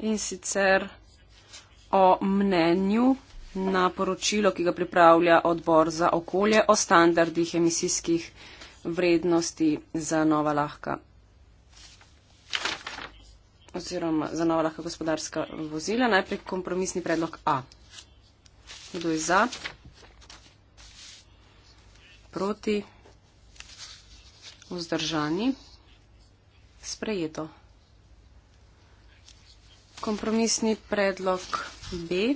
in sicer o mnenju na poročilo, ki ga pripravlja odbor za okolje o standardih emisijskih vrednosti za nova lahka oziroma za nova lahka gospodarska vozila. Najprej kompromisni predlog A. Kdo je za? Proti? Vzdržani? Sprejeto kompromisni predlog B.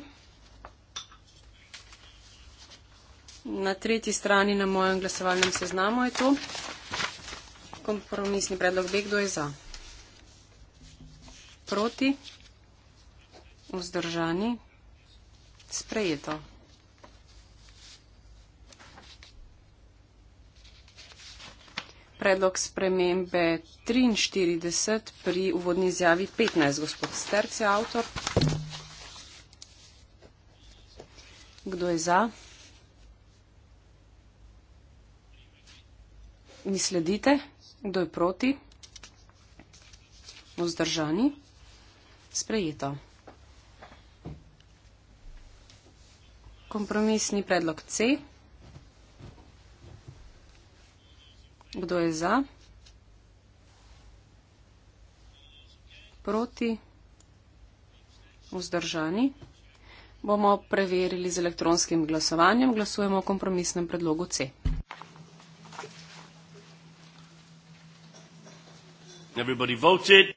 Na tretji strani na mojem glasovalnem seznamu je to. Kompromisni predlog B, kdo je za? Proti? Vzdržani? Sprejeto. predlog spremembe 43 pri uvodni izjavi 15. Gospod Sterc je avtor. Kdo je za? Mi sledite? Kdo je proti? Vzdržani? Sprejeto. Kompromisni predlog C. Kdo je za? Proti? Vzdržani? Bomo preverili z elektronskim glasovanjem. Glasujemo o kompromisnem predlogu C.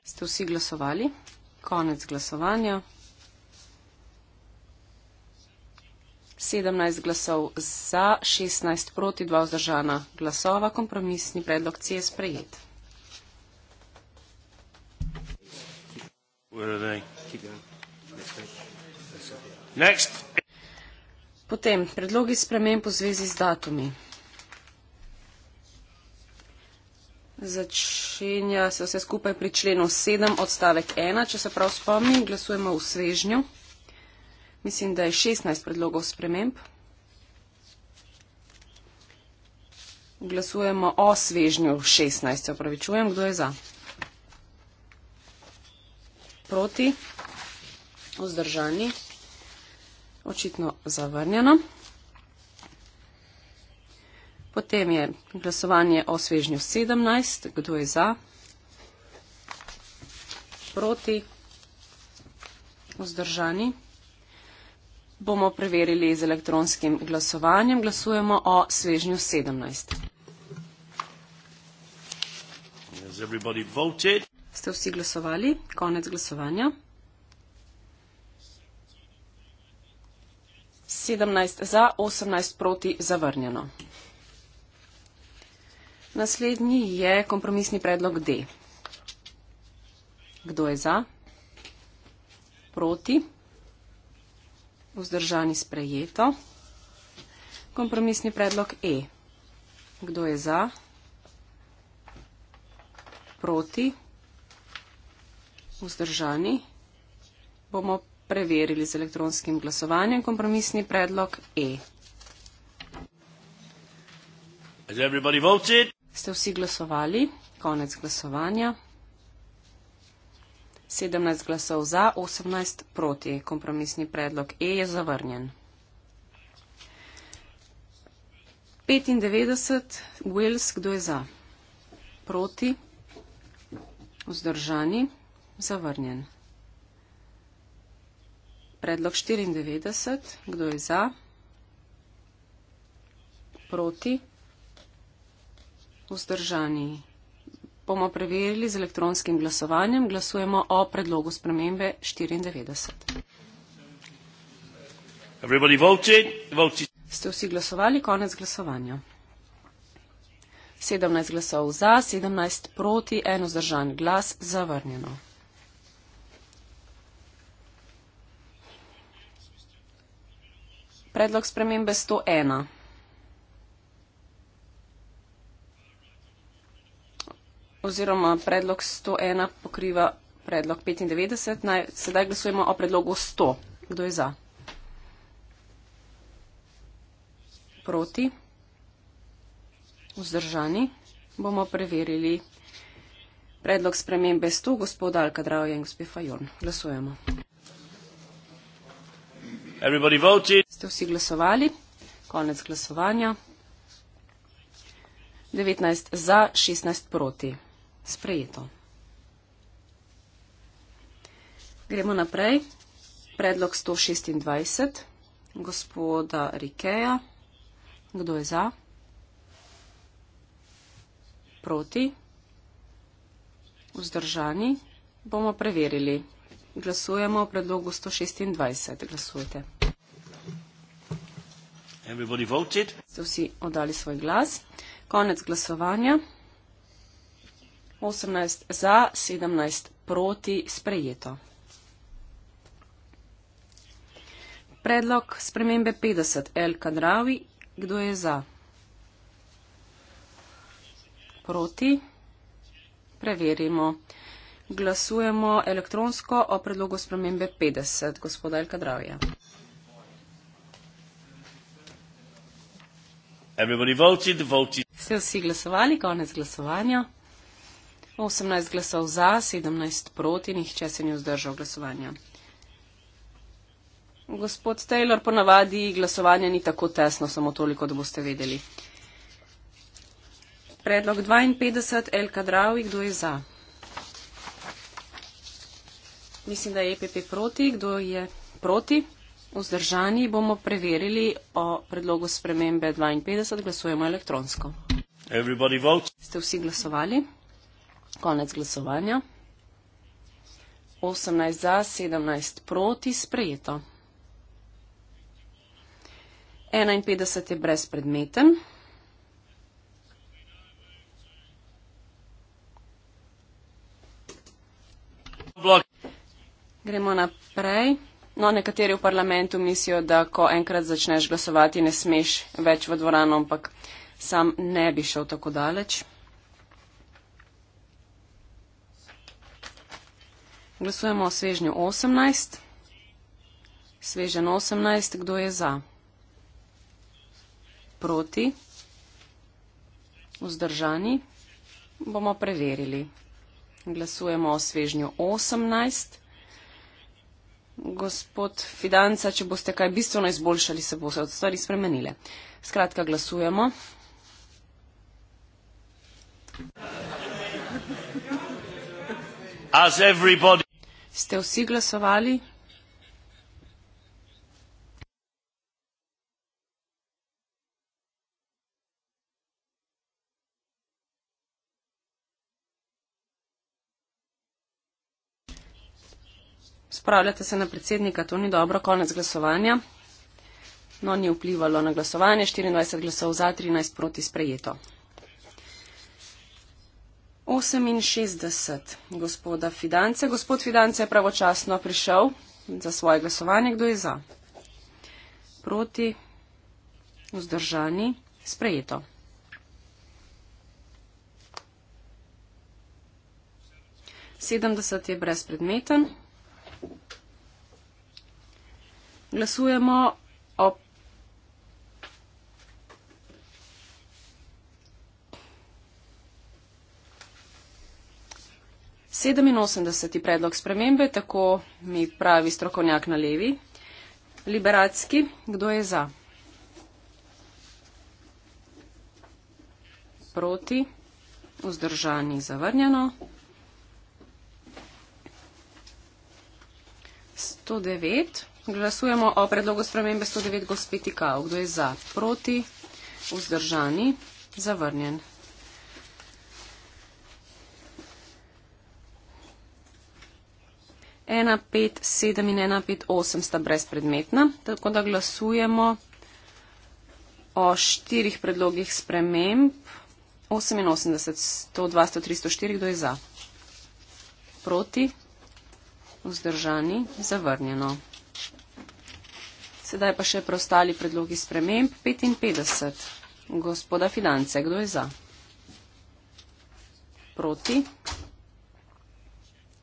Ste vsi glasovali? Konec glasovanja. 17 glasov za, 16 proti, 2 vzdržana glasova. Kompromisni predlog C je sprejet. Potem predlogi sprememb v zvezi z datumi. Začenja se vse skupaj pri členu 7 odstavek 1, če se prav spomnim, glasujemo v svežnju mislim, da je 16 predlogov sprememb. Glasujemo o svežnju 16, se opravičujem, kdo je za? Proti, vzdržani, očitno zavrnjeno. Potem je glasovanje o svežnju 17, kdo je za? Proti, vzdržani bomo preverili z elektronskim glasovanjem. Glasujemo o svežnju 17. Ste vsi glasovali? Konec glasovanja. 17 za, 18 proti, zavrnjeno. Naslednji je kompromisni predlog D. Kdo je za? Proti? Vzdržani sprejeto. Kompromisni predlog E. Kdo je za? Proti? Vzdržani? Bomo preverili z elektronskim glasovanjem. Kompromisni predlog E. Ste vsi glasovali? Konec glasovanja. 17 glasov za, 18 proti. Kompromisni predlog E je zavrnjen. 95, Wills, kdo je za? Proti, vzdržani, zavrnjen. Predlog 94, kdo je za? Proti, vzdržani, zavrnjen bomo preverili z elektronskim glasovanjem. Glasujemo o predlogu spremembe 94. Voted, voted. Ste vsi glasovali, konec glasovanja. 17 glasov za, 17 proti, eno zdržan glas, zavrnjeno. Predlog spremembe 101. oziroma predlog 101 pokriva predlog 95. Naj, sedaj glasujemo o predlogu 100. Kdo je za? Proti? Vzdržani? Bomo preverili predlog spremembe 100 gospoda Alka Drava in gospe Fajon. Glasujemo. Ste vsi glasovali? Konec glasovanja. 19 za, 16 proti sprejeto. Gremo naprej. Predlog 126 gospoda Rikeja. Kdo je za? Proti? Vzdržani? Bomo preverili. Glasujemo o predlogu 126. Glasujte. Ste vsi oddali svoj glas? Konec glasovanja. 18 za, 17 proti sprejeto. Predlog spremembe 50 L kadravi, kdo je za? Proti. Preverimo. Glasujemo elektronsko o predlogu spremembe 50, gospoda El kadravija. Vsi vsi glasovali, konec glasovanja. 18 glasov za, 17 proti, nihče se ni vzdržal glasovanja. Gospod Taylor, ponavadi glasovanje ni tako tesno, samo toliko, da boste vedeli. Predlog 52, El Kadravi, kdo je za? Mislim, da je EPP proti, kdo je proti? Vzdržani bomo preverili o predlogu spremembe 52, glasujemo elektronsko. Ste vsi glasovali? Konec glasovanja. 18 za, 17 proti, sprejeto. 51 je brezpredmeten. Gremo naprej. No, nekateri v parlamentu mislijo, da ko enkrat začneš glasovati, ne smeš več v dvorano, ampak sam ne bi šel tako daleč. Glasujemo o svežnju 18. Svežen 18, kdo je za? Proti? Vzdržani? Bomo preverili. Glasujemo o svežnju 18. Gospod Fidanca, če boste kaj bistveno izboljšali, se bo se od stvari spremenile. Skratka, glasujemo. As everybody. Ste vsi glasovali? Spravljate se na predsednika, to ni dobro, konec glasovanja. No, ni vplivalo na glasovanje, 24 glasov za, 13 proti sprejeto. 68 gospoda Fidance. Gospod Fidance je pravočasno prišel za svoje glasovanje. Kdo je za? Proti? Vzdržani? Sprejeto. Sedemdeset je brezpredmeten. Glasujemo o 87. predlog spremembe, tako mi pravi strokovnjak na levi. Liberatski, kdo je za? Proti, vzdržani, zavrnjeno. 109. Glasujemo o predlogu spremembe 109 gospeti kao. Kdo je za? Proti, vzdržani, zavrnjen. 1, 5, 7 in 1, 5, 8 sta brezpredmetna, tako da glasujemo o štirih predlogih sprememb. 88, 102, 103, 104, kdo je za? Proti, vzdržani, zavrnjeno. Sedaj pa še preostali predlogi sprememb. 55, gospoda finance, kdo je za? Proti,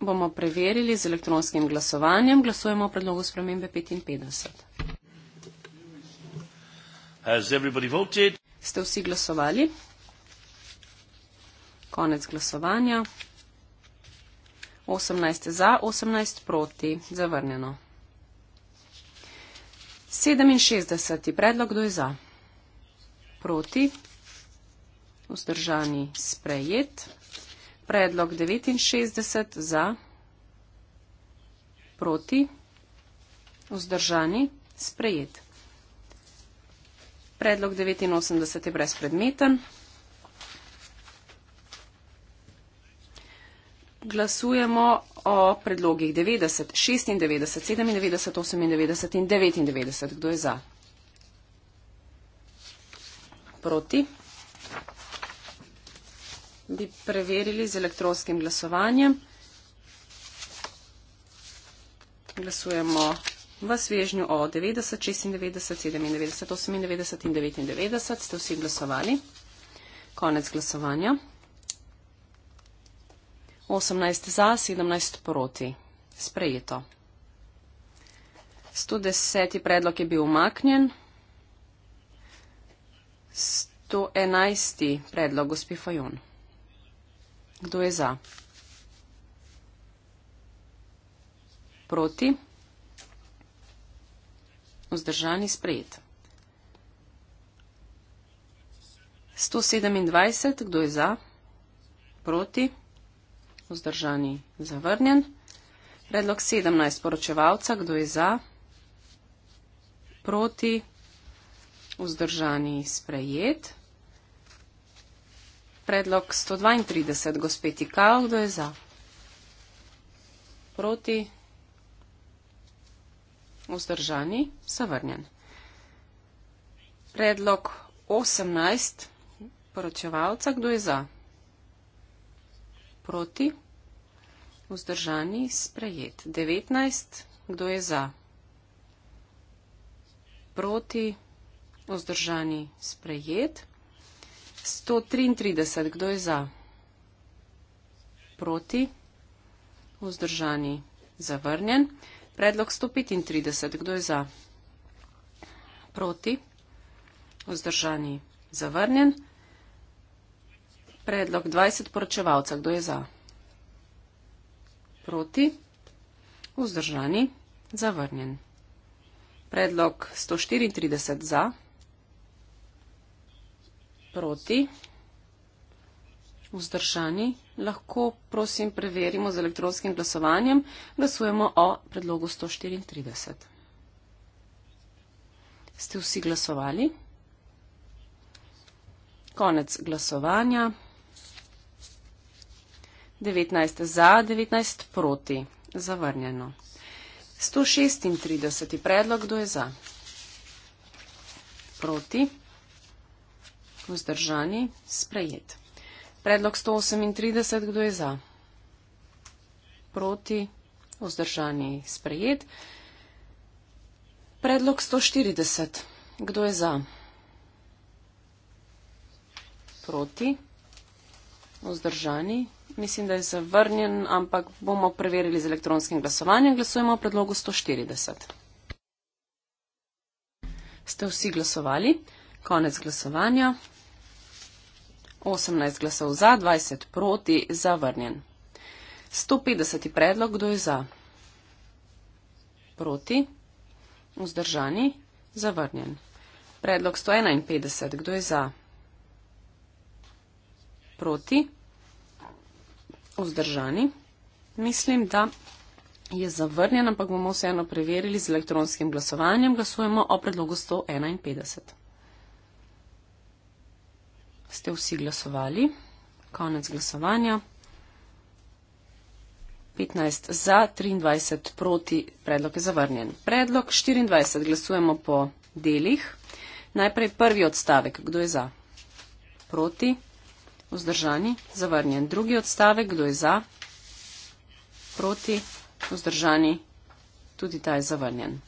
bomo preverili z elektronskim glasovanjem. Glasujemo o predlogu spremembe 55. Ste vsi glasovali? Konec glasovanja. 18 za, 18 proti. Zavrnjeno. 67. Predlog, kdo je za? Proti. Vzdržani sprejet. Predlog 69 za, proti, vzdržani, sprejet. Predlog 89 je brezpredmeten. Glasujemo o predlogih 90, 96, 97, 98 in 99. Kdo je za? Proti bi preverili z elektronskim glasovanjem. Glasujemo v svežnju o 90, 96, 97, 98 in 99. Ste vsi glasovali? Konec glasovanja. 18 za, 17 proti. Sprejeto. 110. predlog je bil umaknjen. 111. predlog gospi Fajon. Kdo je za? Proti? Vzdržani sprejet. 127. Kdo je za? Proti? Vzdržani zavrnjen. Predlog 17. Poročevalca. Kdo je za? Proti? Vzdržani sprejet. Predlog 132, gospod Tikal, kdo je za? Proti? Vzdržani? Savrnjen. Predlog 18, poročevalca, kdo je za? Proti? Vzdržani? Sprejet. 19, kdo je za? Proti? Vzdržani? Sprejet. 133. Kdo je za? Proti? Vzdržani? Zavrnjen. Predlog 135. Kdo je za? Proti? Vzdržani? Zavrnjen. Predlog 20 poročevalca. Kdo je za? Proti? Vzdržani? Zavrnjen. Predlog 134 za, proti. Vzdržani lahko, prosim, preverimo z elektronskim glasovanjem. Glasujemo o predlogu 134. Ste vsi glasovali? Konec glasovanja. 19 za, 19 proti. Zavrnjeno. 136. predlog, kdo je za? Proti. Vzdržani. Sprejet. Predlog 138. Kdo je za? Proti. Vzdržani. Sprejet. Predlog 140. Kdo je za? Proti. Vzdržani. Mislim, da je zavrnjen, ampak bomo preverili z elektronskim glasovanjem. Glasujemo o predlogu 140. Ste vsi glasovali? Konec glasovanja. 18 glasov za, 20 proti, zavrnjen. 150. predlog, kdo je za? Proti, vzdržani, zavrnjen. Predlog 151, kdo je za? Proti, vzdržani. Mislim, da je zavrnjen, ampak bomo vseeno preverili z elektronskim glasovanjem. Glasujemo o predlogu 151 ste vsi glasovali. Konec glasovanja. 15 za, 23 proti, predlog je zavrnjen. Predlog 24 glasujemo po delih. Najprej prvi odstavek, kdo je za? Proti, vzdržani, zavrnjen. Drugi odstavek, kdo je za? Proti, vzdržani, tudi ta je zavrnjen.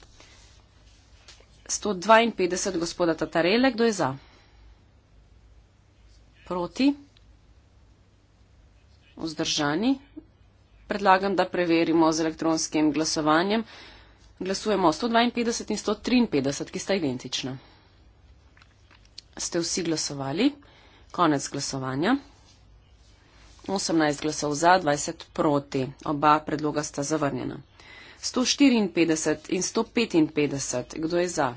152 gospoda Tatarele, kdo je za? Proti proti, vzdržani. Predlagam, da preverimo z elektronskim glasovanjem. Glasujemo 152 in 153, ki sta identična. Ste vsi glasovali? Konec glasovanja. 18 glasov za, 20 proti. Oba predloga sta zavrnjena. 154 in 155. Kdo je za?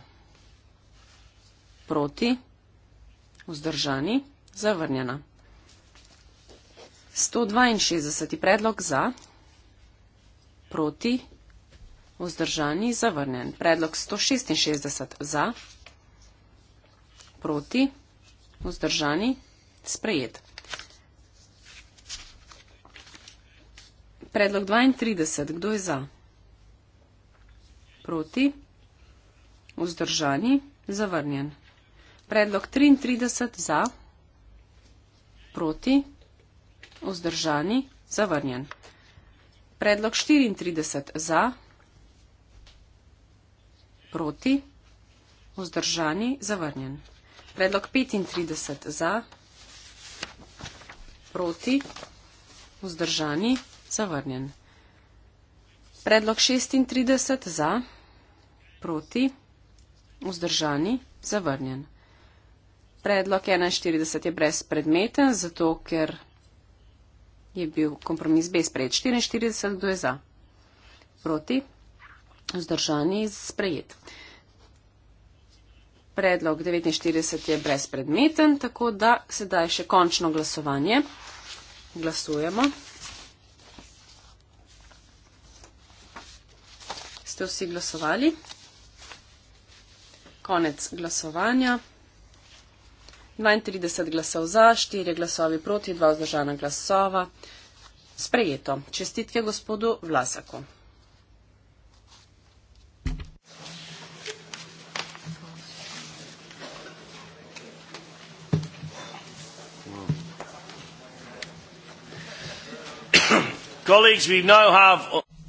Proti? Vzdržani? Zavrnjena. 162. predlog za, proti, vzdržani, zavrnjen. Predlog 166. za, proti, vzdržani, sprejet. Predlog 32. Kdo je za? Proti, vzdržani, zavrnjen. Predlog 33. za, proti, vzdržani, zavrnjen proti, vzdržani, zavrnjen. Predlog 34 za, proti, vzdržani, zavrnjen. Predlog 35 za, proti, vzdržani, zavrnjen. Predlog 36 za, proti, vzdržani, zavrnjen. Predlog 41 je brezpredmeten, zato ker je bil kompromis B sprejet. 44 do je za. Proti. Zdržani sprejet. Predlog 49 je brezpredmeten, tako da sedaj še končno glasovanje. Glasujemo. Ste vsi glasovali? Konec glasovanja. 32 glasov za, 4 glasovi proti, 2 vzdržana glasova. Sprejeto. Čestitke gospodu Vlasaku.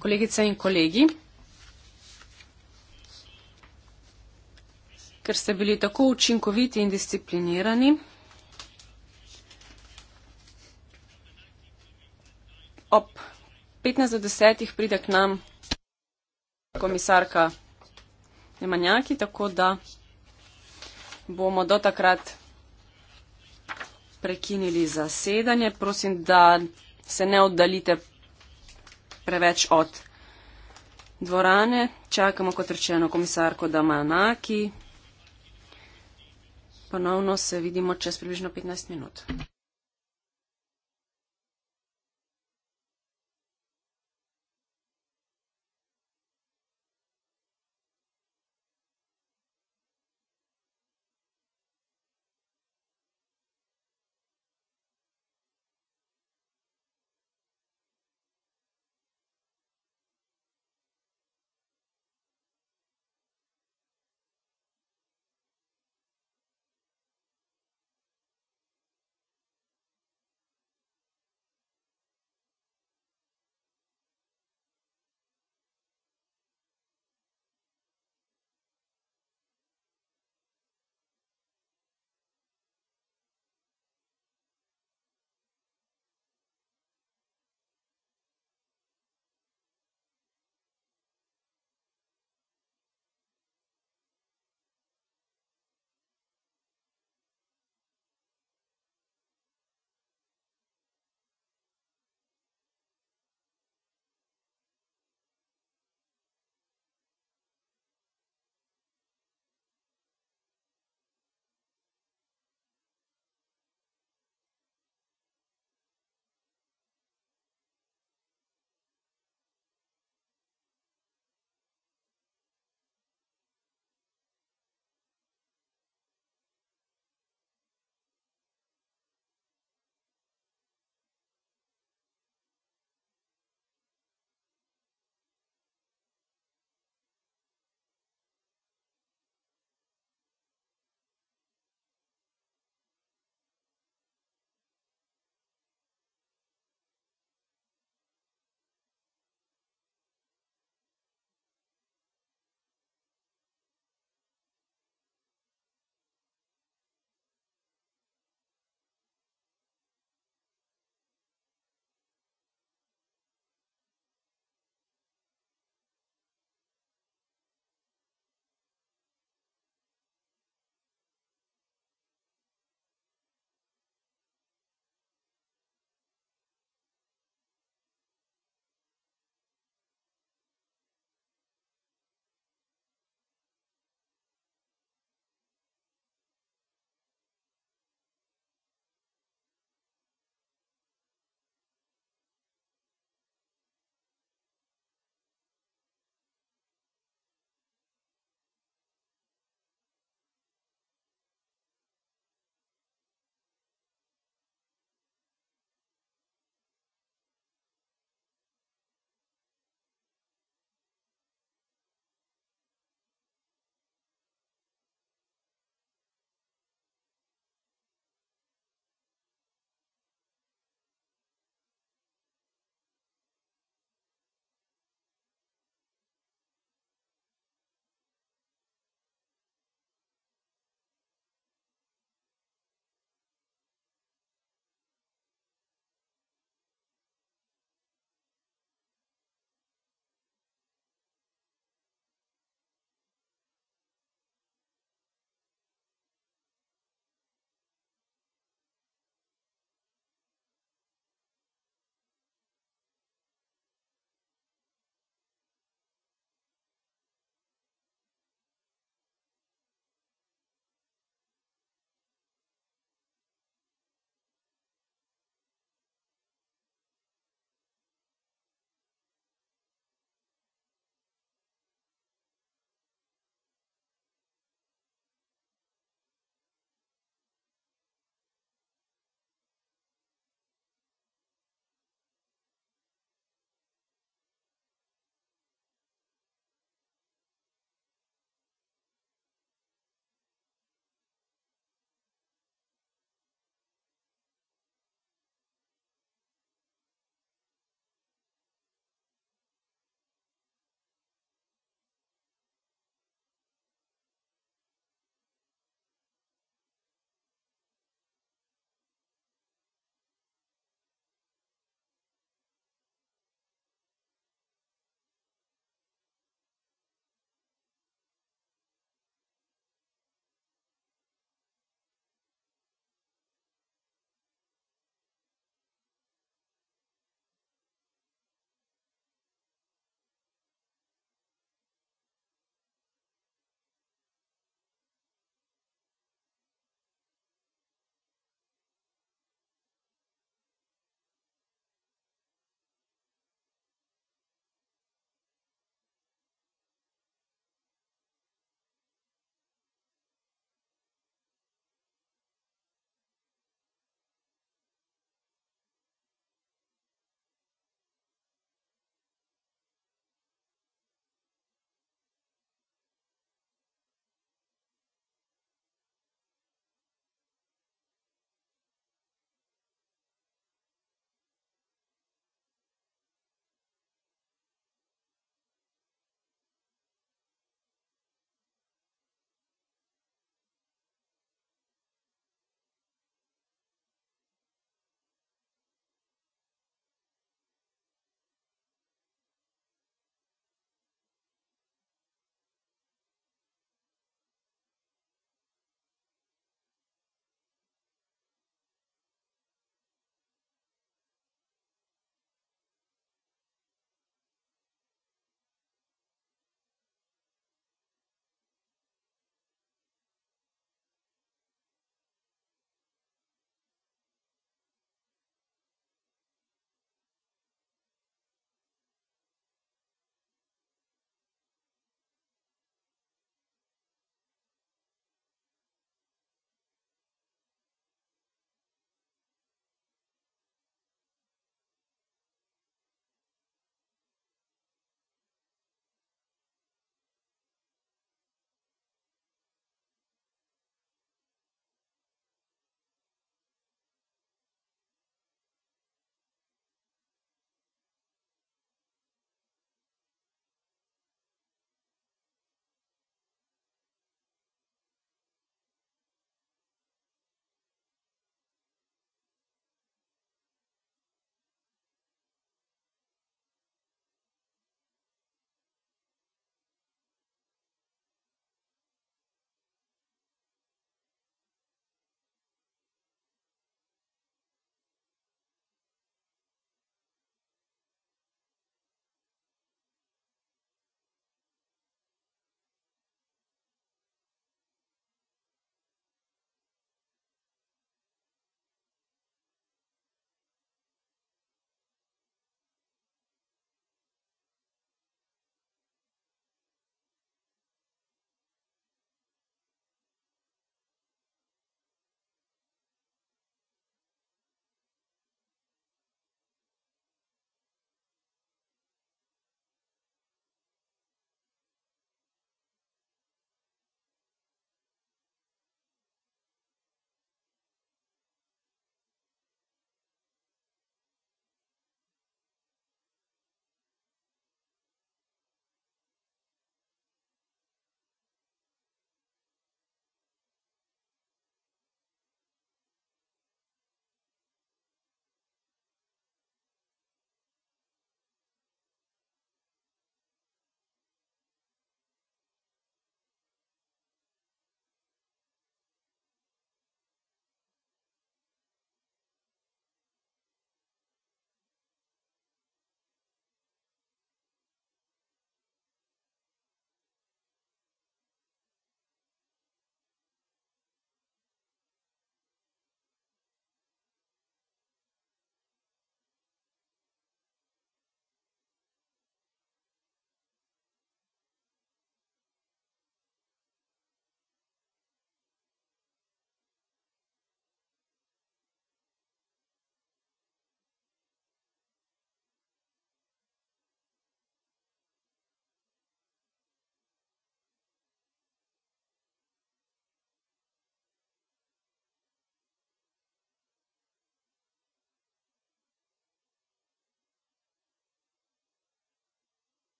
Kolegice in kolegi, ker ste bili tako učinkoviti in disciplinirani. Ob 15 do 10 pride k nam komisarka Nemanjaki, tako da bomo do takrat prekinili zasedanje. Prosim, da se ne oddalite preveč od dvorane. Čakamo, kot rečeno, komisarko Damanaki ponovno se vidimo čez približno 15 minut.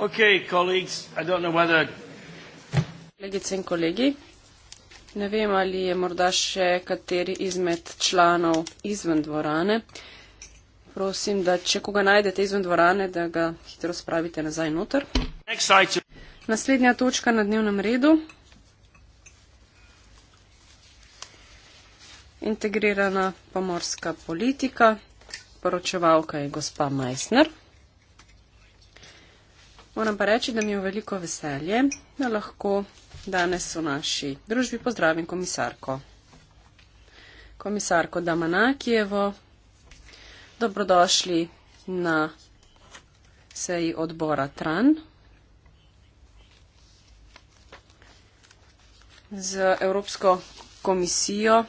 kolegice in kolegi ne vem ali je morda še kateri izmed članov izven dvorane prosim da če koga najdete izven dvorane da ga hitro spravite nazaj noter naslednja točka na dnevnem redu integrirana pomorska politika poročevalka je gospa Meissner Moram pa reči, da mi je veliko veselje, da lahko danes v naši družbi pozdravim komisarko. Komisarko Damanakijevo, dobrodošli na seji odbora TRAN. Z Evropsko komisijo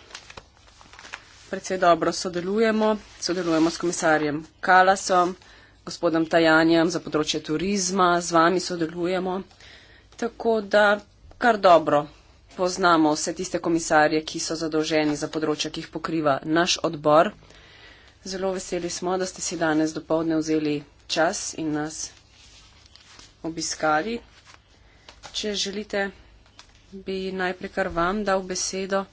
precej dobro sodelujemo, sodelujemo s komisarjem Kalasom gospodom Tajanjem za področje turizma, z vami sodelujemo. Tako da kar dobro poznamo vse tiste komisarje, ki so zadolženi za področja, ki jih pokriva naš odbor. Zelo veseli smo, da ste si danes dopovdne vzeli čas in nas obiskali. Če želite, bi najprej kar vam dal besedo.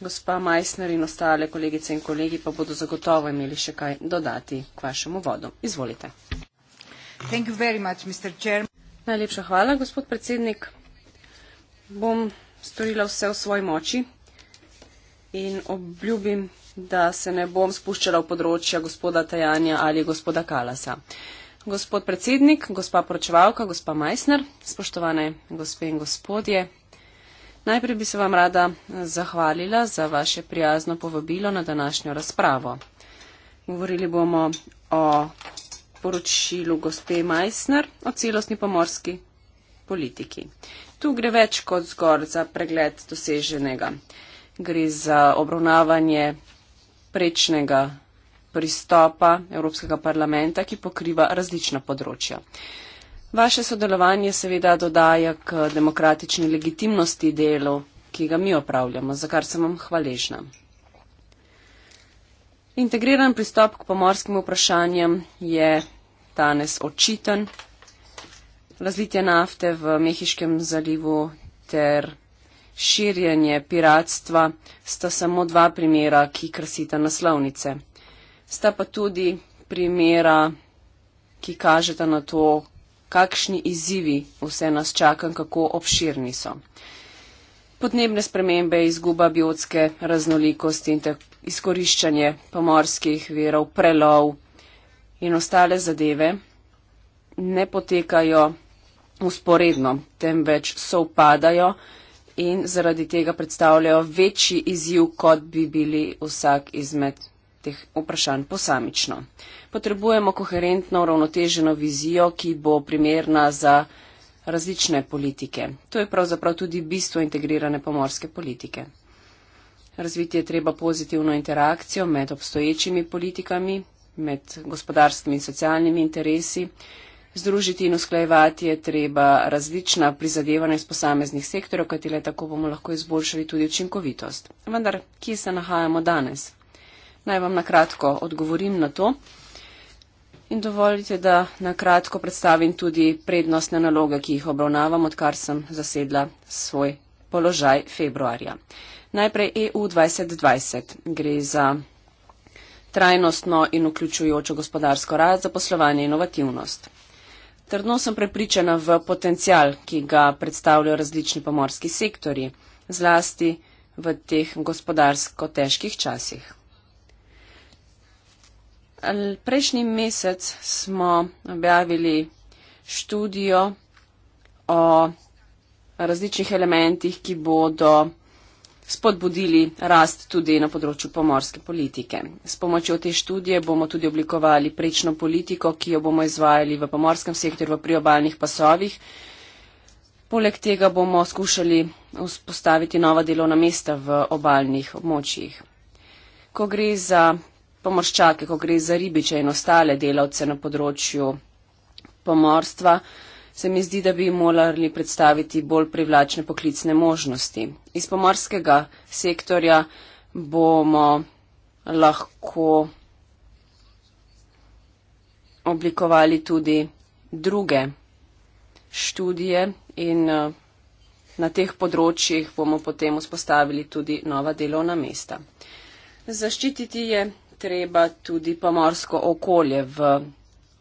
Gospa Majsner in ostale kolegice in kolegi pa bodo zagotovo imeli še kaj dodati k vašemu vodu. Izvolite. Much, Najlepša hvala, gospod predsednik. Bom storila vse v svoji moči in obljubim, da se ne bom spuščala v področja gospoda Tajanja ali gospoda Kalasa. Gospod predsednik, gospa poročevalka, gospa Majsner, spoštovane gospe in gospodje, Najprej bi se vam rada zahvalila za vaše prijazno povabilo na današnjo razpravo. Govorili bomo o poročilu gospe Meissner o celostni pomorski politiki. Tu gre več kot zgor za pregled doseženega. Gre za obravnavanje prečnega pristopa Evropskega parlamenta, ki pokriva različna področja. Vaše sodelovanje seveda dodaja k demokratični legitimnosti delu, ki ga mi opravljamo, za kar sem vam hvaležna. Integriran pristop k pomorskim vprašanjem je danes očiten. Razlitje nafte v Mehiškem zalivu ter širjenje piratstva sta samo dva primera, ki krasita naslovnice. Sta pa tudi primera, ki kažeta na to, kakšni izzivi vse nas čaka in kako obširni so. Podnebne spremembe, izguba biotske raznolikosti in izkoriščanje pomorskih verov, prelov in ostale zadeve ne potekajo usporedno, temveč sovpadajo in zaradi tega predstavljajo večji izziv, kot bi bili vsak izmed teh vprašanj posamično. Potrebujemo koherentno, uravnoteženo vizijo, ki bo primerna za različne politike. To je pravzaprav tudi bistvo integrirane pomorske politike. Razviti je treba pozitivno interakcijo med obstoječimi politikami, med gospodarskimi in socialnimi interesi. Združiti in usklajevati je treba različna prizadevanja iz posameznih sektorjev, katere tako bomo lahko izboljšali tudi učinkovitost. Vendar, kje se nahajamo danes? Naj vam na kratko odgovorim na to. In dovolite, da na kratko predstavim tudi prednostne naloge, ki jih obravnavam, odkar sem zasedla svoj položaj februarja. Najprej EU 2020 gre za trajnostno in vključujočo gospodarsko rast, zaposlovanje in inovativnost. Trdno sem prepričana v potencial, ki ga predstavljajo različni pomorski sektori, zlasti v teh gospodarsko težkih časih. Prejšnji mesec smo objavili študijo o različnih elementih, ki bodo spodbudili rast tudi na področju pomorske politike. S pomočjo te študije bomo tudi oblikovali prečno politiko, ki jo bomo izvajali v pomorskem sektorju v priobalnih pasovih. Poleg tega bomo skušali vzpostaviti nova delovna mesta v obalnih območjih. Ko gre za pomorščake, ko gre za ribiče in ostale delavce na področju pomorstva, se mi zdi, da bi morali predstaviti bolj privlačne poklicne možnosti. Iz pomorskega sektorja bomo lahko oblikovali tudi druge študije in eh, na teh področjih bomo potem vzpostavili tudi nova delovna mesta. Zaščititi je treba tudi pomorsko okolje v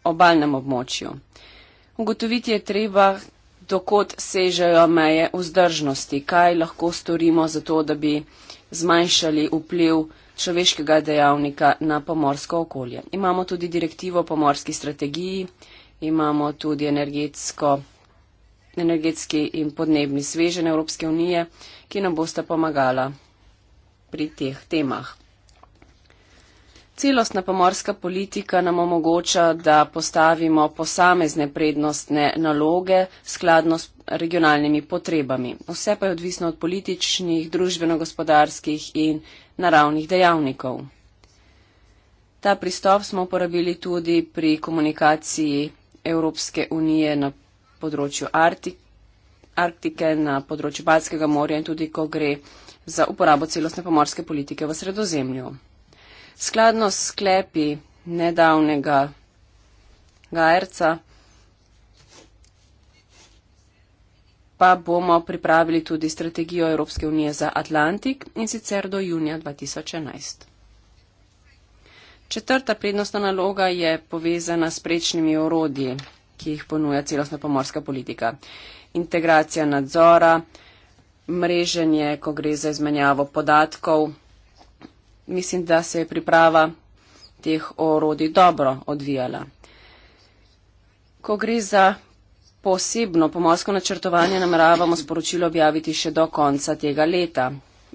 obalnem območju. Ugotoviti je treba, dokot sežejo meje vzdržnosti, kaj lahko storimo za to, da bi zmanjšali vpliv človeškega dejavnika na pomorsko okolje. Imamo tudi direktivo o pomorski strategiji, imamo tudi energetski in podnebni svežen Evropske unije, ki nam bosta pomagala pri teh temah celostna pomorska politika nam omogoča, da postavimo posamezne prednostne naloge skladno s regionalnimi potrebami. Vse pa je odvisno od političnih, družbeno-gospodarskih in naravnih dejavnikov. Ta pristop smo uporabili tudi pri komunikaciji Evropske unije na področju Arktik, Arktike, na področju Balskega morja in tudi, ko gre za uporabo celostne pomorske politike v sredozemlju. Skladno s sklepi nedavnega Gajerca pa bomo pripravili tudi strategijo Evropske unije za Atlantik in sicer do junija 2011. Četrta prednostna naloga je povezana s prečnimi orodji, ki jih ponuja celostna pomorska politika. Integracija nadzora, mreženje, ko gre za izmenjavo podatkov, mislim, da se je priprava teh orodij dobro odvijala. Ko gre za posebno pomorsko načrtovanje, nameravamo sporočilo objaviti še do konca tega leta.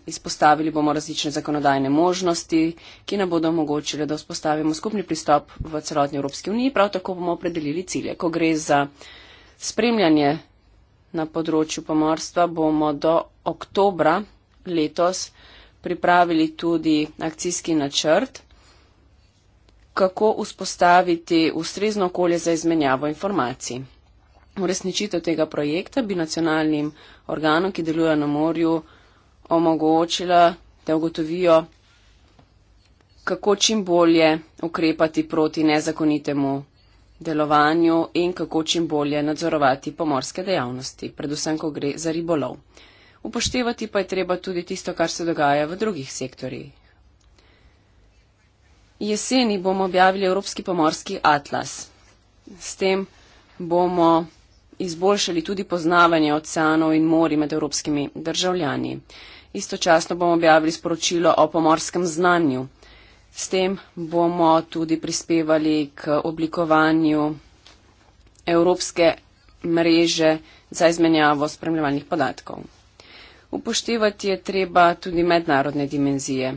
Izpostavili bomo različne zakonodajne možnosti, ki nam bodo omogočile, da vzpostavimo skupni pristop v celotni Evropski uniji, prav tako bomo opredelili cilje. Ko gre za spremljanje na področju pomorstva, bomo do oktobra letos pripravili tudi akcijski načrt, kako vzpostaviti ustrezno okolje za izmenjavo informacij. Uresničitev tega projekta bi nacionalnim organom, ki delujejo na morju, omogočila, da ugotovijo, kako čim bolje ukrepati proti nezakonitemu delovanju in kako čim bolje nadzorovati pomorske dejavnosti, predvsem, ko gre za ribolov upoštevati pa je treba tudi tisto, kar se dogaja v drugih sektorjih. Jeseni bomo objavili Evropski pomorski atlas. S tem bomo izboljšali tudi poznavanje oceanov in mori med evropskimi državljani. Istočasno bomo objavili sporočilo o pomorskem znanju. S tem bomo tudi prispevali k oblikovanju evropske mreže za izmenjavo spremljevalnih podatkov upoštevati je treba tudi mednarodne dimenzije.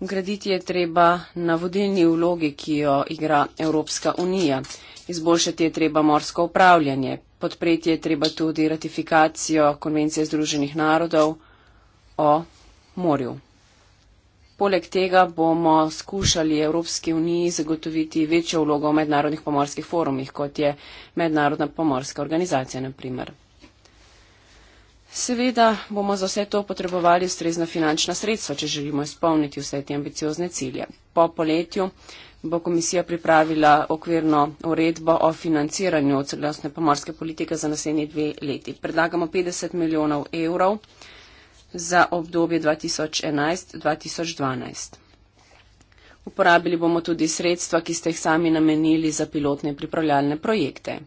Graditi je treba na vodilni vlogi, ki jo igra Evropska unija. Izboljšati je treba morsko upravljanje. Podpreti je treba tudi ratifikacijo Konvencije Združenih narodov o morju. Poleg tega bomo skušali Evropski uniji zagotoviti večjo vlogo v mednarodnih pomorskih forumih, kot je Mednarodna pomorska organizacija, na primer. Seveda bomo za vse to potrebovali ustrezna finančna sredstva, če želimo izpolniti vse te ambiciozne cilje. Po poletju bo komisija pripravila okvirno uredbo o financiranju celostne pomorske politike za naslednji dve leti. Predlagamo 50 milijonov evrov za obdobje 2011-2012. Uporabili bomo tudi sredstva, ki ste jih sami namenili za pilotne pripravljalne projekte.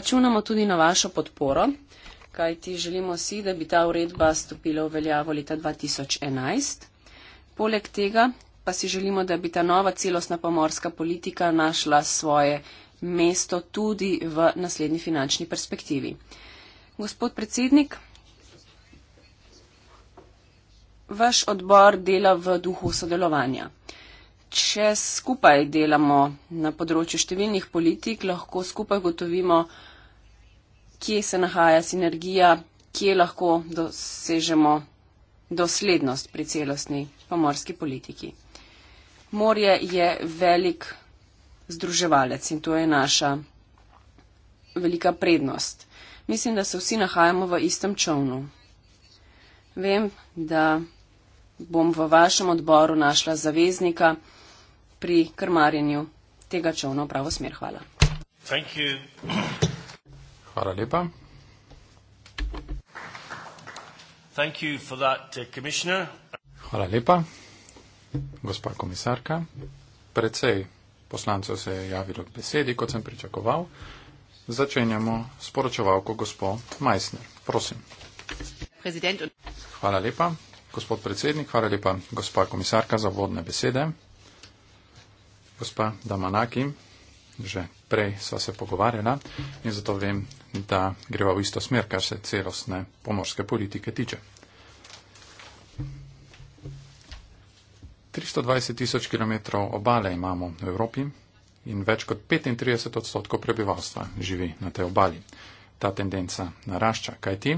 Računamo tudi na vašo podporo kaj ti želimo si, da bi ta uredba stopila v veljavo leta 2011. Poleg tega pa si želimo, da bi ta nova celostna pomorska politika našla svoje mesto tudi v naslednji finančni perspektivi. Gospod predsednik, vaš odbor dela v duhu sodelovanja. Če skupaj delamo na področju številnih politik, lahko skupaj gotovimo, kje se nahaja sinergija, kje lahko dosežemo doslednost pri celostni pomorski politiki. Morje je velik združevalec in to je naša velika prednost. Mislim, da se vsi nahajamo v istem čovnu. Vem, da bom v vašem odboru našla zaveznika pri krmarjenju tega čovna v pravo smer. Hvala. Thank you. Hvala lepa. Thank you for that, uh, Hvala lepa, gospa komisarka. Predvsej poslancev se je javilo k besedi, kot sem pričakoval. Začenjamo s poročevalko gospo Meissner. Prosim. President. Hvala lepa, gospod predsednik. Hvala lepa, gospa komisarka, za vodne besede. Gospa Damanaki, že prej sva se pogovarjala in zato vem, da greva v isto smer, kar se celostne pomorske politike tiče. 320 tisoč km obale imamo v Evropi in več kot 35 odstotkov prebivalstva živi na tej obali. Ta tendenca narašča. Kaj ti?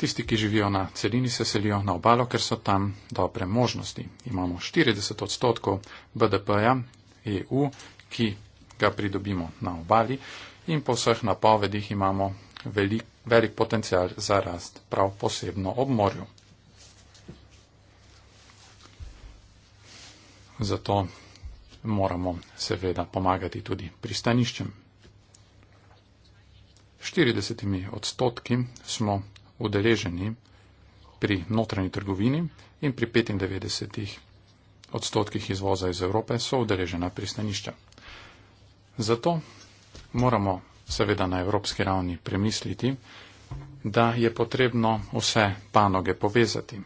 Tisti, ki živijo na celini, se selijo na obalo, ker so tam dobre možnosti. Imamo 40 odstotkov BDP-ja, EU, ki ga pridobimo na obali in po vseh napovedih imamo velik, velik potencial za rast prav posebno ob morju. Zato moramo seveda pomagati tudi pristaniščem. 40 odstotki smo udeleženi pri notranji trgovini in pri 95 odstotkih izvoza iz Evrope so udeležena pristanišča. Zato moramo seveda na evropski ravni premisliti, da je potrebno vse panoge povezati.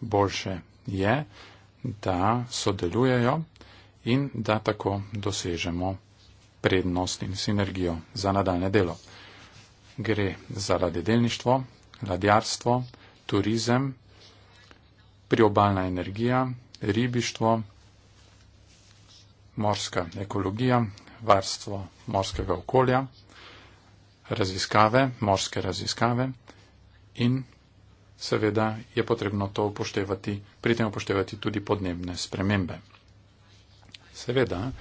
Boljše je, da sodelujejo in da tako dosežemo prednost in sinergijo za nadaljne delo. Gre za ladedelništvo, ladjarstvo, turizem, priobalna energija ribištvo, morska ekologija, varstvo morskega okolja, raziskave, morske raziskave in seveda je potrebno to upoštevati, pri tem upoštevati tudi podnebne spremembe. Seveda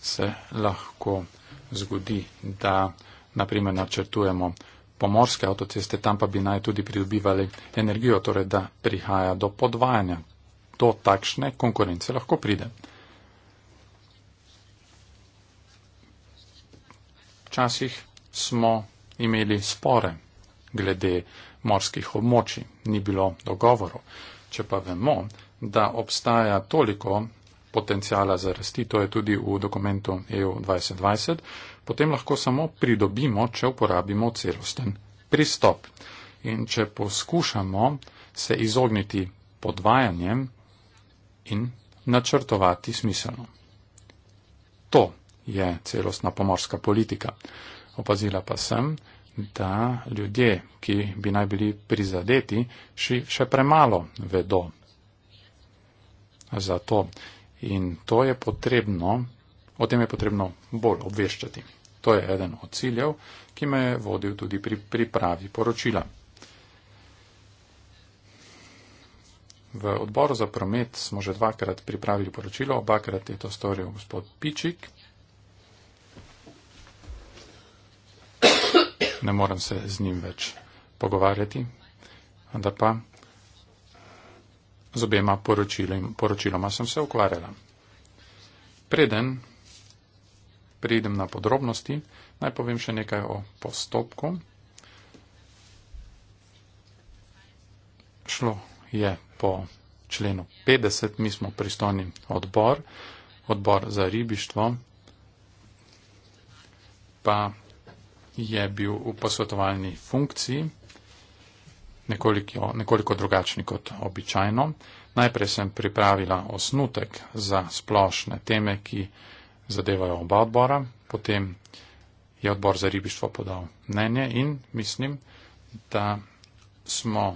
se lahko zgodi, da naprimer načrtujemo pomorske avtoceste, tam pa bi naj tudi pridobivali energijo, torej da prihaja do podvajanja do takšne konkurence lahko pride. Včasih smo imeli spore glede morskih območij, ni bilo dogovorov. Če pa vemo, da obstaja toliko potencijala za rasti, to je tudi v dokumentu EU 2020, potem lahko samo pridobimo, če uporabimo celosten pristop. In če poskušamo se izogniti podvajanjem, in načrtovati smiselno. To je celostna pomorska politika. Opazila pa sem, da ljudje, ki bi naj bili prizadeti, še, še premalo vedo za to. In to je potrebno, o tem je potrebno bolj obveščati. To je eden od ciljev, ki me je vodil tudi pri pripravi poročila. V odboru za promet smo že dvakrat pripravili poročilo, obakrat je to storil gospod Pičik. Ne moram se z njim več pogovarjati, da pa z obema poročiloma sem se ukvarjala. Preden pridem na podrobnosti, naj povem še nekaj o postopku. Šlo je po členu 50, mi smo pristojni odbor, odbor za ribištvo, pa je bil v posvetovalni funkciji, nekoliko, nekoliko drugačni kot običajno. Najprej sem pripravila osnutek za splošne teme, ki zadevajo oba odbora, potem je odbor za ribištvo podal mnenje in mislim, da smo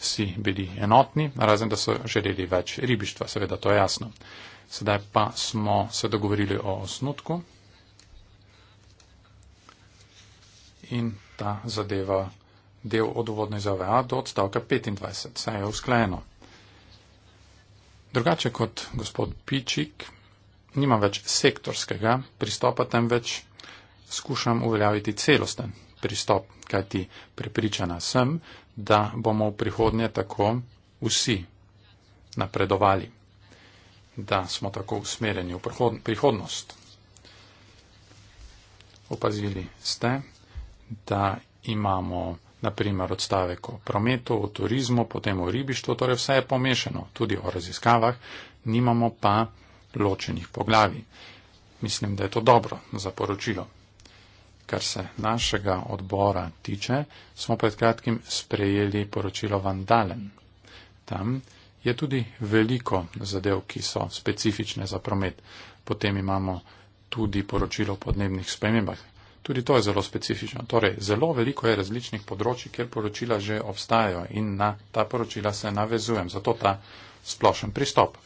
vsi bili enotni, razen da so želeli več ribištva, seveda to je jasno. Sedaj pa smo se dogovorili o osnutku in ta zadeva del od uvodne ZVA do odstavka 25, saj je usklajeno. Drugače kot gospod Pičik, nimam več sektorskega pristopa, temveč skušam uveljaviti celosten pristop, kajti prepričana sem, da bomo v prihodnje tako vsi napredovali, da smo tako usmerjeni v prihodnost. Opazili ste, da imamo naprimer odstavek o prometu, o turizmu, potem o ribištvu, torej vse je pomešano, tudi o raziskavah, nimamo pa ločenih poglavij. Mislim, da je to dobro za poročilo kar se našega odbora tiče, smo pred kratkim sprejeli poročilo Vandalen. Tam je tudi veliko zadev, ki so specifične za promet. Potem imamo tudi poročilo o podnebnih spremembah. Tudi to je zelo specifično. Torej, zelo veliko je različnih področji, kjer poročila že obstajajo in na ta poročila se navezujem. Zato ta splošen pristop.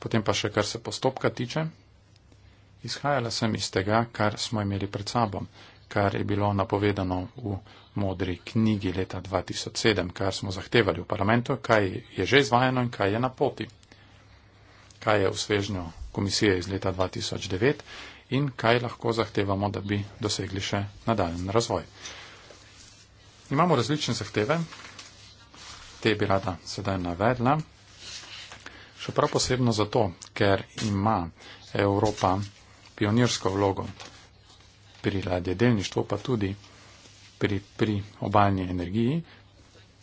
Potem pa še, kar se postopka tiče, Izhajala sem iz tega, kar smo imeli pred sabo, kar je bilo napovedano v modri knjigi leta 2007, kar smo zahtevali v parlamentu, kaj je že izvajano in kaj je na poti, kaj je v svežnju komisije iz leta 2009 in kaj lahko zahtevamo, da bi dosegli še nadaljen razvoj. Imamo različne zahteve, te bi rada sedaj navedla, še prav posebno zato, ker ima Evropa pionirsko vlogo pri ladjedelništvu, pa tudi pri, pri obaljni energiji,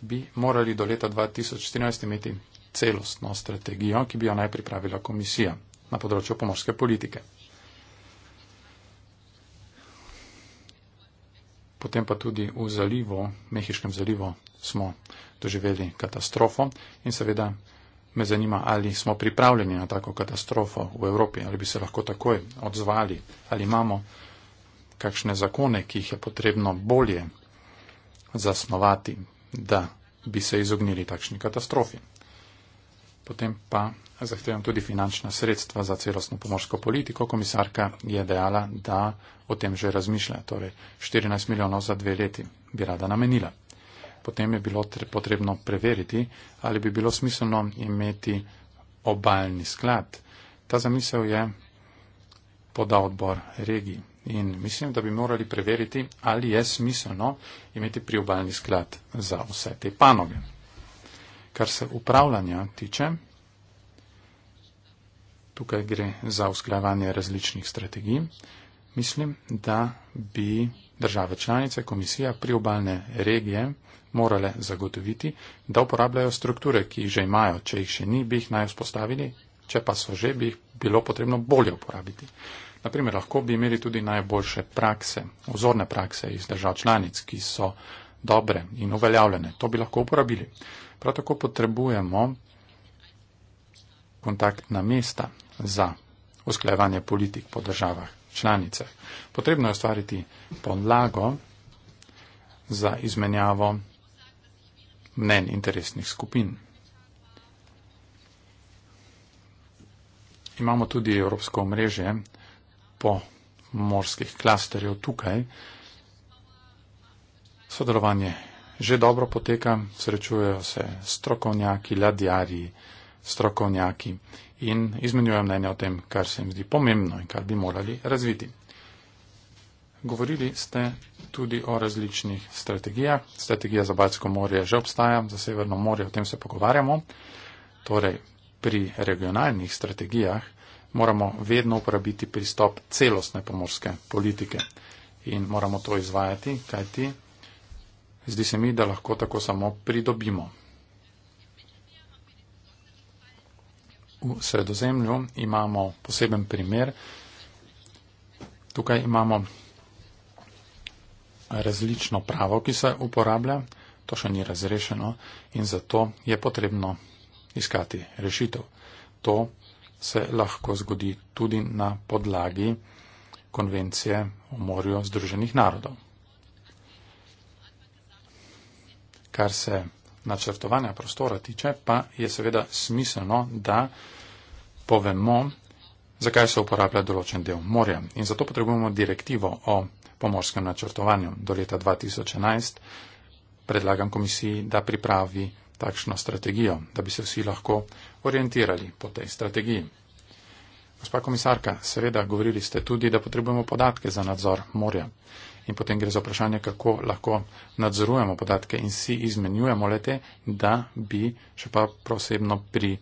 bi morali do leta 2014 imeti celostno strategijo, ki bi jo naj pripravila komisija na področju pomorske politike. Potem pa tudi v zalivu, Mehiškem zalivu, smo doživeli katastrofo in seveda Me zanima, ali smo pripravljeni na tako katastrofo v Evropi, ali bi se lahko takoj odzvali, ali imamo kakšne zakone, ki jih je potrebno bolje zasnovati, da bi se izognili takšni katastrofi. Potem pa zahtevam tudi finančna sredstva za celostno pomorsko politiko. Komisarka je dejala, da o tem že razmišlja, torej 14 milijonov za dve leti bi rada namenila potem je bilo tre, potrebno preveriti, ali bi bilo smiselno imeti obaljni sklad. Ta zamisel je podal odbor regij in mislim, da bi morali preveriti, ali je smiselno imeti priobaljni sklad za vse te panoge. Kar se upravljanja tiče, tukaj gre za usklajevanje različnih strategij, mislim, da bi države članice, komisija, priobaljne regije, morale zagotoviti, da uporabljajo strukture, ki jih že imajo. Če jih še ni, bi jih naj vzpostavili, če pa so že, bi jih bilo potrebno bolje uporabiti. Naprimer, lahko bi imeli tudi najboljše prakse, ozorne prakse iz držav članic, ki so dobre in uveljavljene. To bi lahko uporabili. Prav tako potrebujemo kontaktna mesta za usklajevanje politik po državah članicah. Potrebno je ustvariti podlago za izmenjavo mnen interesnih skupin. Imamo tudi evropsko omrežje po morskih klasterjev tukaj. Sodelovanje že dobro poteka, srečujejo se strokovnjaki, ladjarji, strokovnjaki in izmenjujem mnenje o tem, kar se jim zdi pomembno in kar bi morali razviti. Govorili ste tudi o različnih strategijah. Strategija za Baltsko morje že obstaja, za Severno morje o tem se pogovarjamo. Torej, pri regionalnih strategijah moramo vedno uporabiti pristop celostne pomorske politike in moramo to izvajati, kajti zdi se mi, da lahko tako samo pridobimo. V sredozemlju imamo poseben primer. Tukaj imamo različno pravo, ki se uporablja, to še ni razrešeno in zato je potrebno iskati rešitev. To se lahko zgodi tudi na podlagi konvencije o morju Združenih narodov. Kar se načrtovanja prostora tiče, pa je seveda smiselno, da povemo, zakaj se uporablja določen del morja. In zato potrebujemo direktivo o pomorskem načrtovanju do leta 2011, predlagam komisiji, da pripravi takšno strategijo, da bi se vsi lahko orientirali po tej strategiji. Gospa komisarka, seveda govorili ste tudi, da potrebujemo podatke za nadzor morja. In potem gre za vprašanje, kako lahko nadzorujemo podatke in si izmenjujemo lete, da bi še pa posebno pri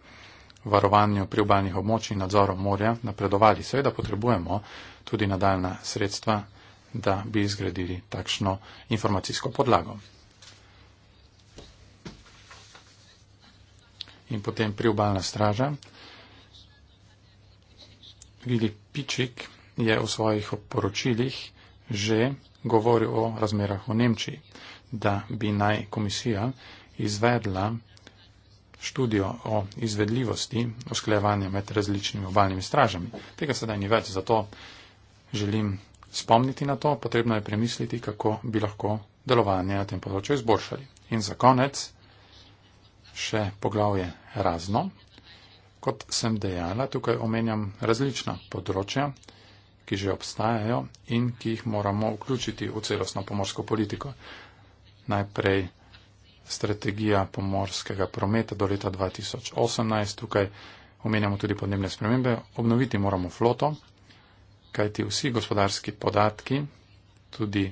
varovanju priobalnih območij in nadzoru morja napredovali. Seveda potrebujemo tudi nadaljna sredstva da bi zgradili takšno informacijsko podlago. In potem priobalna straža. Vili Pičik je v svojih poročilih že govoril o razmerah v Nemčiji, da bi naj komisija izvedla študijo o izvedljivosti usklejevanja med različnimi obalnimi stražami. Tega sedaj ni več, zato želim spomniti na to, potrebno je premisliti, kako bi lahko delovanje na tem področju izboljšali. In za konec še poglavje razno. Kot sem dejala, tukaj omenjam različna področja, ki že obstajajo in ki jih moramo vključiti v celostno pomorsko politiko. Najprej strategija pomorskega prometa do leta 2018. Tukaj omenjamo tudi podnebne spremembe. Obnoviti moramo floto, kajti vsi gospodarski podatki, tudi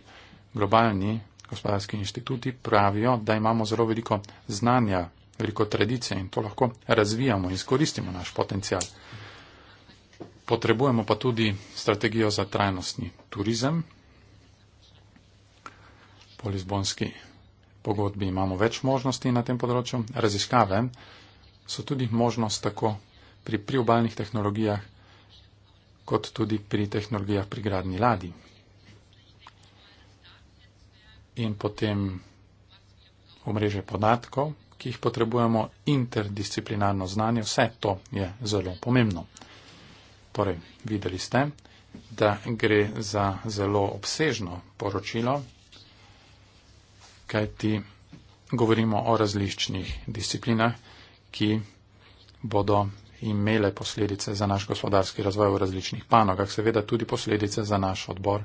globalni gospodarski inštituti pravijo, da imamo zelo veliko znanja, veliko tradicije in to lahko razvijamo in izkoristimo naš potencial. Potrebujemo pa tudi strategijo za trajnostni turizem. Po Lizbonski pogodbi imamo več možnosti na tem področju. Raziskave so tudi možnost tako pri priobalnih tehnologijah, kot tudi pri tehnologijah pri gradni ladi. In potem omrežje podatkov, ki jih potrebujemo, interdisciplinarno znanje, vse to je zelo pomembno. Torej, videli ste, da gre za zelo obsežno poročilo, kajti govorimo o različnih disciplinah, ki bodo imele posledice za naš gospodarski razvoj v različnih panogah, seveda tudi posledice za naš odbor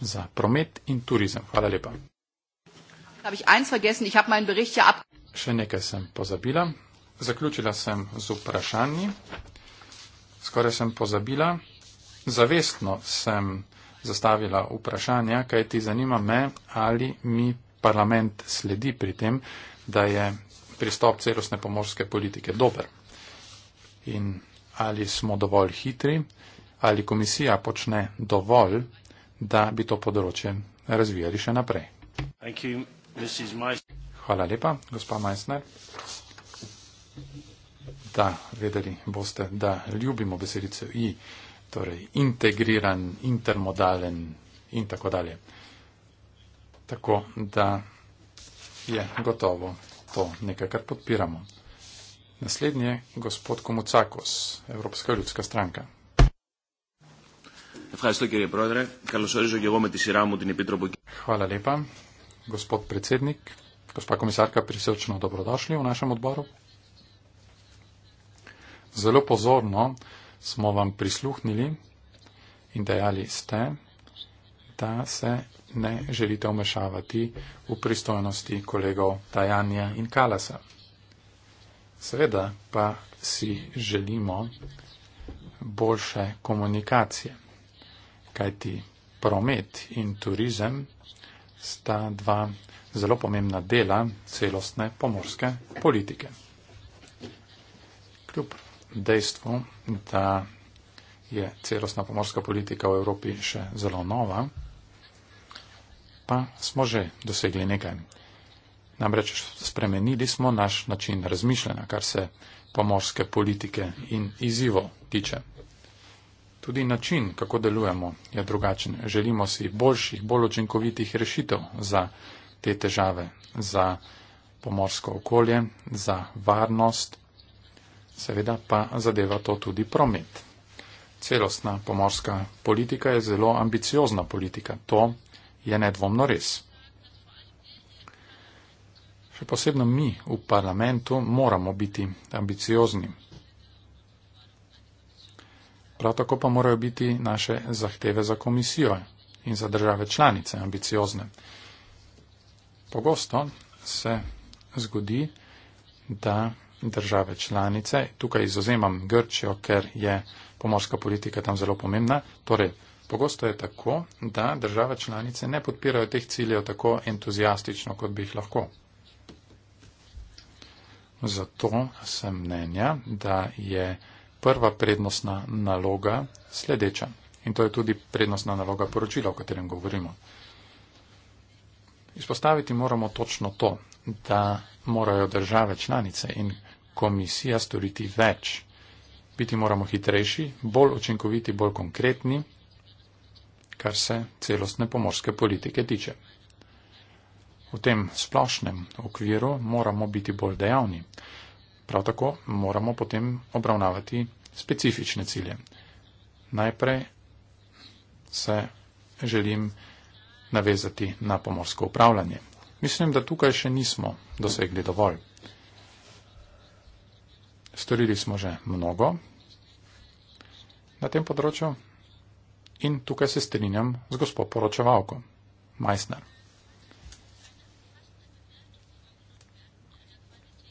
za promet in turizem. Hvala lepa. Ja Še nekaj sem pozabila. Zaključila sem z vprašanji. Skoraj sem pozabila. Zavestno sem zastavila vprašanja, kaj ti zanima me, ali mi parlament sledi pri tem, da je pristop celostne pomorske politike dober in ali smo dovolj hitri, ali komisija počne dovolj, da bi to področje razvijali še naprej. Hvala lepa, gospa Majsner. Da, vedeli boste, da ljubimo besedico I, torej integriran, intermodalen in tako dalje. Tako da je gotovo to nekaj, kar podpiramo. Naslednji je gospod Komucakos, Evropska ljudska stranka. Hvala lepa, gospod predsednik, gospa komisarka, prisrčno dobrodošli v našem odboru. Zelo pozorno smo vam prisluhnili in dejali ste, da se ne želite omešavati v pristojnosti kolegov Tajanja in Kalasa. Seveda pa si želimo boljše komunikacije, kajti promet in turizem sta dva zelo pomembna dela celostne pomorske politike. Kljub dejstvu, da je celostna pomorska politika v Evropi še zelo nova, pa smo že dosegli nekaj. Namreč spremenili smo naš način razmišljanja, kar se pomorske politike in izzivo tiče. Tudi način, kako delujemo, je drugačen. Želimo si boljših, bolj očinkovitih rešitev za te težave, za pomorsko okolje, za varnost, seveda pa zadeva to tudi promet. Celostna pomorska politika je zelo ambiciozna politika. To je nedvomno res še posebno mi v parlamentu, moramo biti ambiciozni. Prav tako pa morajo biti naše zahteve za komisijo in za države članice ambiciozne. Pogosto se zgodi, da države članice, tukaj izozemam Grčijo, ker je pomorska politika tam zelo pomembna, torej pogosto je tako, da države članice ne podpirajo teh ciljev tako entuzijastično, kot bi jih lahko. Zato sem mnenja, da je prva prednostna naloga sledeča. In to je tudi prednostna naloga poročila, o katerem govorimo. Izpostaviti moramo točno to, da morajo države članice in komisija storiti več. Biti moramo hitrejši, bolj učinkoviti, bolj konkretni, kar se celostne pomorske politike tiče. V tem splošnem okviru moramo biti bolj dejavni. Prav tako moramo potem obravnavati specifične cilje. Najprej se želim navezati na pomorsko upravljanje. Mislim, da tukaj še nismo dosegli dovolj. Storili smo že mnogo na tem področju in tukaj se strinjam z gospod poročevalko Majsner.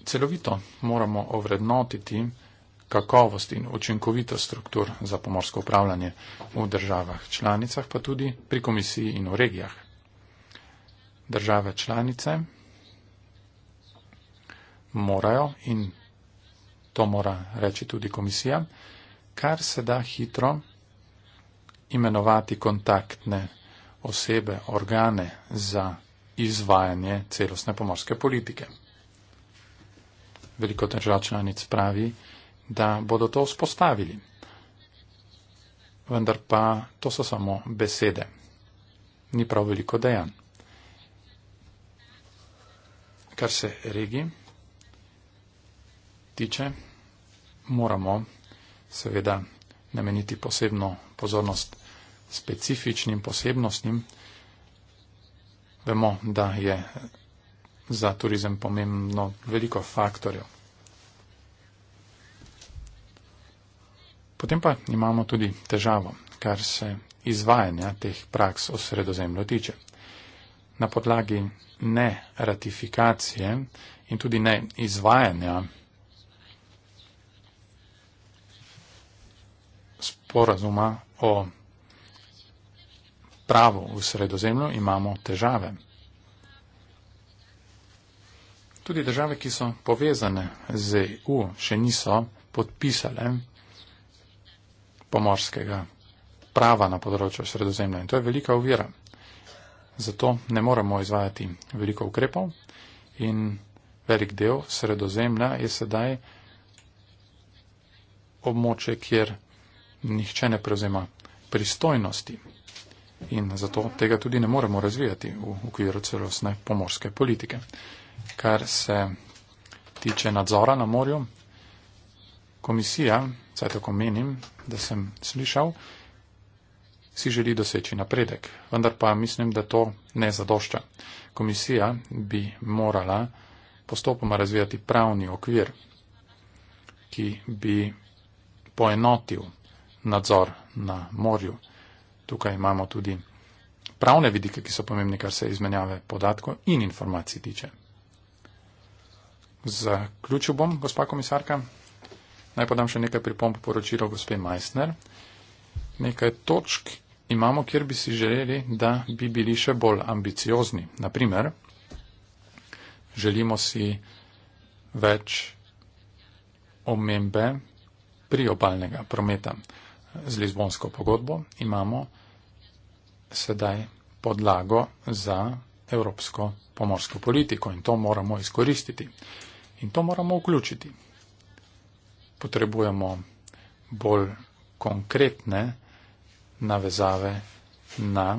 celovito moramo ovrednotiti kakovost in učinkovitost struktur za pomorsko upravljanje v državah članicah, pa tudi pri komisiji in v regijah. Države članice morajo in to mora reči tudi komisija, kar se da hitro imenovati kontaktne osebe, organe za izvajanje celostne pomorske politike veliko držav članic pravi, da bodo to vzpostavili. Vendar pa to so samo besede. Ni prav veliko dejanj. Kar se regi tiče, moramo seveda nameniti posebno pozornost specifičnim posebnostim. Vemo, da je za turizem pomembno veliko faktorjev. Potem pa imamo tudi težavo, kar se izvajanja teh praks o sredozemlju tiče. Na podlagi ne ratifikacije in tudi ne izvajanja sporazuma o pravu v sredozemlju imamo težave. Tudi države, ki so povezane z EU, še niso podpisale pomorskega prava na področju sredozemlja in to je velika uvira. Zato ne moremo izvajati veliko ukrepov in velik del sredozemlja je sedaj območje, kjer nihče ne prevzema pristojnosti in zato tega tudi ne moremo razvijati v okviru celostne pomorske politike kar se tiče nadzora na morju. Komisija, saj tako menim, da sem slišal, si želi doseči napredek, vendar pa mislim, da to ne zadošča. Komisija bi morala postopoma razvijati pravni okvir, ki bi poenotil nadzor na morju. Tukaj imamo tudi pravne vidike, ki so pomembni, kar se izmenjave podatkov in informacij tiče. Zaključil bom, gospa komisarka. Naj podam še nekaj pripomp poročilo gospe Meissner. Nekaj točk imamo, kjer bi si želeli, da bi bili še bolj ambiciozni. Naprimer, želimo si več omembe priobalnega prometa. Z Lizbonsko pogodbo imamo sedaj podlago za evropsko pomorsko politiko in to moramo izkoristiti. In to moramo vključiti. Potrebujemo bolj konkretne navezave na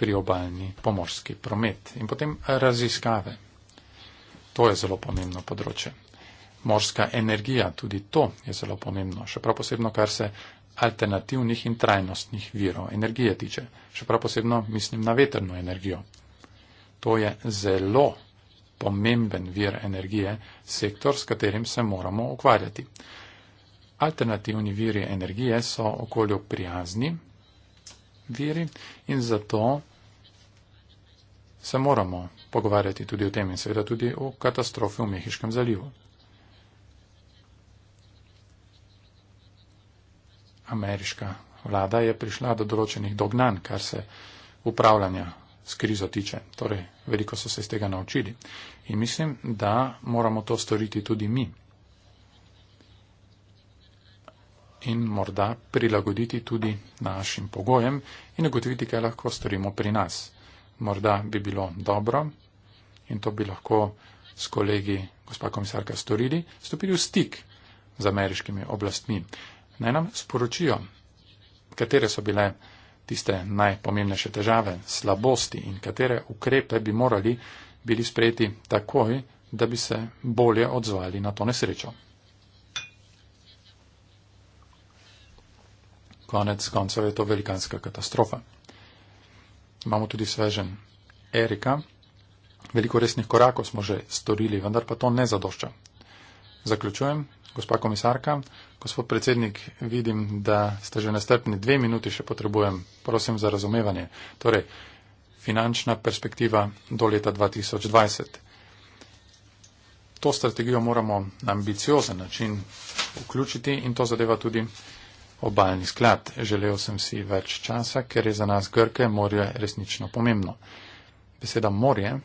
priobaljni pomorski promet. In potem raziskave. To je zelo pomembno področje. Morska energija, tudi to je zelo pomembno. Še prav posebno, kar se alternativnih in trajnostnih virov energije tiče. Še prav posebno mislim na veterno energijo. To je zelo pomemben vir energije, sektor, s katerim se moramo ukvarjati. Alternativni viri energije so okolju prijazni viri in zato se moramo pogovarjati tudi o tem in seveda tudi o katastrofi v Mehiškem zalivu. Ameriška vlada je prišla do določenih dognanj, kar se upravljanja s krizo tiče. Torej, veliko so se iz tega naučili. In mislim, da moramo to storiti tudi mi. In morda prilagoditi tudi našim pogojem in ugotoviti, kaj lahko storimo pri nas. Morda bi bilo dobro in to bi lahko s kolegi, gospa komisarka, storili, stopili v stik z ameriškimi oblastmi. Naj nam sporočijo, katere so bile tiste najpomembnejše težave, slabosti in katere ukrepe bi morali bili sprejeti takoj, da bi se bolje odzvali na to nesrečo. Konec koncev je to velikanska katastrofa. Imamo tudi svežen Erika. Veliko resnih korakov smo že storili, vendar pa to ne zadošča zaključujem. Gospa komisarka, gospod predsednik, vidim, da ste že nastrpni dve minuti, še potrebujem, prosim za razumevanje. Torej, finančna perspektiva do leta 2020. To strategijo moramo na ambiciozen način vključiti in to zadeva tudi obaljni sklad. Želel sem si več časa, ker je za nas Grke morje resnično pomembno. Beseda morje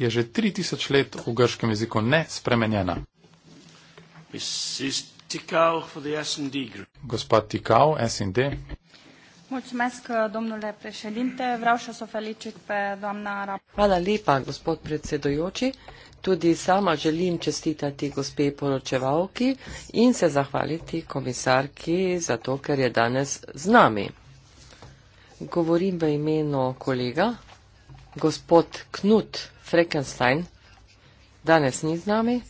je že 3000 let v grškem jeziku nespremenjena. Gospod Tikau, SND. Hvala lepa, gospod predsedojoči. Tudi sama želim čestitati gospe poročevalki in se zahvaliti komisarki za to, ker je danes z nami. Govorim v imenu kolega, gospod Knut Frankenstein danes ni z nami.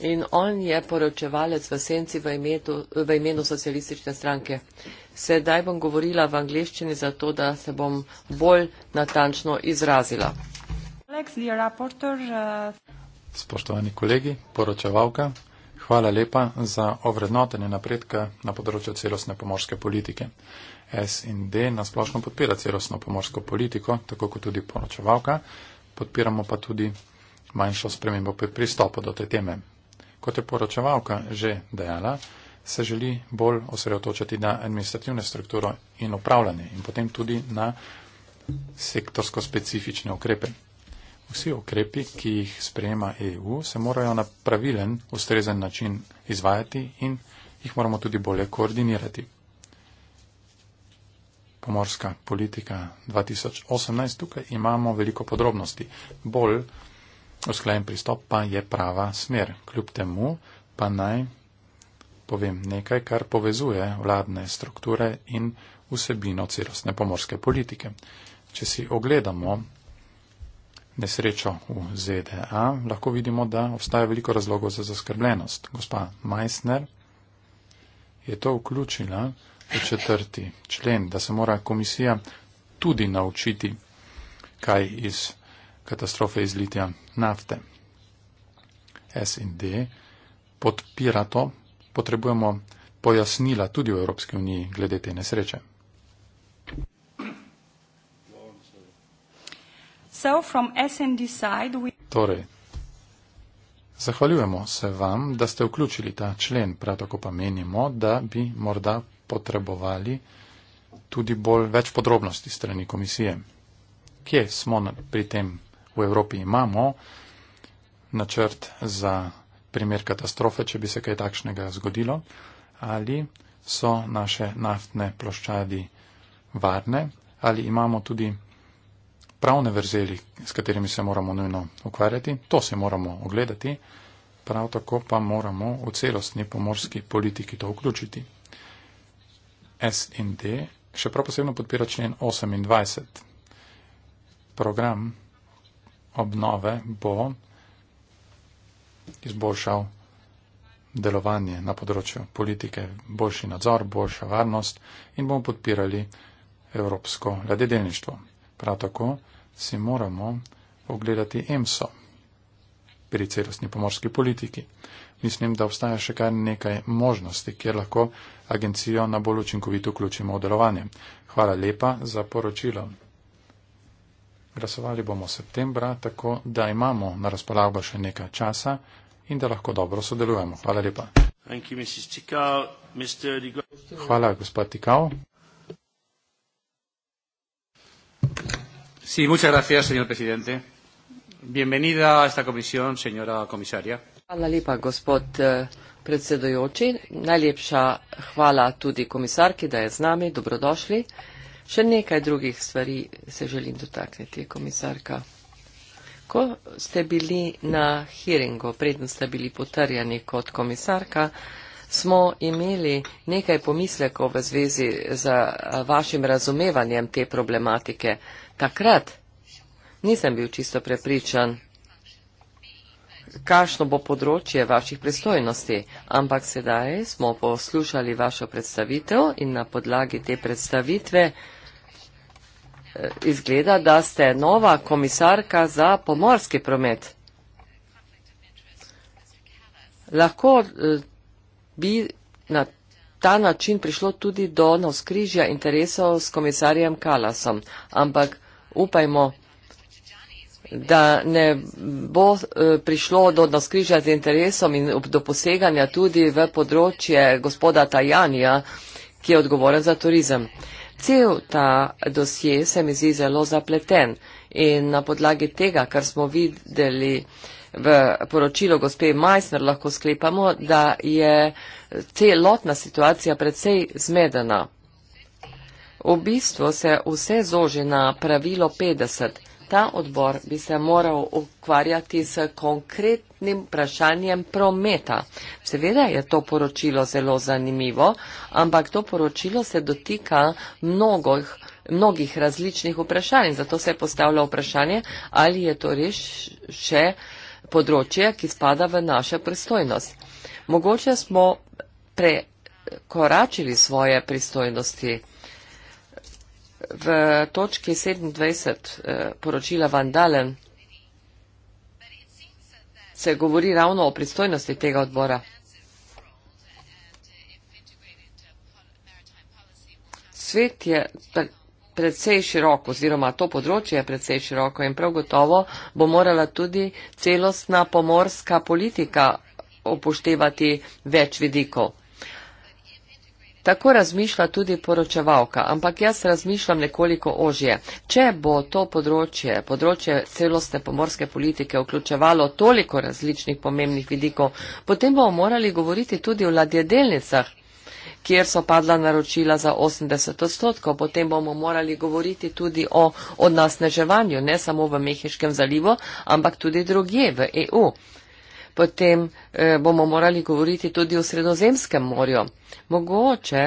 In on je poročevalec v senci v imenu, v imenu socialistične stranke. Sedaj bom govorila v angliščini, zato da se bom bolj natančno izrazila. Alex, reporter, uh... Spoštovani kolegi, poročevalka, hvala lepa za ovrednotenje napredka na področju celostne pomorske politike. SND nasplošno podpira celostno pomorsko politiko, tako kot tudi poročevalka, podpiramo pa tudi manjšo spremembo pri pristopu do te teme. Kot je poročevalka že dejala, se želi bolj osredotočiti na administrativne strukture in upravljanje in potem tudi na sektorsko specifične ukrepe. Vsi ukrepi, ki jih sprejema EU, se morajo na pravilen, ustrezen način izvajati in jih moramo tudi bolje koordinirati pomorska politika 2018. Tukaj imamo veliko podrobnosti. Bolj usklajen pristop pa je prava smer. Kljub temu pa naj povem nekaj, kar povezuje vladne strukture in vsebino celostne pomorske politike. Če si ogledamo nesrečo v ZDA, lahko vidimo, da obstaja veliko razlogov za zaskrbljenost. Gospa Meissner je to vključila 4. člen, da se mora komisija tudi naučiti, kaj iz katastrofe izlitja nafte. S in D podpira to, potrebujemo pojasnila tudi v Evropski uniji glede te nesreče. So side, we... Torej, zahvaljujemo se vam, da ste vključili ta člen, prav tako pa menimo, da bi morda potrebovali tudi bolj več podrobnosti strani komisije. Kje smo pri tem v Evropi? Imamo načrt za primer katastrofe, če bi se kaj takšnega zgodilo, ali so naše naftne ploščadi varne, ali imamo tudi pravne verzeli, s katerimi se moramo nujno ukvarjati, to se moramo ogledati, prav tako pa moramo v celostni pomorski politiki to vključiti. SND, še prav posebno podpira člen 28. Program obnove bo izboljšal delovanje na področju politike, boljši nadzor, boljša varnost in bomo podpirali evropsko ladedelništvo. Prav tako si moramo ogledati EMSO pri celostni pomorski politiki mislim, da obstaja še kar nekaj možnosti, kjer lahko agencijo na bolj učinkovito vključimo v delovanje. Hvala lepa za poročilo. Glasovali bomo septembra, tako da imamo na razpolago še nekaj časa in da lahko dobro sodelujemo. Hvala lepa. Hvala, gospod Tikal. Sí, muchas gracias, señor presidente. Bienvenida a esta comisión, señora comisaria. Hvala lepa, gospod eh, predsedojoči. Najlepša hvala tudi komisarki, da je z nami. Dobrodošli. Še nekaj drugih stvari se želim dotakniti, komisarka. Ko ste bili na hearingu, predn ste bili potrjeni kot komisarka, smo imeli nekaj pomislekov v zvezi z eh, vašim razumevanjem te problematike. Takrat nisem bil čisto prepričan, kakšno bo področje vaših pristojnosti, ampak sedaj smo poslušali vašo predstavitev in na podlagi te predstavitve eh, izgleda, da ste nova komisarka za pomorski promet. Lahko eh, bi na ta način prišlo tudi do navskrižja interesov s komisarjem Kalasom, ampak upajmo, da da ne bo eh, prišlo do naskrižja z interesom in do poseganja tudi v področje gospoda Tajanja, ki je odgovoren za turizem. Cel ta dosje se mi zdi zelo zapleten in na podlagi tega, kar smo videli v poročilu gospe Majsner, lahko sklepamo, da je celotna situacija predvsej zmedena. V bistvu se vse zoži na pravilo 50 ta odbor bi se moral ukvarjati s konkretnim vprašanjem prometa. Seveda je to poročilo zelo zanimivo, ampak to poročilo se dotika mnogih, mnogih različnih vprašanj. Zato se je postavilo vprašanje, ali je to res še področje, ki spada v našo pristojnost. Mogoče smo prekoračili svoje pristojnosti v točki 27 eh, poročila Vandalen se govori ravno o pristojnosti tega odbora. Svet je predvsej širok oziroma to področje je predvsej široko in prav gotovo bo morala tudi celostna pomorska politika upoštevati več vidikov. Tako razmišlja tudi poročevalka, ampak jaz razmišljam nekoliko ožje. Če bo to področje, področje celostne pomorske politike vključevalo toliko različnih pomembnih vidikov, potem bomo morali govoriti tudi o ladjedelnicah kjer so padla naročila za 80 odstotkov. Potem bomo morali govoriti tudi o odnasneževanju, ne samo v Mehiškem zalivu, ampak tudi drugje v EU potem eh, bomo morali govoriti tudi o sredozemskem morju. Mogoče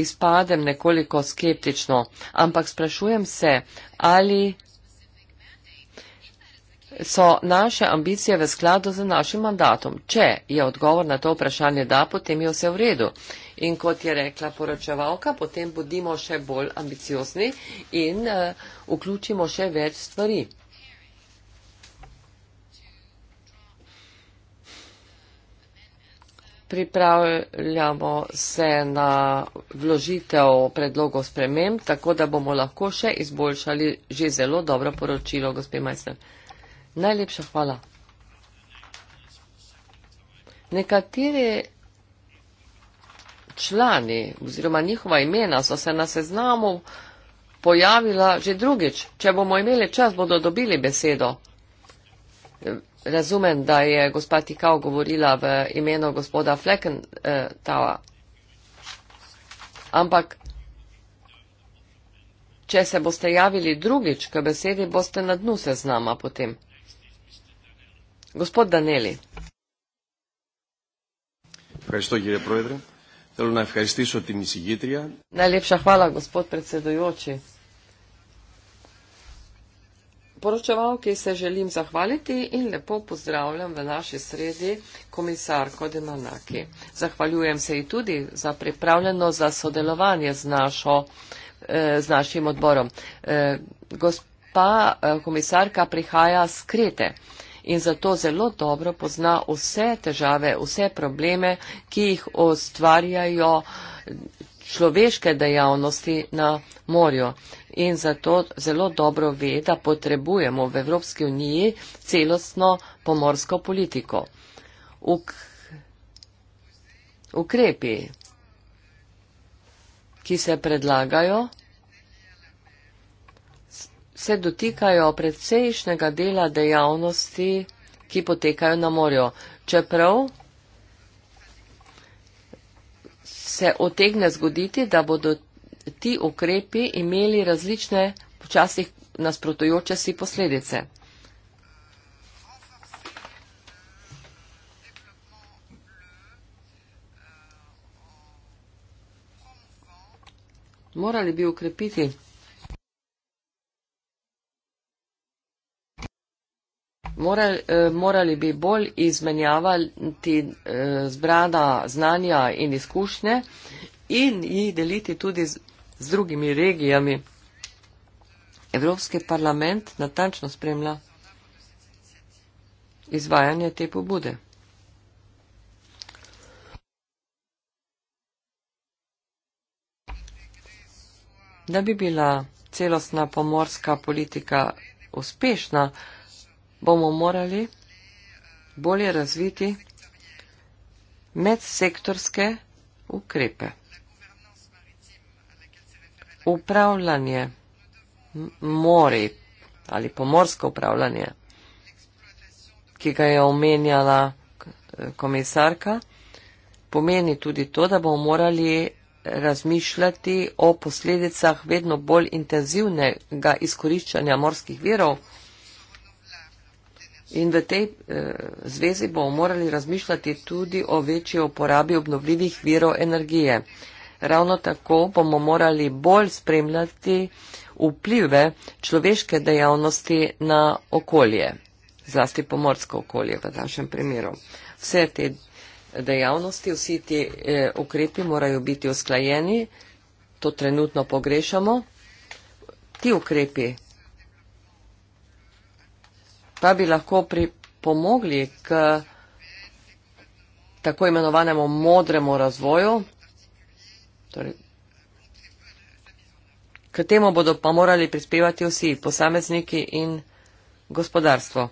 izpadem nekoliko skeptično, ampak sprašujem se, ali so naše ambicije v skladu z našim mandatom. Če je odgovor na to vprašanje da, potem je vse v redu. In kot je rekla poročevalka, potem bodimo še bolj ambiciozni in uh, vključimo še več stvari. pripravljamo se na vložitev predlogov sprememb, tako da bomo lahko še izboljšali že zelo dobro poročilo, gospe Majster. Najlepša hvala. Nekateri člani oziroma njihova imena so se na seznamu pojavila že drugič. Če bomo imeli čas, bodo dobili besedo razumem, da je gospa Tikao govorila v imenu gospoda Fleckentawa. Ampak, če se boste javili drugič k besedi, boste na dnu seznama potem. Gospod Daneli. Najlepša hvala, gospod predsedujoči poročevalki se želim zahvaliti in lepo pozdravljam v naši sredi komisarko Demanaki. Zahvaljujem se ji tudi za pripravljeno za sodelovanje z, našo, eh, z našim odborom. Eh, gospa eh, komisarka prihaja skrete in zato zelo dobro pozna vse težave, vse probleme, ki jih ustvarjajo človeške dejavnosti na morju in zato zelo dobro ve, da potrebujemo v Evropski uniji celostno pomorsko politiko. Uk ukrepi, ki se predlagajo, se dotikajo predsejšnjega dela dejavnosti, ki potekajo na morju. Čeprav se otegne zgoditi, da bodo ti ukrepi imeli različne, počasih nasprotujoče si posledice. Morali bi ukrepiti Morali, eh, morali bi bolj izmenjavati eh, zbrana znanja in izkušnje in jih deliti tudi z drugimi regijami. Evropski parlament natančno spremlja izvajanje te pobude. Da bi bila celostna pomorska politika uspešna, bomo morali bolje razviti medsektorske ukrepe upravljanje mori ali pomorsko upravljanje, ki ga je omenjala eh, komisarka, pomeni tudi to, da bomo morali razmišljati o posledicah vedno bolj intenzivnega izkoriščanja morskih virov in v tej eh, zvezi bomo morali razmišljati tudi o večji uporabi obnovljivih virov energije ravno tako bomo morali bolj spremljati vplive človeške dejavnosti na okolje, zlasti pomorsko okolje v našem primeru. Vse te dejavnosti, vsi ti eh, ukrepi morajo biti usklajeni, to trenutno pogrešamo. Ti ukrepi pa bi lahko pripomogli k tako imenovanemu modremu razvoju, Torej, k temu bodo pa morali prispevati vsi, posamezniki in gospodarstvo.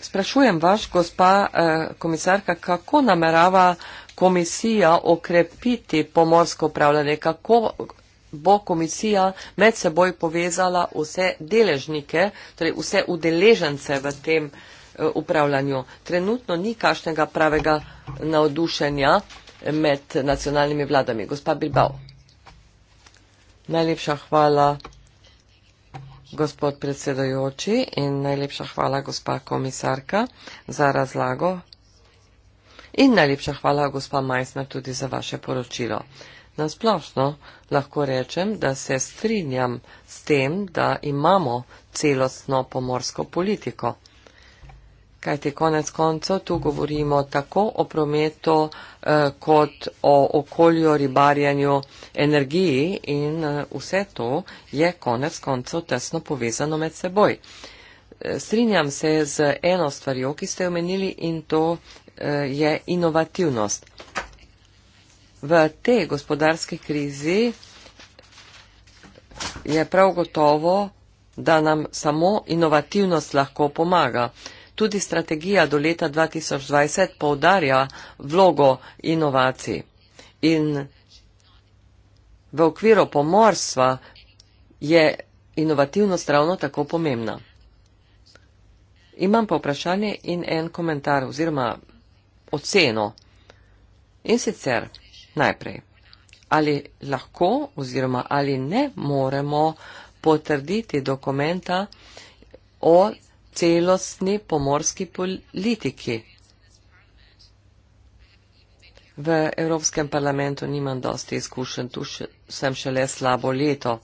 Sprašujem vaš, gospa eh, komisarka, kako namerava komisija okrepiti pomorsko upravljanje, kako bo komisija med seboj povezala vse deležnike, torej vse udeležence v tem upravljanju. Trenutno ni kašnega pravega navdušenja med nacionalnimi vladami. Gospa Bilbao. Najlepša hvala, gospod predsedojoči in najlepša hvala, gospa komisarka, za razlago. In najlepša hvala, gospa Majsner, tudi za vaše poročilo. Nasplošno lahko rečem, da se strinjam s tem, da imamo celostno pomorsko politiko kajte konec koncev tu govorimo tako o prometu eh, kot o okolju, ribarjanju, energiji in eh, vse to je konec koncev tesno povezano med seboj. Eh, strinjam se z eno stvarjo, ki ste omenili in to je inovativnost. V tej gospodarski krizi je prav gotovo, da nam samo inovativnost lahko pomaga. Tudi strategija do leta 2020 poudarja vlogo inovacij. In v okviru pomorstva je inovativnost ravno tako pomembna. Imam pa vprašanje in en komentar oziroma oceno. In sicer najprej, ali lahko oziroma ali ne moremo potrditi dokumenta o celostni pomorski politiki. V Evropskem parlamentu nimam dosti izkušen, tu še, sem šele slabo leto,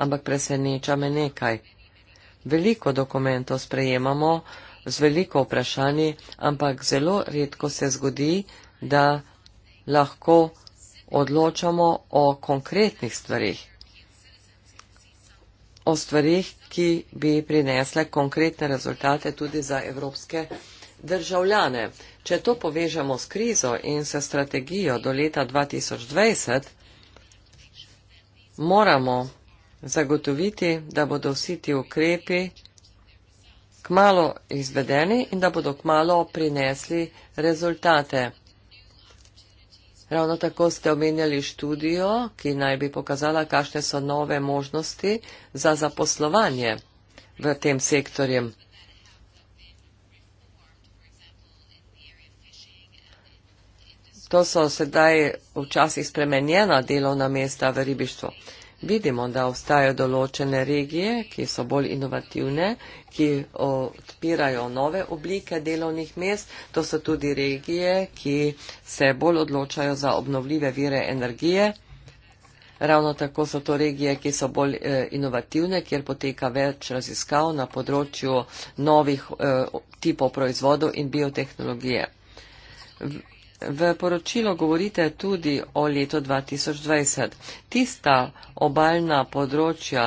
ampak preseneča me nekaj. Veliko dokumentov sprejemamo z veliko vprašanji, ampak zelo redko se zgodi, da lahko odločamo o konkretnih stvarih o stvarih, ki bi prinesle konkretne rezultate tudi za evropske državljane. Če to povežemo s krizo in se strategijo do leta 2020, moramo zagotoviti, da bodo vsi ti ukrepi kmalo izvedeni in da bodo kmalo prinesli rezultate. Ravno tako ste omenjali študijo, ki naj bi pokazala, kakšne so nove možnosti za zaposlovanje v tem sektorju. To so sedaj včasih spremenjena delovna mesta v ribištvu vidimo, da obstajajo določene regije, ki so bolj inovativne, ki odpirajo nove oblike delovnih mest. To so tudi regije, ki se bolj odločajo za obnovljive vire energije. Ravno tako so to regije, ki so bolj eh, inovativne, kjer poteka več raziskav na področju novih eh, tipov proizvodov in biotehnologije. V poročilu govorite tudi o letu 2020. Tista obaljna področja,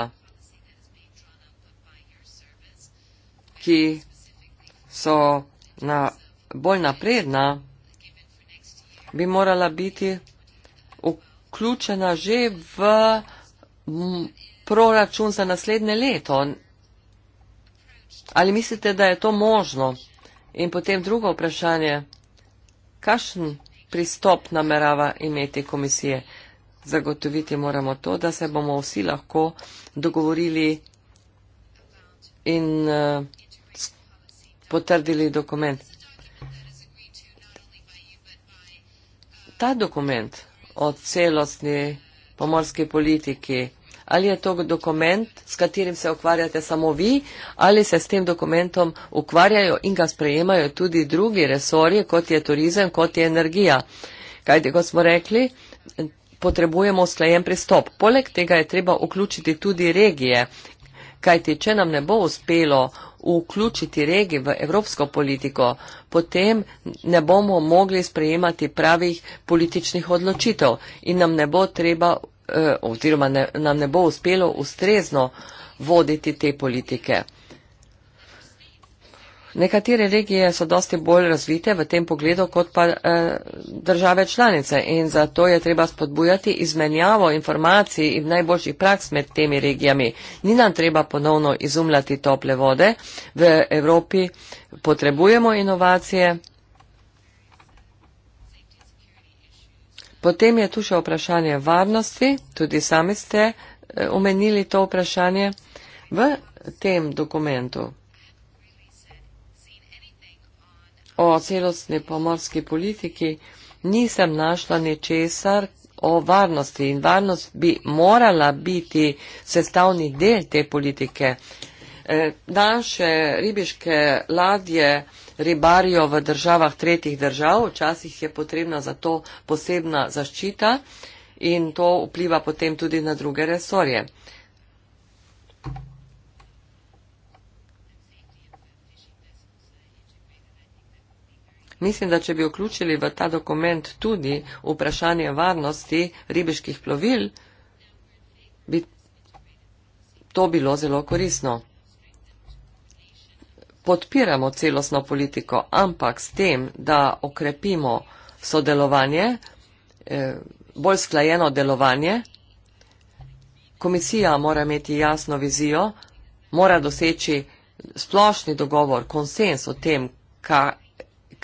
ki so na, bolj napredna, bi morala biti vključena že v proračun za naslednje leto. Ali mislite, da je to možno? In potem drugo vprašanje kakšen pristop namerava imeti komisije. Zagotoviti moramo to, da se bomo vsi lahko dogovorili in uh, potrdili dokument. Ta dokument o celostni pomorski politiki ali je to dokument, s katerim se ukvarjate samo vi, ali se s tem dokumentom ukvarjajo in ga sprejemajo tudi drugi resori, kot je turizem, kot je energija. Kaj, kot smo rekli, potrebujemo sklajen pristop. Poleg tega je treba vključiti tudi regije, kajti če nam ne bo uspelo vključiti regije v evropsko politiko, potem ne bomo mogli sprejemati pravih političnih odločitev in nam ne bo treba Eh, oziroma ne, nam ne bo uspelo ustrezno voditi te politike. Nekatere regije so dosti bolj razvite v tem pogledu kot pa eh, države članice in zato je treba spodbujati izmenjavo informacij in najboljših praks med temi regijami. Ni nam treba ponovno izumljati tople vode. V Evropi potrebujemo inovacije. Potem je tu še vprašanje varnosti, tudi sami ste eh, omenili to vprašanje v tem dokumentu o celostni pomorski politiki. Nisem našla ničesar o varnosti in varnost bi morala biti sestavni del te politike. Eh, naše ribiške ladje ribarijo v državah tretjih držav, včasih je potrebna za to posebna zaščita in to vpliva potem tudi na druge resorje. Mislim, da če bi vključili v ta dokument tudi vprašanje varnosti ribiških plovil, bi to bilo zelo koristno podpiramo celostno politiko, ampak s tem, da okrepimo sodelovanje, eh, bolj sklajeno delovanje, komisija mora imeti jasno vizijo, mora doseči splošni dogovor, konsens o tem,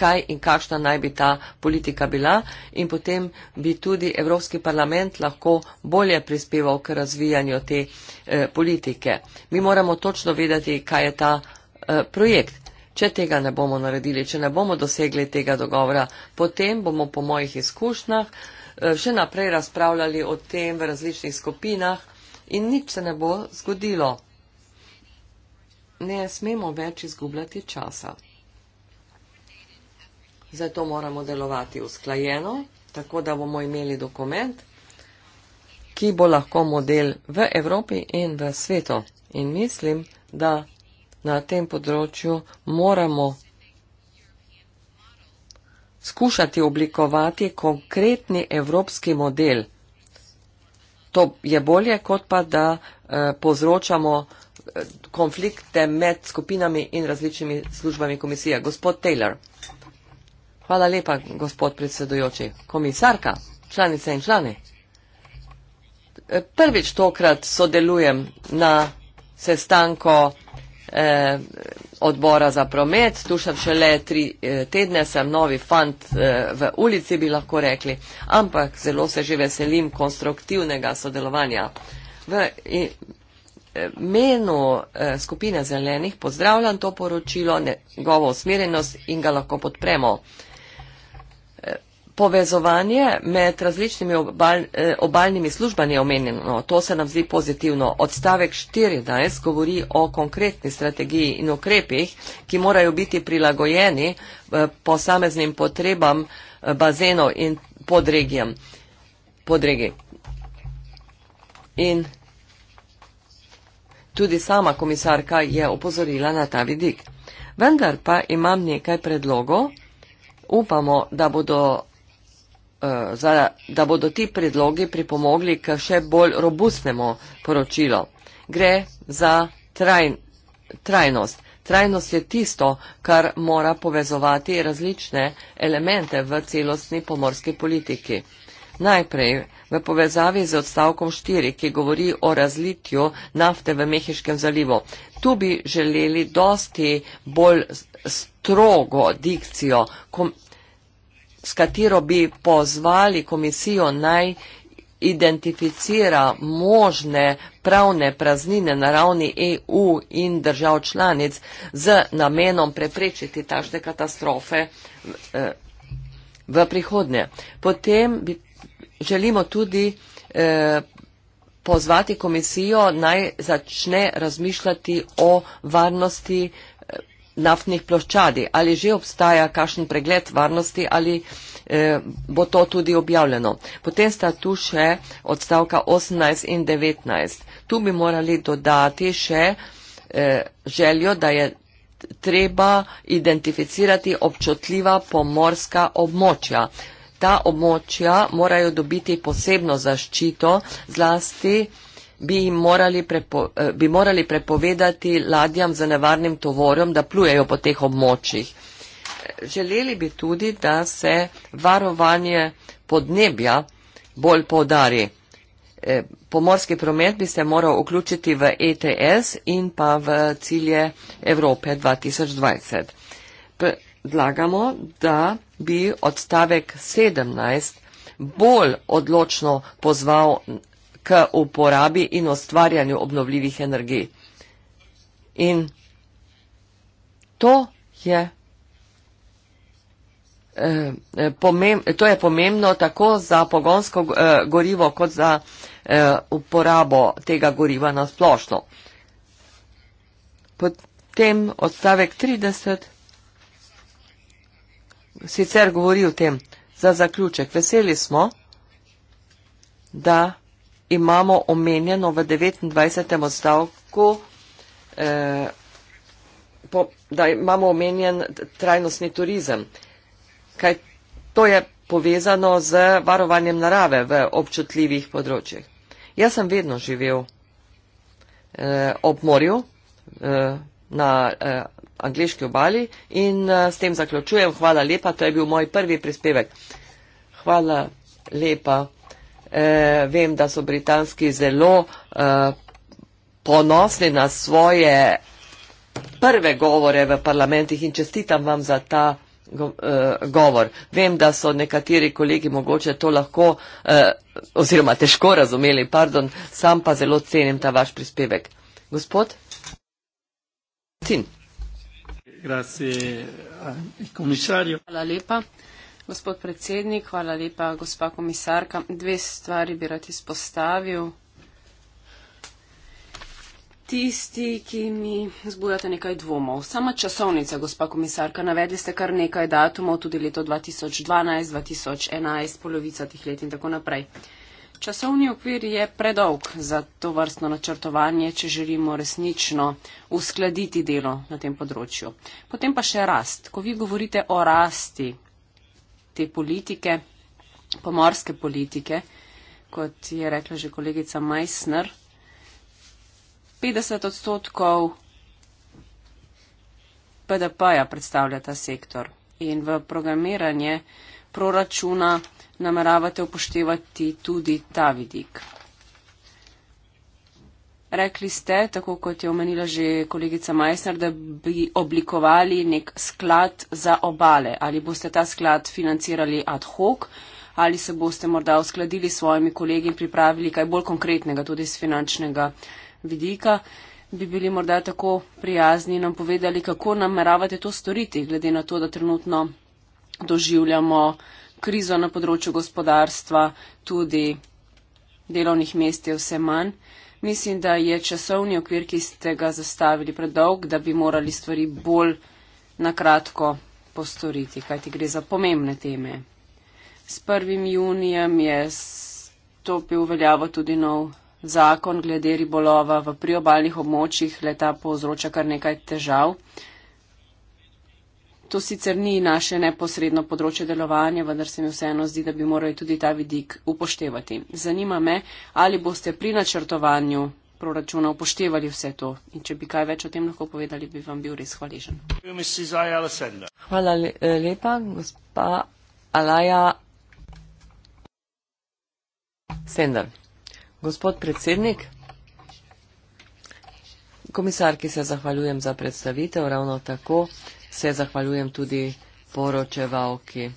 kaj in kakšna naj bi ta politika bila in potem bi tudi Evropski parlament lahko bolje prispeval k razvijanju te eh, politike. Mi moramo točno vedeti, kaj je ta politika Eh, projekt. Če tega ne bomo naredili, če ne bomo dosegli tega dogovora, potem bomo po mojih izkušnjah eh, še naprej razpravljali o tem v različnih skupinah in nič se ne bo zgodilo. Ne smemo več izgubljati časa. Zato moramo delovati usklajeno, tako da bomo imeli dokument, ki bo lahko model v Evropi in v svetu. In mislim, da na tem področju moramo skušati oblikovati konkretni evropski model. To je bolje, kot pa da eh, povzročamo eh, konflikte med skupinami in različnimi službami komisije. Gospod Taylor. Hvala lepa, gospod predsedujoči. Komisarka, članice in člani. Eh, prvič tokrat sodelujem na sestanko eh, odbora za promet, tu sem šele tri eh, tedne, sem novi fant eh, v ulici, bi lahko rekli, ampak zelo se že veselim konstruktivnega sodelovanja. V imenu eh, eh, skupine zelenih pozdravljam to poročilo, njegovo usmerjenost in ga lahko podpremo. Eh, povezovanje med različnimi obal, eh, obaljnimi službami je omenjeno. To se nam zdi pozitivno. Odstavek 14 govori o konkretni strategiji in okrepih, ki morajo biti prilagojeni eh, posameznim potrebam eh, bazenov in podregijam. Podregi. In tudi sama komisarka je opozorila na ta vidik. Vendar pa imam nekaj predlogov. Upamo, da bodo Eh, za, da bodo ti predlogi pripomogli k še bolj robustnemu poročilu. Gre za traj, trajnost. Trajnost je tisto, kar mora povezovati različne elemente v celostni pomorski politiki. Najprej v povezavi z odstavkom 4, ki govori o razlitju nafte v Mehiškem zalivu. Tu bi želeli dosti bolj strogo dikcijo, s katero bi pozvali komisijo naj identificira možne pravne praznine na ravni EU in držav članic z namenom preprečiti tašne katastrofe eh, v prihodnje. Potem bi, želimo tudi eh, pozvati komisijo naj začne razmišljati o varnosti naftnih ploščadi. Ali že obstaja kakšen pregled varnosti ali eh, bo to tudi objavljeno. Potem sta tu še odstavka 18 in 19. Tu bi morali dodati še eh, željo, da je treba identificirati občutljiva pomorska območja. Ta območja morajo dobiti posebno zaščito zlasti, bi, jim morali, prepo, eh, bi morali prepovedati ladjam za nevarnim tovorom, da plujejo po teh območjih. Želeli bi tudi, da se varovanje podnebja bolj podari. Eh, pomorski promet bi se moral vključiti v ETS in pa v cilje Evrope 2020. Predlagamo, da bi odstavek 17 bolj odločno pozval k uporabi in ustvarjanju obnovljivih energij. In to je, eh, to je pomembno tako za pogonsko eh, gorivo, kot za eh, uporabo tega goriva na splošno. Potem odstavek 30 sicer govori o tem, za zaključek veseli smo, da imamo omenjeno v 29. odstavku, eh, po, da imamo omenjen trajnostni turizem. Kaj to je povezano z varovanjem narave v občutljivih področjih. Jaz sem vedno živel eh, ob morju eh, na eh, angliški obali in eh, s tem zaključujem. Hvala lepa, to je bil moj prvi prispevek. Hvala lepa. Eh, vem, da so britanski zelo eh, ponosni na svoje prve govore v parlamentih in čestitam vam za ta eh, govor. Vem, da so nekateri kolegi mogoče to lahko eh, oziroma težko razumeli, pardon, sam pa zelo cenim ta vaš prispevek. Gospod? Grazie, eh, Hvala lepa. Gospod predsednik, hvala lepa, gospa komisarka. Dve stvari bi rad izpostavil. Tisti, ki mi zbujate nekaj dvomov. Sama časovnica, gospa komisarka, navedli ste kar nekaj datumov, tudi leto 2012, 2011, polovica tih let in tako naprej. Časovni okvir je predolg za to vrstno načrtovanje, če želimo resnično uskladiti delo na tem področju. Potem pa še rast. Ko vi govorite o rasti, te politike, pomorske politike, kot je rekla že kolegica Meissner. 50 odstotkov PDP-ja predstavlja ta sektor in v programiranje proračuna nameravate upoštevati tudi ta vidik. Rekli ste, tako kot je omenila že kolegica Majsner, da bi oblikovali nek sklad za obale. Ali boste ta sklad financirali ad hoc ali se boste morda uskladili s svojimi kolegi in pripravili kaj bolj konkretnega tudi z finančnega vidika. Bi bili morda tako prijazni in nam povedali, kako nameravate to storiti, glede na to, da trenutno doživljamo krizo na področju gospodarstva, tudi delovnih mest je vse manj mislim, da je časovni okvir, ki ste ga zastavili predolg, da bi morali stvari bolj nakratko postoriti, kajti gre za pomembne teme. S 1. junijem je stopil veljavo tudi nov zakon glede ribolova v priobalnih območjih, leta povzroča kar nekaj težav. To sicer ni naše neposredno področje delovanja, vendar se mi vseeno zdi, da bi morali tudi ta vidik upoštevati. Zanima me, ali boste pri načrtovanju proračuna upoštevali vse to in če bi kaj več o tem lahko povedali, bi vam bil res hvaležen. Hvala eh, lepa, gospa Alaja Sender. Gospod predsednik, komisarki se zahvaljujem za predstavitev ravno tako se zahvaljujem tudi poročevalki.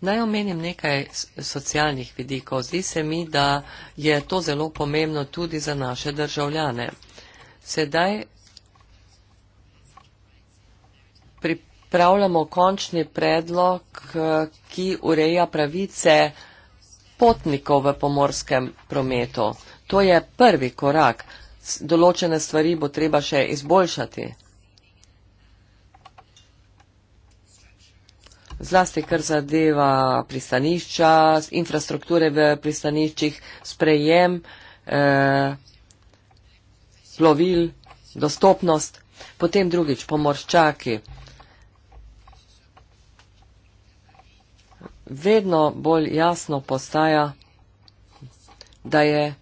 Naj omenim nekaj socialnih vidikov. Zdi se mi, da je to zelo pomembno tudi za naše državljane. Sedaj pripravljamo končni predlog, ki ureja pravice potnikov v pomorskem prometu. To je prvi korak. Določene stvari bo treba še izboljšati. zlasti kar zadeva pristanišča, infrastrukture v pristaniščih, sprejem, eh, plovil, dostopnost, potem drugič pomorščaki. Vedno bolj jasno postaja, da je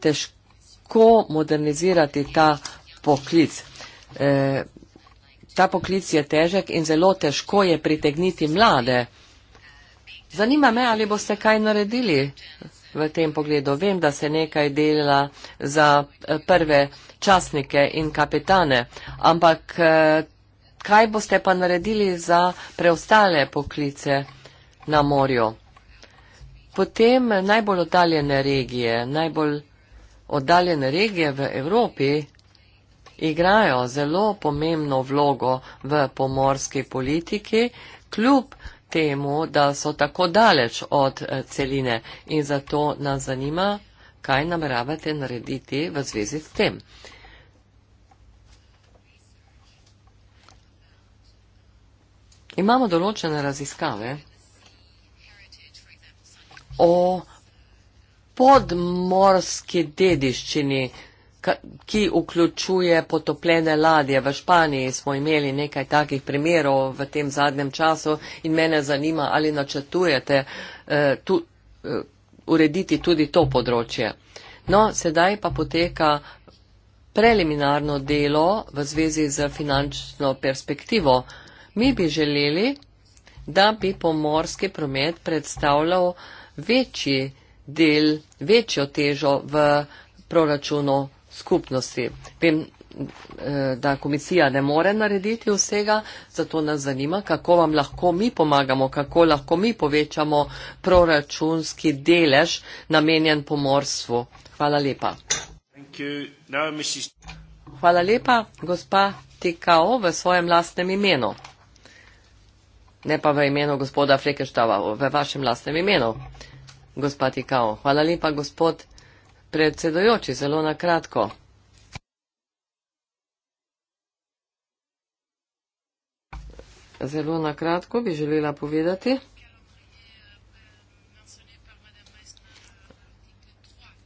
težko modernizirati ta poklic. Eh, Ta poklic je težek in zelo težko je pritegniti mlade. Zanima me, ali boste kaj naredili v tem pogledu. Vem, da se nekaj dela za eh, prve časnike in kapitane, ampak eh, kaj boste pa naredili za preostale poklice na morju? Potem eh, najbolj oddaljene regije, najbolj oddaljene regije v Evropi igrajo zelo pomembno vlogo v pomorski politiki, kljub temu, da so tako daleč od eh, celine in zato nas zanima, kaj nameravate narediti v zvezi s tem. Imamo določene raziskave o podmorski dediščini ki vključuje potopljene ladje. V Španiji smo imeli nekaj takih primerov v tem zadnjem času in mene zanima, ali načrtujete eh, tu, eh, urediti tudi to področje. No, sedaj pa poteka preliminarno delo v zvezi z finančno perspektivo. Mi bi želeli, da bi pomorski promet predstavljal večji del, večjo težo v proračunu skupnosti. Vem, eh, da komisija ne more narediti vsega, zato nas zanima, kako vam lahko mi pomagamo, kako lahko mi povečamo proračunski delež namenjen pomorstvu. Hvala lepa. Hvala lepa, gospa TKO, v svojem lastnem imenu. Ne pa v imenu gospoda Flekeštava, v vašem lastnem imenu. Gospa TKO, hvala lepa, gospod. Predsedojoči, zelo na kratko. Zelo na kratko bi želela povedati,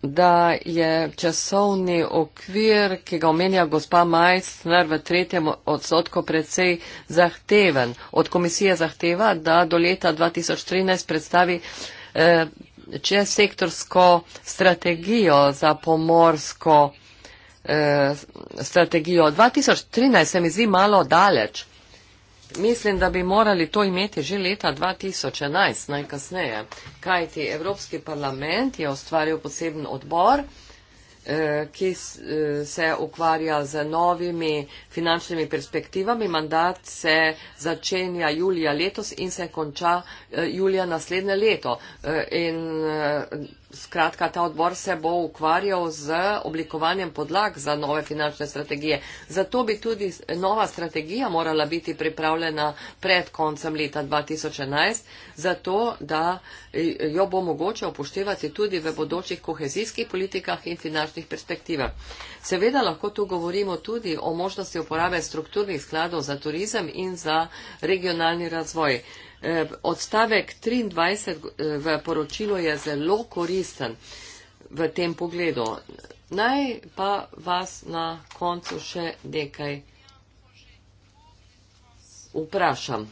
da je časovni okvir, ki ga omenja gospa Majstner v tretjem odsotku, predvsej zahteven. Od komisije zahteva, da do leta 2013 predstavi. Eh, če sektorsko strategijo za pomorsko eh, strategijo. 2013 se mi zdi malo daleč. Mislim, da bi morali to imeti že leta 2011 najkasneje, kajti Evropski parlament je ustvaril poseben odbor. Eh, ki eh, se ukvarja z novimi finančnimi perspektivami. Mandat se začenja julija letos in se konča eh, julija naslednje leto. In, Skratka, ta odbor se bo ukvarjal z oblikovanjem podlag za nove finančne strategije. Zato bi tudi nova strategija morala biti pripravljena pred koncem leta 2011, zato da eh, jo bo mogoče upoštevati tudi v bodočih kohezijskih politikah in finančnih perspektivah. Seveda lahko tu govorimo tudi o možnosti uporabe strukturnih skladov za turizem in za regionalni razvoj. Eh, odstavek 23 eh, v poročilu je zelo koristen v tem pogledu. Naj pa vas na koncu še nekaj vprašam.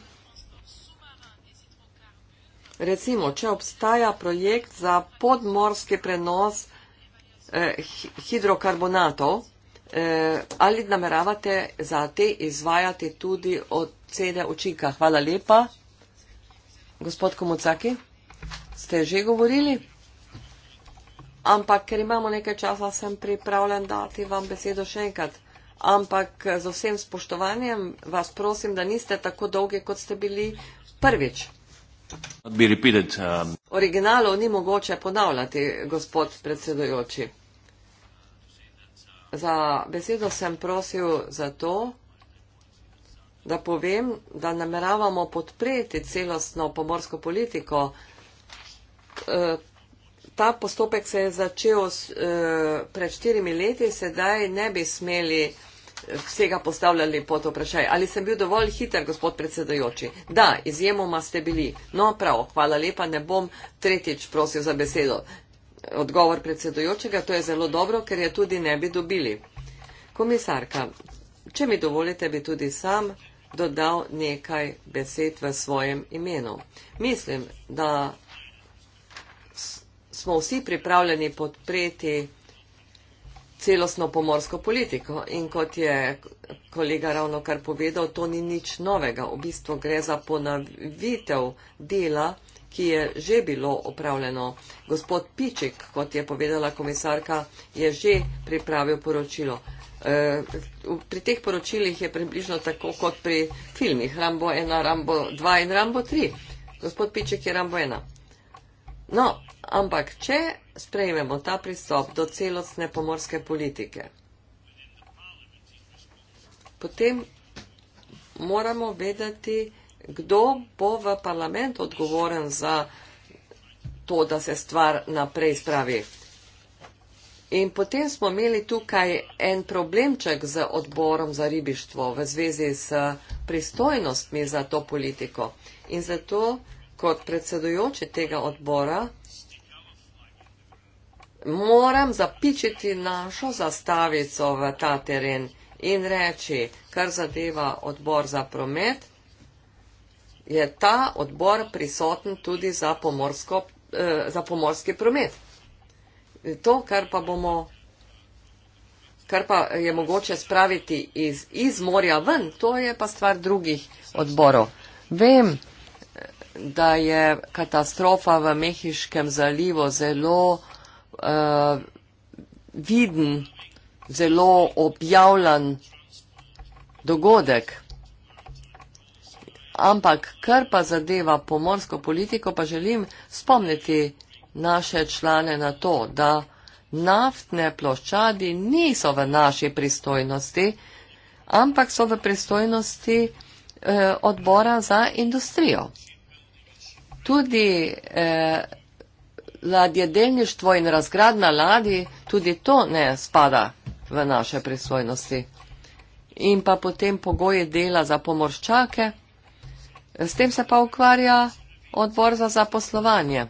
Recimo, če obstaja projekt za podmorski prenos eh, hidrokarbonatov, eh, ali nameravate za te izvajati tudi od CD učinka? Hvala lepa. Gospod Komocaki, ste že govorili, ampak ker imamo nekaj časa, sem pripravljen dati vam besedo še enkrat. Ampak z vsem spoštovanjem vas prosim, da niste tako dolgi, kot ste bili prvič. Repeated, um... Originalov ni mogoče ponavljati, gospod predsedojoči. Za besedo sem prosil za to, da povem, da nameravamo podpreti celostno pomorsko politiko. E, ta postopek se je začel e, pred štirimi leti, sedaj ne bi smeli vsega postavljali pod vprašaj. Ali sem bil dovolj hiter, gospod predsedojoči? Da, izjemoma ste bili. No, prav, hvala lepa, ne bom tretjič prosil za besedo. Odgovor predsedojočega, to je zelo dobro, ker je tudi ne bi dobili. Komisarka, če mi dovolite, bi tudi sam dodal nekaj besed v svojem imenu. Mislim, da smo vsi pripravljeni podpreti celostno pomorsko politiko in kot je kolega ravno kar povedal, to ni nič novega. V bistvu gre za ponavitev dela, ki je že bilo upravljeno. Gospod Pičik, kot je povedala komisarka, je že pripravil poročilo. Eh, pri teh poročilih je približno tako kot pri filmih Rambo 1, Rambo 2 in Rambo 3. Gospod Piček je Rambo 1. No, ampak če sprejmemo ta pristop do celostne pomorske politike, potem moramo vedeti, kdo bo v parlament odgovoren za to, da se stvar naprej spravi. In potem smo imeli tukaj en problemček z odborom za ribištvo v zvezi s pristojnostmi za to politiko. In zato kot predsedujoče tega odbora moram zapičiti našo zastavico v ta teren in reči, kar zadeva odbor za promet, je ta odbor prisoten tudi za, pomorsko, eh, za pomorski promet to, kar pa bomo, kar pa je mogoče spraviti iz, iz morja ven, to je pa stvar drugih odborov. Vem, da je katastrofa v Mehiškem zalivu zelo uh, viden, zelo objavljan dogodek. Ampak, kar pa zadeva pomorsko politiko, pa želim spomniti naše člane na to, da naftne ploščadi niso v naši pristojnosti, ampak so v pristojnosti eh, odbora za industrijo. Tudi eh, ladjedelništvo in razgradna ladi, tudi to ne spada v naše pristojnosti. In pa potem pogoje dela za pomorščake, s tem se pa ukvarja odbor za zaposlovanje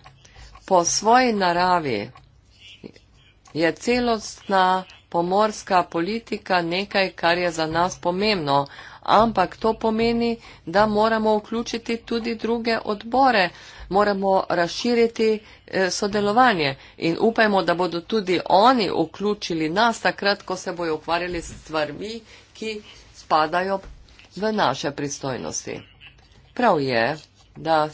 po svoji naravi je celostna pomorska politika nekaj, kar je za nas pomembno, ampak to pomeni, da moramo vključiti tudi druge odbore, moramo razširiti eh, sodelovanje in upajmo, da bodo tudi oni vključili nas takrat, ko se bojo ukvarjali s stvarmi, ki spadajo v naše pristojnosti. Prav je, da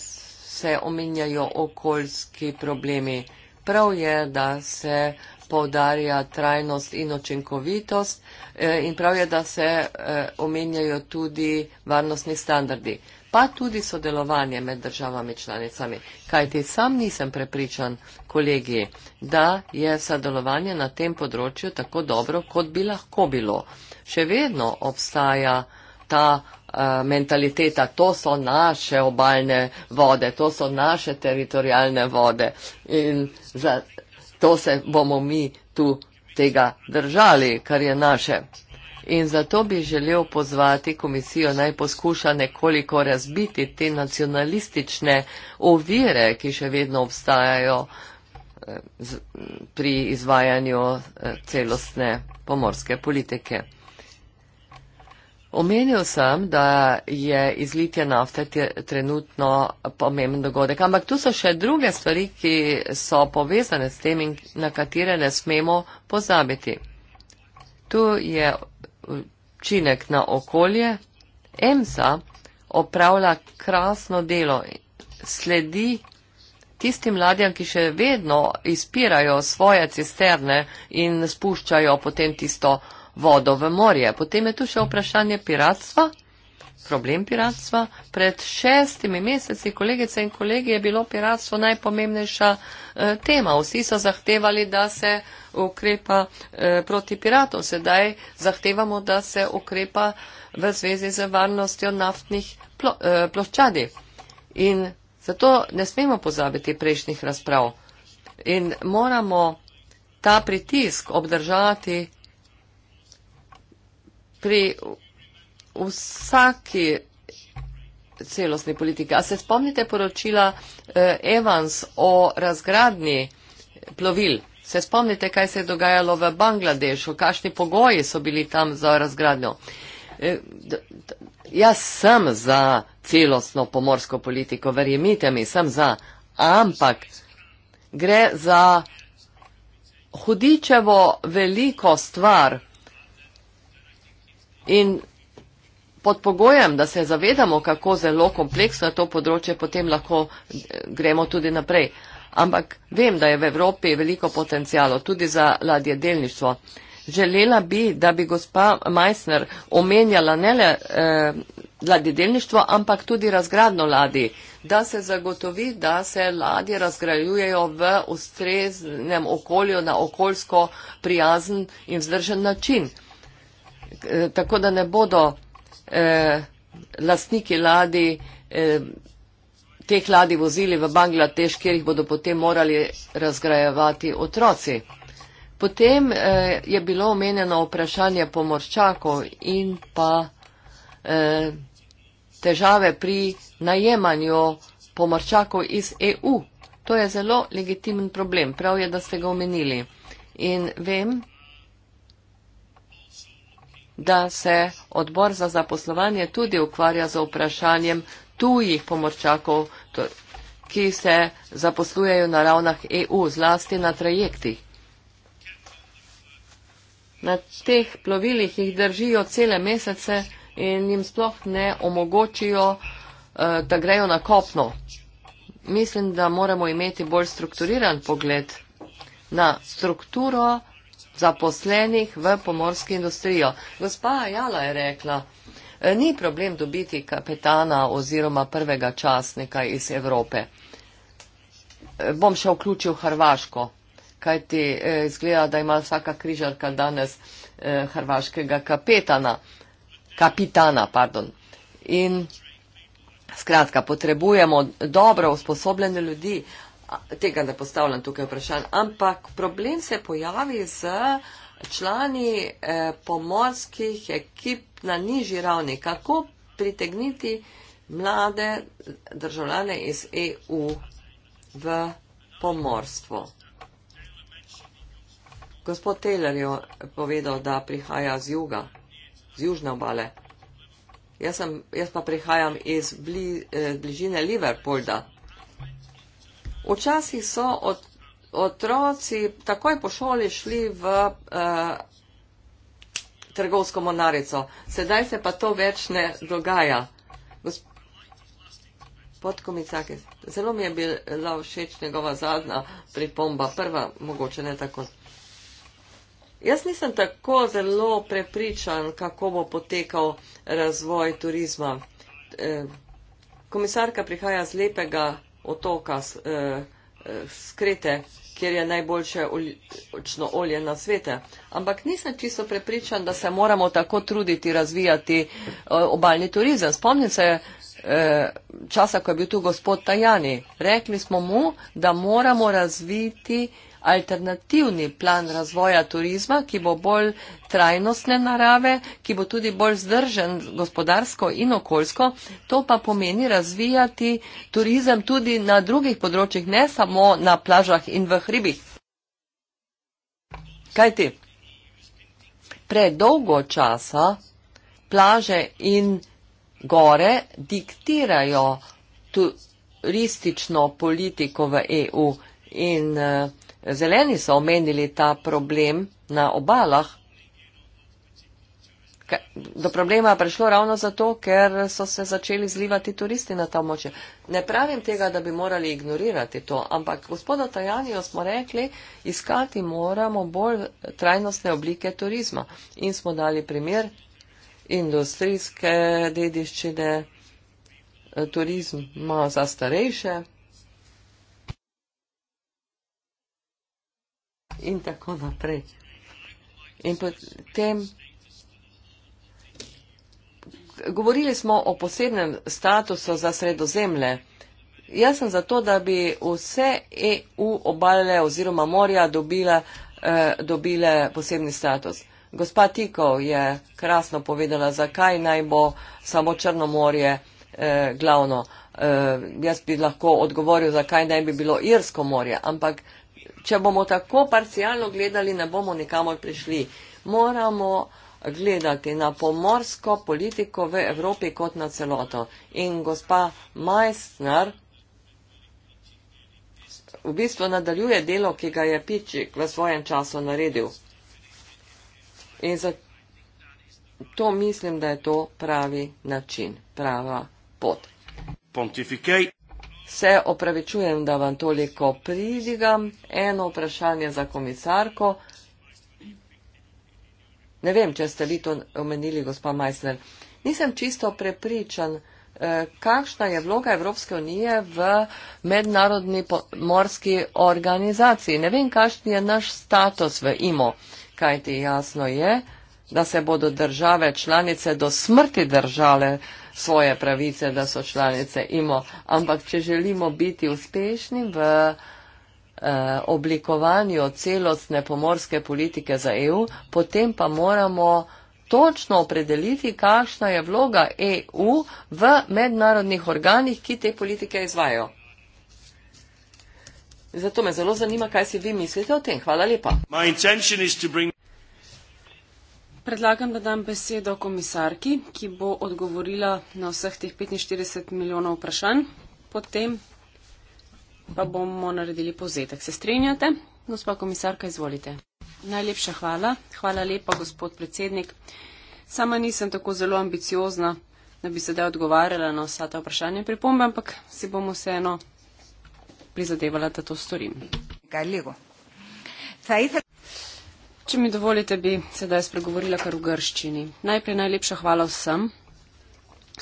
se omenjajo okoljski problemi. Prav je, da se povdarja trajnost in očinkovitost eh, in prav je, da se eh, omenjajo tudi varnostni standardi, pa tudi sodelovanje med državami članicami. Kajti sam nisem prepričan, kolegi, da je sodelovanje na tem področju tako dobro, kot bi lahko bilo. Še vedno obstaja ta Eh, mentaliteta, to so naše obaljne vode, to so naše teritorijalne vode in za to se bomo mi tu tega držali, kar je naše. In zato bi želel pozvati komisijo naj poskuša nekoliko razbiti te nacionalistične ovire, ki še vedno obstajajo eh, pri izvajanju eh, celostne pomorske politike. Omenil sem, da je izlitje nafte trenutno pomemben dogodek, ampak tu so še druge stvari, ki so povezane s tem in na katere ne smemo pozabiti. Tu je učinek na okolje. EMSA opravlja krasno delo, sledi tistim mladjam, ki še vedno izpirajo svoje cisterne in spuščajo potem tisto vodo v morje. Potem je tu še vprašanje piratstva, problem piratstva. Pred šestimi meseci, kolegice in kolegi, je bilo piratstvo najpomembnejša eh, tema. Vsi so zahtevali, da se ukrepa eh, proti piratom. Sedaj zahtevamo, da se ukrepa v zvezi z varnostjo naftnih plo, eh, ploščadi. In zato ne smemo pozabiti prejšnjih razprav. In moramo ta pritisk obdržati pri vsaki celostni politiki. A se spomnite poročila eh, Evans o razgradni plovil? Se spomnite, kaj se je dogajalo v Bangladešu, kakšni pogoji so bili tam za razgradnjo? Eh, jaz sem za celostno pomorsko politiko, verjemite mi, sem za, ampak gre za hudičevo veliko stvar, In pod pogojem, da se zavedamo, kako zelo kompleksno je to področje, potem lahko eh, gremo tudi naprej. Ampak vem, da je v Evropi veliko potencijalo tudi za ladje delništvo. Želela bi, da bi gospa Meissner omenjala ne le eh, ladje delništvo, ampak tudi razgradno ladje, da se zagotovi, da se ladje razgrajujejo v ustreznem okolju na okoljsko prijazen in vzdržen način. Eh, tako da ne bodo eh, lastniki ladi eh, teh ladi vozili v Bangladeš, kjer jih bodo potem morali razgrajevati otroci. Potem eh, je bilo omenjeno vprašanje pomorčakov in pa eh, težave pri najemanju pomorčakov iz EU. To je zelo legitimen problem. Prav je, da ste ga omenili. In vem, da se odbor za zaposlovanje tudi ukvarja z vprašanjem tujih pomorčakov, ki se zaposlujejo na ravnah EU, zlasti na trajektih. Na teh plovilih jih držijo cele mesece in jim sploh ne omogočijo, eh, da grejo na kopno. Mislim, da moramo imeti bolj strukturiran pogled na strukturo, ki se vprašanje, zaposlenih v pomorski industrijo. Gospa Jala je rekla, e, ni problem dobiti kapetana oziroma prvega časnika iz Evrope. E, bom še vključil Hrvaško, kajti e, izgleda, da ima vsaka križarka danes hrvaškega kapetana, kapitana, pardon. In skratka, potrebujemo dobro usposobljene ljudi, tega ne postavljam tukaj vprašanj, ampak problem se pojavi z člani eh, pomorskih ekip na nižji ravni. Kako pritegniti mlade državljane iz EU v pomorstvo? Gospod Taylor je povedal, da prihaja z juga, z južne obale. Jaz, sem, jaz pa prihajam iz bli, eh, bližine Liverpoolda. Včasih so od, otroci takoj po šoli šli v uh, trgovsko monarico, sedaj se pa to več ne dogaja. Podkomicake, zelo mi je bila všeč njegova zadnja pripomba, prva mogoče ne tako. Jaz nisem tako zelo prepričan, kako bo potekal razvoj turizma. Eh, komisarka prihaja z lepega otoka eh, eh skrete, kjer je najboljše očno olje na svete. Ampak nisem čisto prepričan, da se moramo tako truditi razvijati eh, obaljni turizem. Spomnim se eh, časa, ko je bil tu gospod Tajani. Rekli smo mu, da moramo razviti alternativni plan razvoja turizma, ki bo bolj trajnostne narave, ki bo tudi bolj zdržen gospodarsko in okoljsko. To pa pomeni razvijati turizem tudi na drugih področjih, ne samo na plažah in v hribih. Kaj ti? Predolgo časa plaže in gore diktirajo turistično politiko v EU in uh, Zeleni so omenili ta problem na obalah. Do problema je prišlo ravno zato, ker so se začeli zlivati turisti na ta moče. Ne pravim tega, da bi morali ignorirati to, ampak gospodo Tajanijo smo rekli, iskati moramo bolj trajnostne oblike turizma. In smo dali primer industrijske dediščine, turizma za starejše. in tako naprej. In potem govorili smo o posebnem statusu za sredozemlje. Jaz sem zato, da bi vse EU obale oziroma morja dobile, eh, dobile posebni status. Gospa Tikov je krasno povedala, zakaj naj bo samo Črno morje eh, glavno. Eh, jaz bi lahko odgovoril, zakaj naj bi bilo Irsko morje, ampak če bomo tako parcialno gledali, ne bomo nikamor prišli. Moramo gledati na pomorsko politiko v Evropi kot na celoto. In gospa Majstnar v bistvu nadaljuje delo, ki ga je Pičik v svojem času naredil. In zato mislim, da je to pravi način, prava pot. Pontifikej. Se opravičujem, da vam toliko pridigam. Eno vprašanje za komisarko. Ne vem, če ste vi to omenili, gospa Majsner. Nisem čisto prepričan, eh, kakšna je vloga Evropske unije v mednarodni morski organizaciji. Ne vem, kakšen je naš status v IMO, kajti jasno je, da se bodo države članice do smrti držale svoje pravice, da so članice IMO, ampak če želimo biti uspešni v eh, oblikovanju celostne pomorske politike za EU, potem pa moramo točno opredeliti, kakšna je vloga EU v mednarodnih organih, ki te politike izvajo. Zato me zelo zanima, kaj si vi mislite o tem. Hvala lepa predlagam, da dam besedo komisarki, ki bo odgovorila na vseh teh 45 milijonov vprašanj. Potem pa bomo naredili povzetek. Se strinjate? Gospa komisarka, izvolite. Najlepša hvala. Hvala lepa, gospod predsednik. Sama nisem tako zelo ambiciozna, da bi sedaj odgovarjala na vsa ta vprašanja in pripombe, ampak si bom vseeno prizadevala, da to storim. Kaj je lego? Če mi dovolite, bi sedaj spregovorila kar v grščini. Najprej najlepša hvala vsem.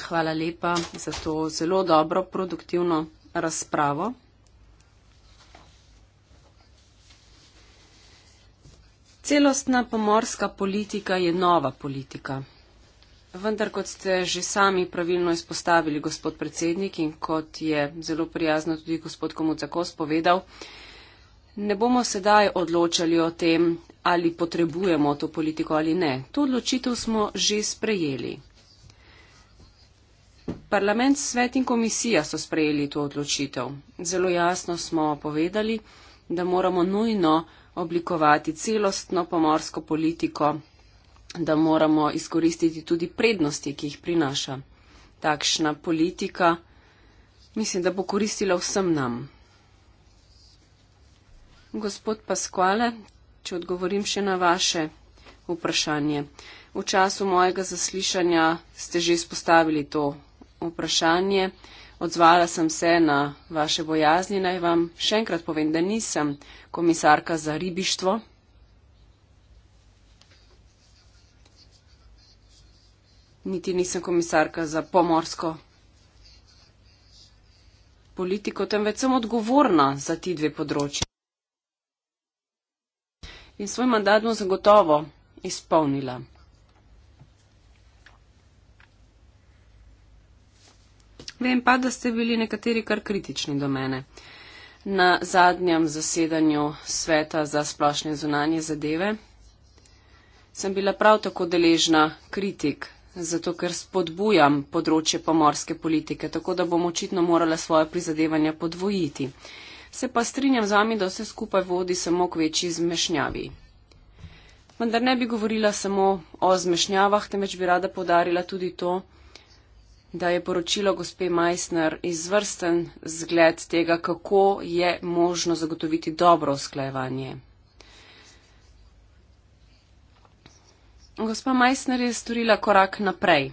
Hvala lepa za to zelo dobro, produktivno razpravo. Celostna pomorska politika je nova politika. Vendar, kot ste že sami pravilno izpostavili, gospod predsednik, in kot je zelo prijazno tudi gospod Komucakos povedal, ne bomo sedaj odločali o tem, ali potrebujemo to politiko ali ne. To odločitev smo že sprejeli. Parlament, svet in komisija so sprejeli to odločitev. Zelo jasno smo povedali, da moramo nujno oblikovati celostno pomorsko politiko, da moramo izkoristiti tudi prednosti, ki jih prinaša takšna politika. Mislim, da bo koristila vsem nam. Gospod Paskvale, če odgovorim še na vaše vprašanje. V času mojega zaslišanja ste že izpostavili to vprašanje. Odzvala sem se na vaše bojazni. Naj vam še enkrat povem, da nisem komisarka za ribištvo. Niti nisem komisarka za pomorsko politiko, temveč sem odgovorna za ti dve področji in svoj mandat bom zagotovo izpolnila. Vem pa, da ste bili nekateri kar kritični do mene na zadnjem zasedanju Sveta za splošne zunanje zadeve. Sem bila prav tako deležna kritik, zato ker spodbujam področje pomorske politike, tako da bom očitno morala svoje prizadevanja podvojiti se pa strinjam z vami, da vse skupaj vodi samo k večji zmešnjavi. Vendar ne bi govorila samo o zmešnjavah, temveč bi rada podarila tudi to, da je poročilo gospe Meissner izvrsten zgled tega, kako je možno zagotoviti dobro usklajevanje. Gospa Meissner je storila korak naprej,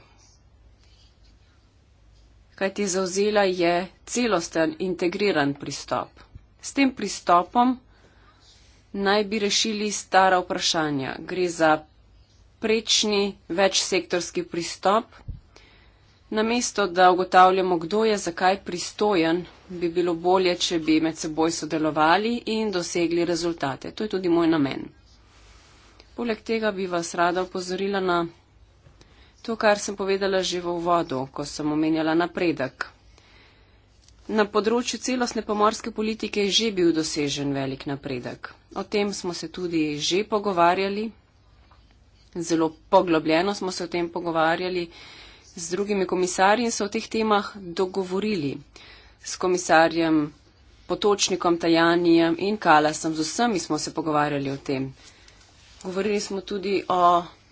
kajti zauzela je celosten integriran pristop. S tem pristopom naj bi rešili stara vprašanja. Gre za prečni večsektorski pristop. Namesto, da ugotavljamo, kdo je zakaj pristojen, bi bilo bolje, če bi med seboj sodelovali in dosegli rezultate. To je tudi moj namen. Poleg tega bi vas rada opozorila na to, kar sem povedala že v uvodu, ko sem omenjala napredek. Na področju celostne pomorske politike je že bil dosežen velik napredek. O tem smo se tudi že pogovarjali, zelo poglobljeno smo se o tem pogovarjali z drugimi komisarji in se o teh temah dogovorili s komisarjem Potočnikom Tajanijem in Kalasom. Z vsemi smo se pogovarjali o tem. Govorili smo tudi o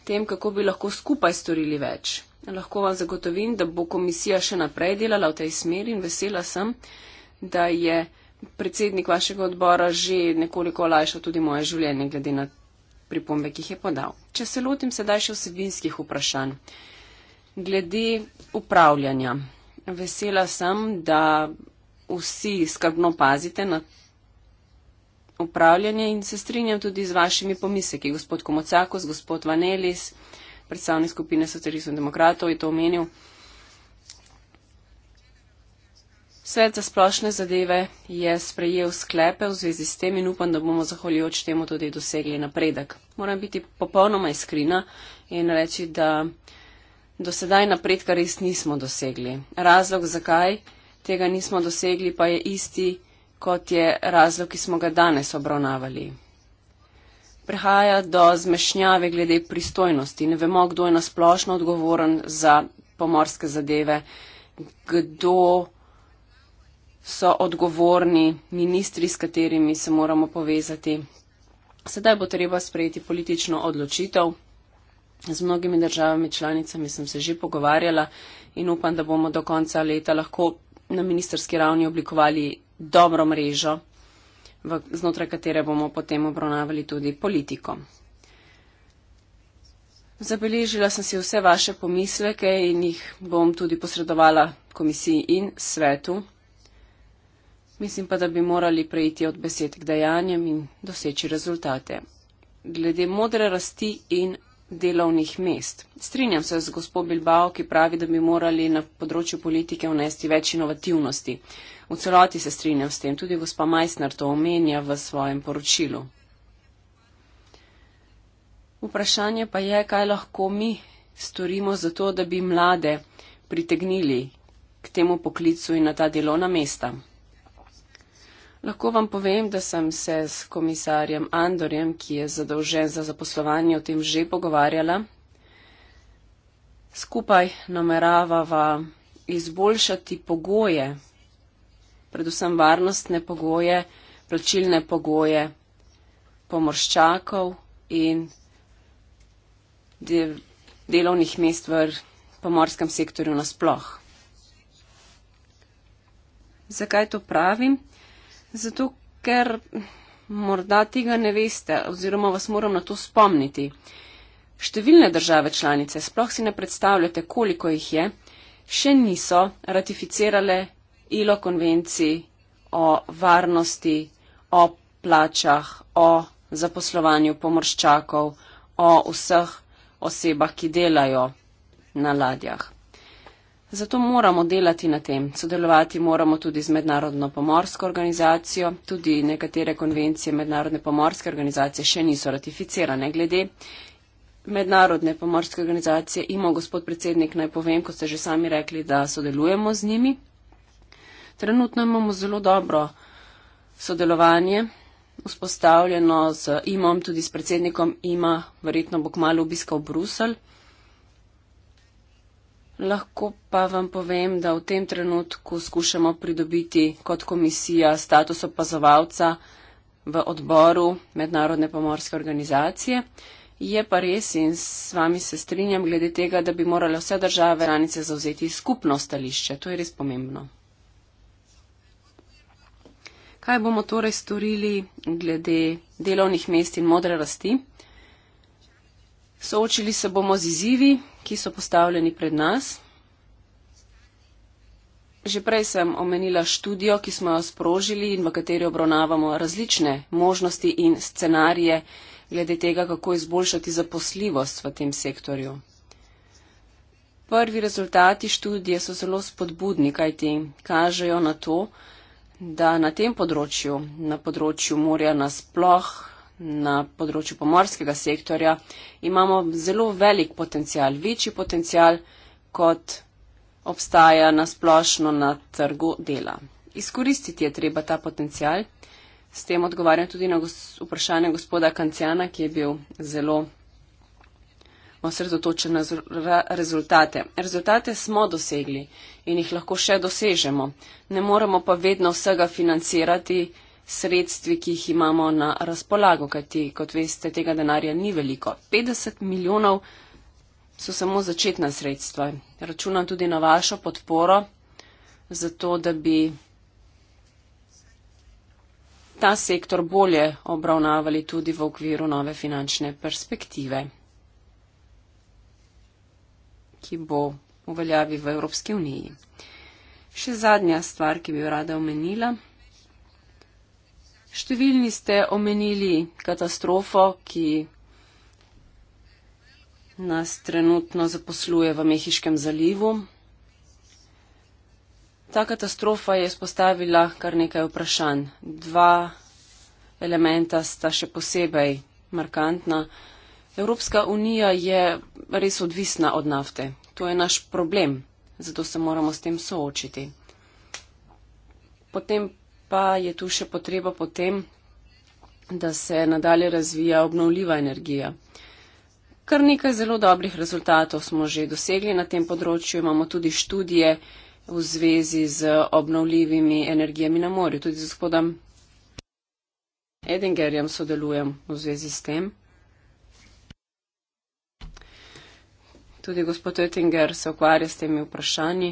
tem, kako bi lahko skupaj storili več. Lahko vam zagotovim, da bo komisija še naprej delala v tej smeri in vesela sem, da je predsednik vašega odbora že nekoliko olajšal tudi moje življenje, glede na pripombe, ki jih je podal. Če se lotim sedaj še vsebinskih vprašanj. Glede upravljanja. Vesela sem, da vsi skrbno pazite na upravljanje in se strinjam tudi z vašimi pomisleki, gospod Komocakos, gospod Vanelis predstavnik skupine socialistov in demokratov je to omenil. Svet za splošne zadeve je sprejel sklepe v zvezi s tem in upam, da bomo zahvaljujoč temu tudi dosegli napredek. Moram biti popolnoma iskrena in reči, da do sedaj napredka res nismo dosegli. Razlog, zakaj tega nismo dosegli, pa je isti, kot je razlog, ki smo ga danes obravnavali prihaja do zmešnjave glede pristojnosti. Ne vemo, kdo je nasplošno odgovoren za pomorske zadeve, kdo so odgovorni ministri, s katerimi se moramo povezati. Sedaj bo treba sprejeti politično odločitev. Z mnogimi državami članicami sem se že pogovarjala in upam, da bomo do konca leta lahko na ministerski ravni oblikovali dobro mrežo v, znotraj katere bomo potem obravnavali tudi politiko. Zabeležila sem si vse vaše pomisleke in jih bom tudi posredovala komisiji in svetu. Mislim pa, da bi morali preiti od besed k dejanjem in doseči rezultate. Glede modre rasti in delovnih mest. Strinjam se z gospod Bilbao, ki pravi, da bi morali na področju politike vnesti več inovativnosti. V celoti se strinjam s tem, tudi gospa Majsner to omenja v svojem poročilu. Vprašanje pa je, kaj lahko mi storimo za to, da bi mlade pritegnili k temu poklicu in na ta delovna mesta. Lahko vam povem, da sem se s komisarjem Andorjem, ki je zadolžen za zaposlovanje, o tem že pogovarjala. Skupaj nameravava izboljšati pogoje predvsem varnostne pogoje, plačilne pogoje pomorščakov in delovnih mest v pomorskem sektorju nasploh. Zakaj to pravim? Zato, ker morda tega ne veste oziroma vas moram na to spomniti. Številne države članice, sploh si ne predstavljate, koliko jih je, še niso ratificirale ILO konvenciji o varnosti, o plačah, o zaposlovanju pomorščakov, o vseh osebah, ki delajo na ladjah. Zato moramo delati na tem, sodelovati moramo tudi z Mednarodno pomorsko organizacijo, tudi nekatere konvencije Mednarodne pomorske organizacije še niso ratificirane. Glede Mednarodne pomorske organizacije ima gospod predsednik, naj povem, kot ste že sami rekli, da sodelujemo z njimi, Trenutno imamo zelo dobro sodelovanje, vzpostavljeno z imom, tudi s predsednikom ima, verjetno bo kmalo obiskal Brusel. Lahko pa vam povem, da v tem trenutku skušamo pridobiti kot komisija status opazovalca v odboru Mednarodne pomorske organizacije. Je pa res in s vami se strinjam glede tega, da bi morale vse države ranice zauzeti skupno stališče. To je res pomembno. Kaj bomo torej storili glede delovnih mest in modre rasti? Soočili se bomo z izzivi, ki so postavljeni pred nas. Že prej sem omenila študijo, ki smo jo sprožili in v kateri obravnavamo različne možnosti in scenarije glede tega, kako izboljšati zaposljivost v tem sektorju. Prvi rezultati študije so zelo spodbudni, kajti kažejo na to, da na tem področju, na področju morja nasploh, na področju pomorskega sektorja, imamo zelo velik potencial, večji potencial, kot obstaja nasplošno na trgu dela. Izkoristiti je treba ta potencial. S tem odgovarjam tudi na vprašanje gospoda Kanciana, ki je bil zelo osredotočen na rezultate. Rezultate smo dosegli in jih lahko še dosežemo. Ne moremo pa vedno vsega financirati sredstvi, ki jih imamo na razpolago, kajti, kot veste, tega denarja ni veliko. 50 milijonov so samo začetna sredstva. Računam tudi na vašo podporo, zato da bi ta sektor bolje obravnavali tudi v okviru nove finančne perspektive ki bo uveljavi v Evropski uniji. Še zadnja stvar, ki bi jo rada omenila. Številni ste omenili katastrofo, ki nas trenutno zaposluje v Mehiškem zalivu. Ta katastrofa je spostavila kar nekaj vprašanj. Dva elementa sta še posebej markantna. Evropska unija je res odvisna od nafte. To je naš problem, zato se moramo s tem soočiti. Potem pa je tu še potreba potem, da se nadalje razvija obnovljiva energija. Kar nekaj zelo dobrih rezultatov smo že dosegli na tem področju, imamo tudi študije v zvezi z obnovljivimi energijami na morju. Tudi z gospodom Edingerjem sodelujem v zvezi s tem. Tudi gospod Oettinger se ukvarja s temi vprašanji.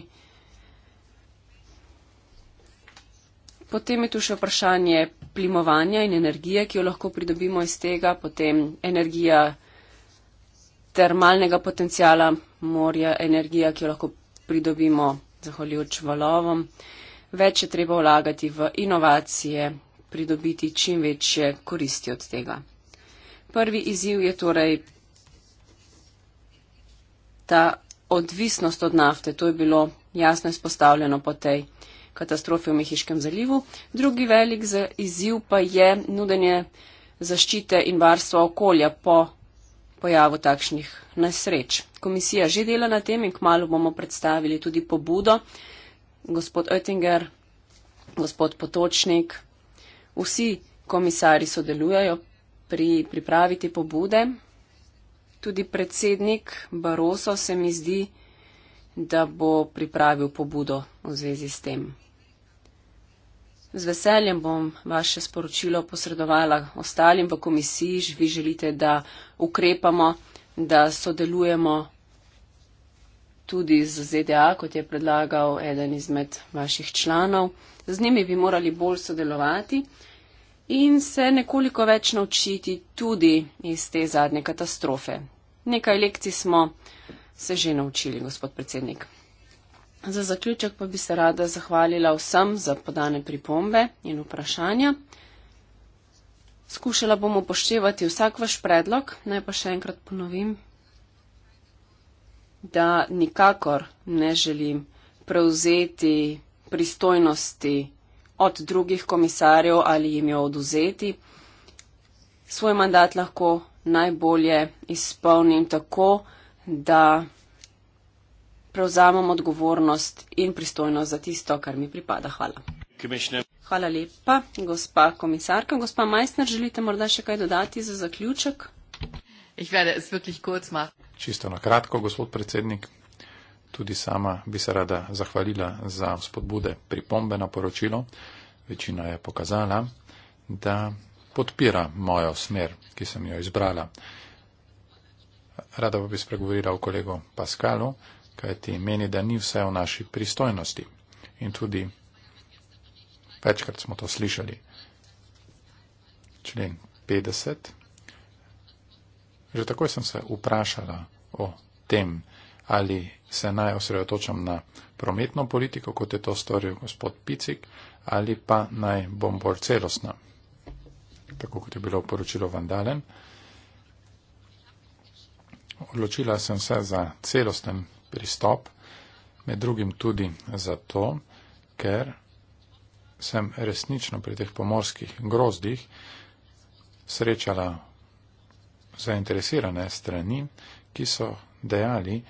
Potem je tu še vprašanje plimovanja in energije, ki jo lahko pridobimo iz tega, potem energija termalnega potencijala morja, energija, ki jo lahko pridobimo zahvaljujoč valovom. Več je treba vlagati v inovacije, pridobiti čim večje koristi od tega. Prvi izziv je torej ta odvisnost od nafte. To je bilo jasno izpostavljeno po tej katastrofi v Mehiškem zalivu. Drugi velik izziv pa je nudenje zaščite in varstva okolja po pojavu takšnih nesreč. Komisija že dela na tem in kmalo bomo predstavili tudi pobudo. Gospod Oettinger, gospod Potočnik, vsi komisari sodelujajo pri pripravi te pobude tudi predsednik Baroso se mi zdi, da bo pripravil pobudo v zvezi s tem. Z veseljem bom vaše sporočilo posredovala ostalim v komisiji, že vi želite, da ukrepamo, da sodelujemo tudi z ZDA, kot je predlagal eden izmed vaših članov. Z njimi bi morali bolj sodelovati in se nekoliko več naučiti tudi iz te zadnje katastrofe. Nekaj lekcij smo se že naučili, gospod predsednik. Za zaključek pa bi se rada zahvalila vsem za podane pripombe in vprašanja. Skušala bom upoštevati vsak vaš predlog, naj pa še enkrat ponovim, da nikakor ne želim prevzeti pristojnosti od drugih komisarjev ali jim jo oduzeti. Svoj mandat lahko najbolje izpolnim tako, da prevzamem odgovornost in pristojnost za tisto, kar mi pripada. Hvala. Hvala lepa, gospa komisarka. Gospa Majsner, želite morda še kaj dodati za zaključek? Čisto na kratko, gospod predsednik. Tudi sama bi se rada zahvalila za spodbude pripombe na poročilo. Večina je pokazala, da podpira mojo smer, ki sem jo izbrala. Rada bi spregovorila o kolegu Paskalu, kajti meni, da ni vse v naši pristojnosti. In tudi večkrat smo to slišali. Člen 50. Že takoj sem se vprašala o tem, ali se naj osredotočam na prometno politiko, kot je to storil gospod Picik, ali pa naj bom bolj celostna, tako kot je bilo v poročilu Vandalen. Odločila sem se za celosten pristop, med drugim tudi zato, ker sem resnično pri teh pomorskih grozdih srečala zainteresirane strani, ki so dejali,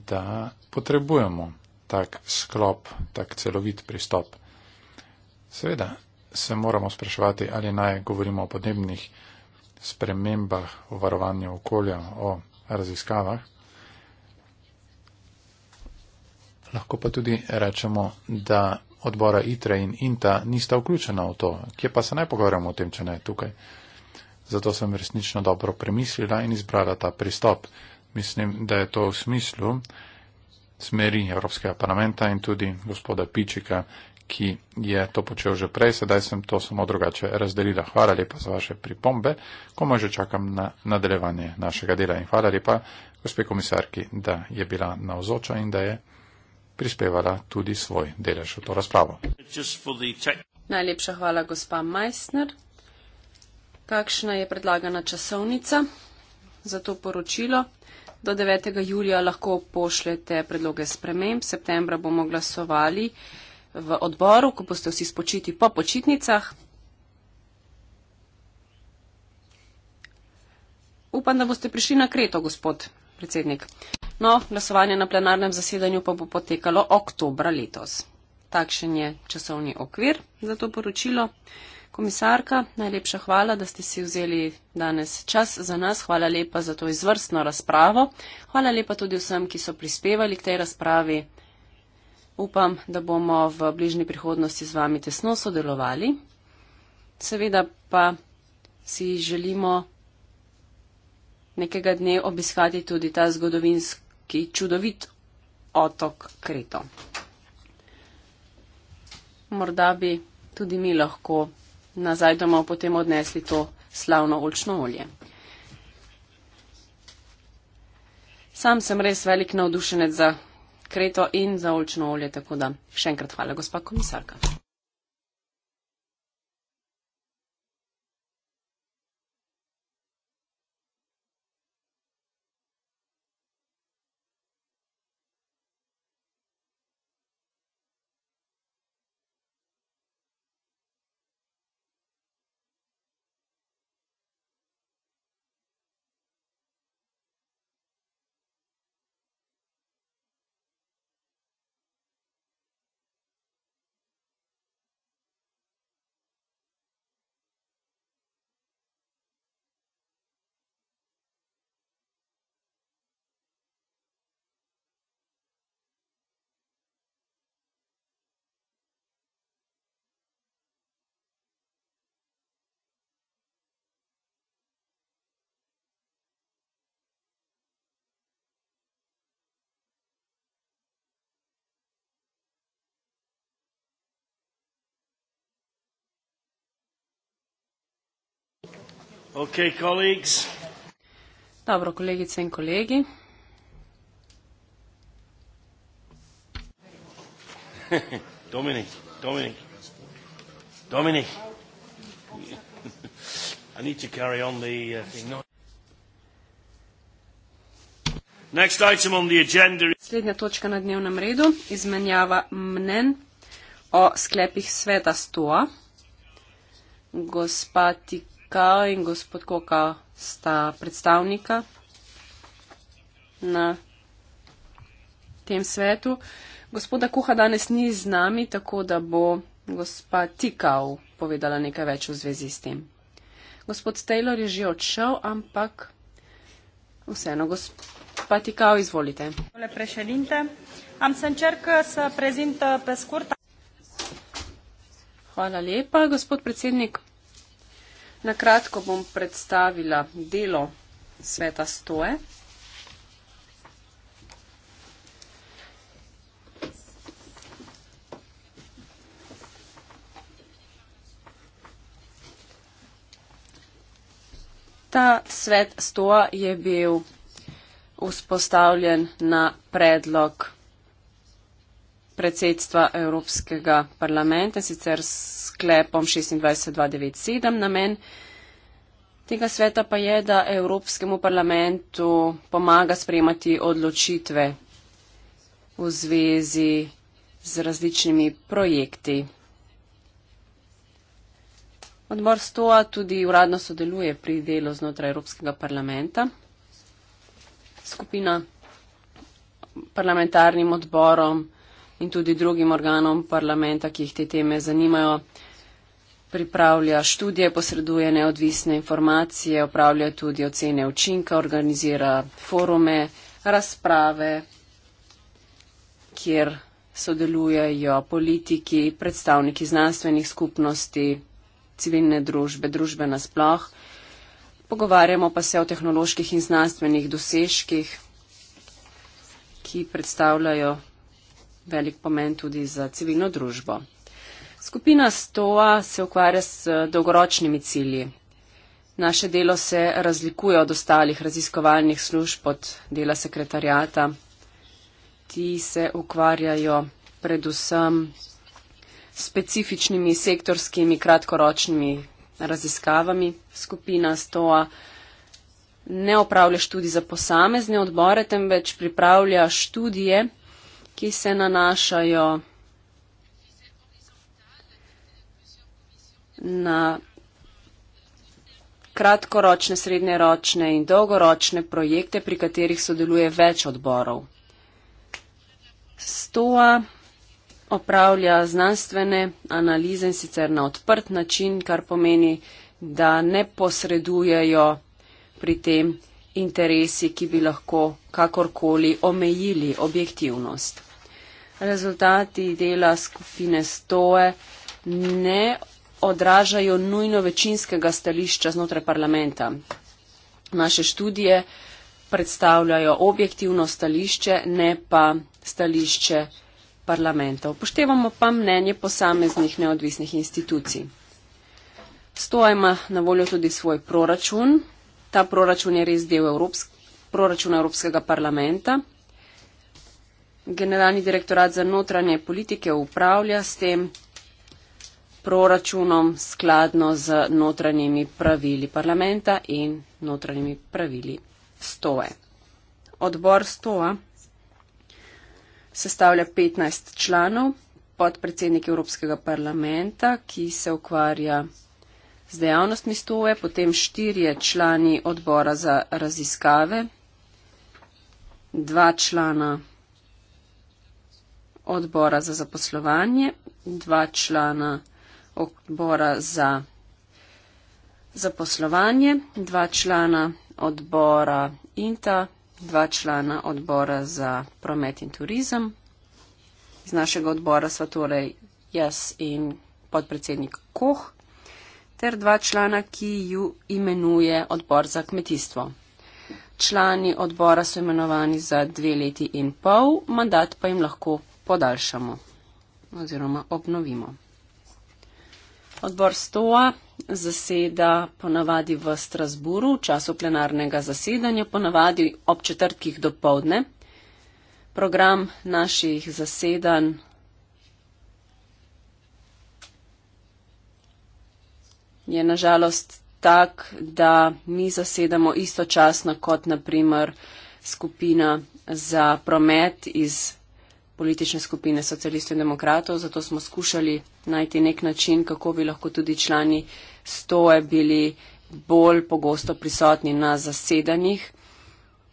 da potrebujemo tak sklop, tak celovit pristop. Seveda se moramo spraševati, ali naj govorimo o podnebnih spremembah, o varovanju okolja, o raziskavah. Lahko pa tudi rečemo, da odbora ITRE in INTA nista vključena v to. Kje pa se naj pogovarjamo o tem, če ne tukaj? Zato sem resnično dobro premislila in izbrala ta pristop mislim, da je to v smislu smeri Evropskega parlamenta in tudi gospoda Pičika, ki je to počel že prej. Sedaj sem to samo drugače razdelila. Hvala lepa za vaše pripombe, komaj že čakam na nadaljevanje našega dela in hvala lepa gospe komisarki, da je bila navzoča in da je prispevala tudi svoj delež v to razpravo. Najlepša hvala, gospa Meissner. Kakšna je predlagana časovnica za to poročilo? do 9. julija lahko pošljete predloge sprememb. Septembra bomo glasovali v odboru, ko boste vsi spočiti po počitnicah. Upam, da boste prišli na kreto, gospod predsednik. No, glasovanje na plenarnem zasedanju pa bo potekalo oktobra letos. Takšen je časovni okvir za to poročilo. Komisarka, najlepša hvala, da ste si vzeli danes čas za nas. Hvala lepa za to izvrstno razpravo. Hvala lepa tudi vsem, ki so prispevali k tej razpravi. Upam, da bomo v bližnji prihodnosti z vami tesno sodelovali. Seveda pa si želimo nekega dne obiskati tudi ta zgodovinski čudovit otok Kreto. Morda bi tudi mi lahko nazaj domov potem odnesli to slavno olčno olje. Sam sem res velik navdušenec za kreto in za olčno olje, tako da še enkrat hvala, gospa komisarka. Okay, colleagues. Dobro, kolegice in kolegi. Dominik, Dominik, Dominik. I need to carry on the uh, thing. No. Next item on the agenda. Slednja točka na dnevnem redu, izmenjava mnen o sklepih sveta STOA. Gospa Tik. Kao in gospod Kokao sta predstavnika na tem svetu. Gospoda Kuha danes ni z nami, tako da bo gospa Tikao povedala nekaj več v zvezi s tem. Gospod Taylor je že odšel, ampak vseeno, gospa Tikao, izvolite. Hvala lepa, gospod predsednik. Na kratko bom predstavila delo sveta stoje. Ta svet stoja je bil vzpostavljen na predlog predsedstva Evropskega parlamenta, sicer s sklepom 26.297 namen. Tega sveta pa je, da Evropskemu parlamentu pomaga sprejemati odločitve v zvezi z različnimi projekti. Odbor STOA tudi uradno sodeluje pri delu znotraj Evropskega parlamenta. Skupina parlamentarnim odborom in tudi drugim organom parlamenta, ki jih te teme zanimajo, pripravlja študije, posreduje neodvisne informacije, upravlja tudi ocene učinka, organizira forume, razprave, kjer sodelujejo politiki, predstavniki znanstvenih skupnosti, civilne družbe, družbe nasploh. Pogovarjamo pa se o tehnoloških in znanstvenih dosežkih, ki predstavljajo velik pomen tudi za civilno družbo. Skupina STOA se ukvarja s eh, dolgoročnimi cilji. Naše delo se razlikuje od ostalih raziskovalnih služb od dela sekretarjata. Ti se ukvarjajo predvsem specifičnimi sektorskimi kratkoročnimi raziskavami. Skupina STOA ne opravlja študij za posamezne odbore, temveč pripravlja študije, ki se nanašajo na kratkoročne, srednjeročne in dolgoročne projekte, pri katerih sodeluje več odborov. Stoa opravlja znanstvene analize in sicer na odprt način, kar pomeni, da ne posredujejo pri tem interesi, ki bi lahko kakorkoli omejili objektivnost. Rezultati dela skupine Stoe ne odražajo nujno večinskega stališča znotraj parlamenta. Naše študije predstavljajo objektivno stališče, ne pa stališče parlamenta. Upoštevamo pa mnenje posameznih neodvisnih institucij. Stoja ima na voljo tudi svoj proračun. Ta proračun je res del Evropsk proračuna Evropskega parlamenta. Generalni direktorat za notranje politike upravlja s tem proračunom skladno z notranjimi pravili parlamenta in notranjimi pravili stoje. Odbor stoja sestavlja 15 članov, podpredsednik Evropskega parlamenta, ki se ukvarja z dejavnostmi stoje, potem štirje člani odbora za raziskave, dva člana odbora za zaposlovanje, dva člana odbora za zaposlovanje, dva člana odbora INTA, dva člana odbora za promet in turizem. Iz našega odbora sva torej jaz in podpredsednik Koh ter dva člana, ki ju imenuje odbor za kmetijstvo. Člani odbora so imenovani za dve leti in pol, mandat pa jim lahko podaljšamo oziroma obnovimo. Odbor stoa zaseda ponavadi v Strasburu v času plenarnega zasedanja, ponavadi ob četrtkih do povdne. Program naših zasedanj je nažalost tak, da mi zasedamo istočasno kot naprimer skupina za promet iz politične skupine socialistov in demokratov, zato smo skušali najti nek način, kako bi lahko tudi člani stoje bili bolj pogosto prisotni na zasedanjih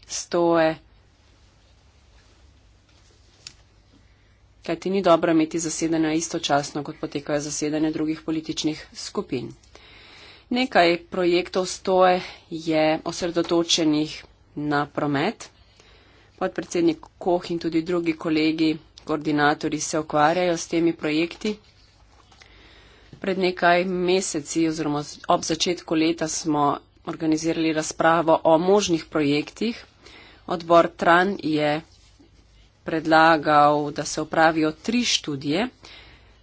stoje. Kaj ti ni dobro imeti zasedanja istočasno, kot potekajo zasedanja drugih političnih skupin. Nekaj projektov stoje je osredotočenih na promet, podpredsednik Koh in tudi drugi kolegi, koordinatorji se ukvarjajo s temi projekti. Pred nekaj meseci oziroma ob začetku leta smo organizirali razpravo o možnih projektih. Odbor Tran je predlagal, da se upravijo tri študije.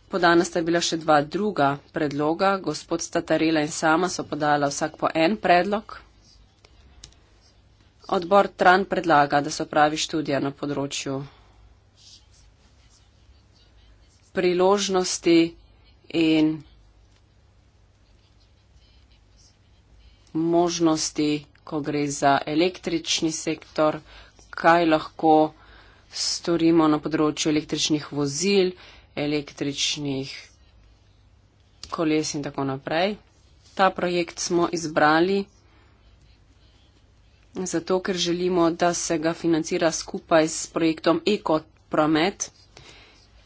Podana sta bila še dva druga predloga. Gospod Statarela in sama so podala vsak po en predlog. Odbor Tran predlaga, da se opravi študija na področju priložnosti in možnosti, ko gre za električni sektor, kaj lahko storimo na področju električnih vozil, električnih koles in tako naprej. Ta projekt smo izbrali zato ker želimo, da se ga financira skupaj s projektom EkoPromet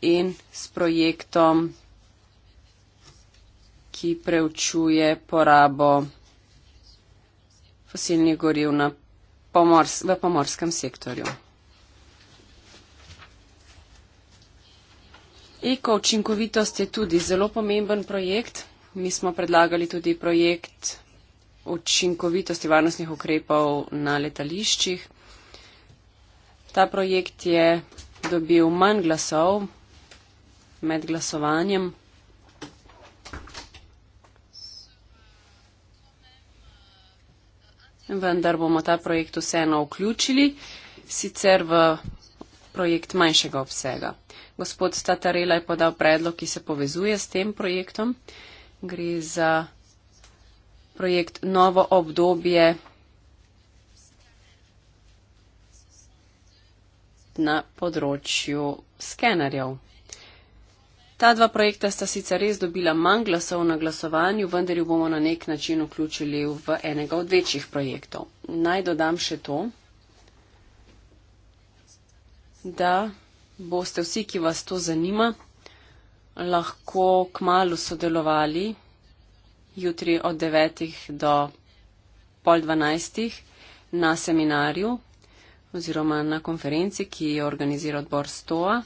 in s projektom, ki preučuje porabo fosilnih goriv na pomors v pomorskem sektorju. Eko učinkovitost je tudi zelo pomemben projekt. Mi smo predlagali tudi projekt učinkovitosti varnostnih ukrepov na letališčih. Ta projekt je dobil manj glasov med glasovanjem. Vendar bomo ta projekt vseeno vključili, sicer v projekt manjšega obsega. Gospod Statarela je podal predlog, ki se povezuje s tem projektom. Gre za projekt Novo obdobje na področju skenerjev. Ta dva projekta sta sicer res dobila manj glasov na glasovanju, vendar jo bomo na nek način vključili v enega od večjih projektov. Naj dodam še to, da boste vsi, ki vas to zanima, lahko kmalo sodelovali jutri od 9. do pol 12. na seminarju oziroma na konferenci, ki jo organizira odbor STOA.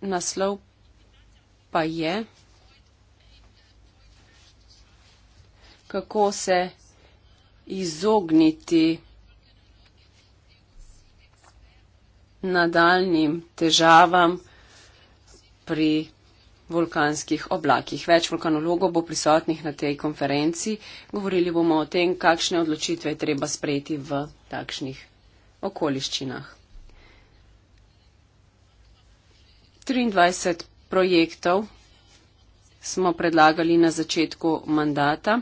Naslov pa je, kako se izogniti nadaljnim težavam pri vulkanskih oblakih. Več vulkanologov bo prisotnih na tej konferenci. Govorili bomo o tem, kakšne odločitve je treba sprejeti v takšnih okoliščinah. 23 projektov smo predlagali na začetku mandata.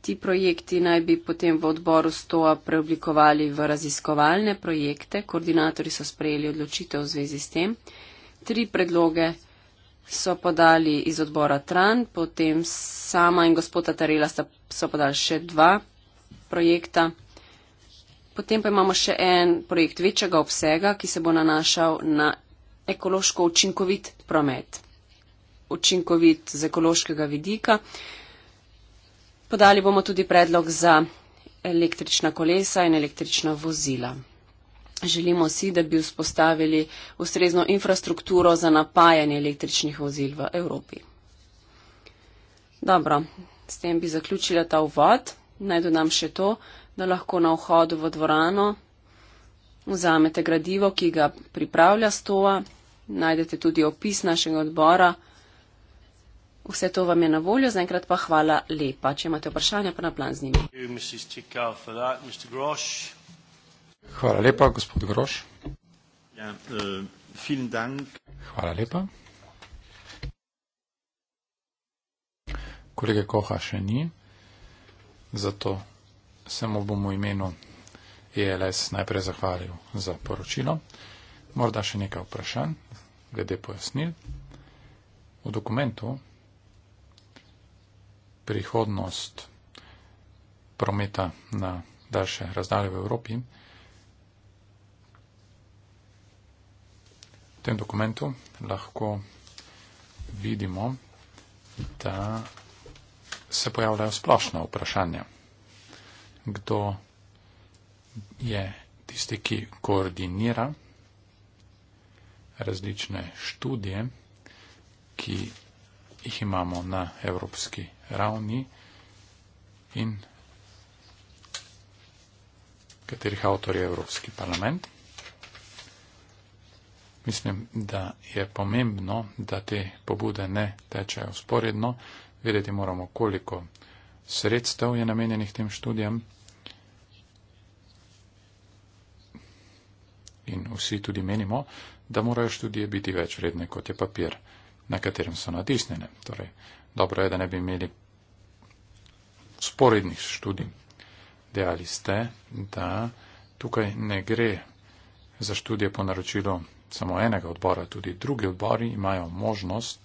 Ti projekti naj bi potem v odboru STOA preoblikovali v raziskovalne projekte. Koordinatori so sprejeli odločitev v zvezi s tem tri predloge so podali iz odbora Tran, potem sama in gospoda Tarela sta, so podali še dva projekta. Potem pa imamo še en projekt večjega obsega, ki se bo nanašal na ekološko učinkovit promet. Učinkovit z ekološkega vidika. Podali bomo tudi predlog za električna kolesa in električna vozila. Želimo si, da bi vzpostavili ustrezno infrastrukturo za napajanje električnih vozil v Evropi. Dobro, s tem bi zaključila ta uvod. Naj dodam še to, da lahko na vhodu v dvorano vzamete gradivo, ki ga pripravlja stoa. Najdete tudi opis našega odbora. Vse to vam je na voljo, zaenkrat pa hvala lepa. Če imate vprašanja, pa na plan z njimi. Thank you, Mrs. Hvala lepa, gospod Groš. Ja, uh, Hvala lepa. Kolege Koha še ni, zato se mu bom v imenu ELS najprej zahvalil za poročilo. Morda še nekaj vprašanj, glede pojasnil. V dokumentu prihodnost prometa na daljše razdalje v Evropi V tem dokumentu lahko vidimo, da se pojavljajo splošna vprašanja. Kdo je tisti, ki koordinira različne študije, ki jih imamo na evropski ravni in katerih avtor je Evropski parlament. Mislim, da je pomembno, da te pobude ne tečejo sporedno. Vedeti moramo, koliko sredstev je namenjenih tem študijam. In vsi tudi menimo, da morajo študije biti več vredne, kot je papir, na katerem so natisnjene. Torej, dobro je, da ne bi imeli sporednih študij. Dejali ste, da tukaj ne gre za študije po naročilu samo enega odbora, tudi drugi odbori imajo možnost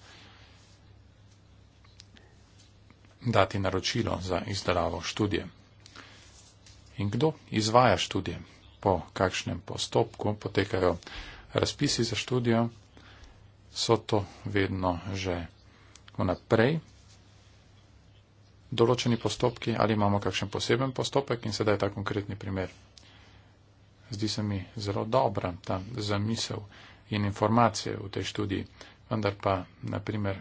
dati naročilo za izdelavo študije. In kdo izvaja študije? Po kakšnem postopku potekajo razpisi za študijo? So to vedno že vnaprej določeni postopki ali imamo kakšen poseben postopek in sedaj ta konkretni primer zdi se mi zelo dobra ta zamisel in informacije v tej študiji, vendar pa, na primer,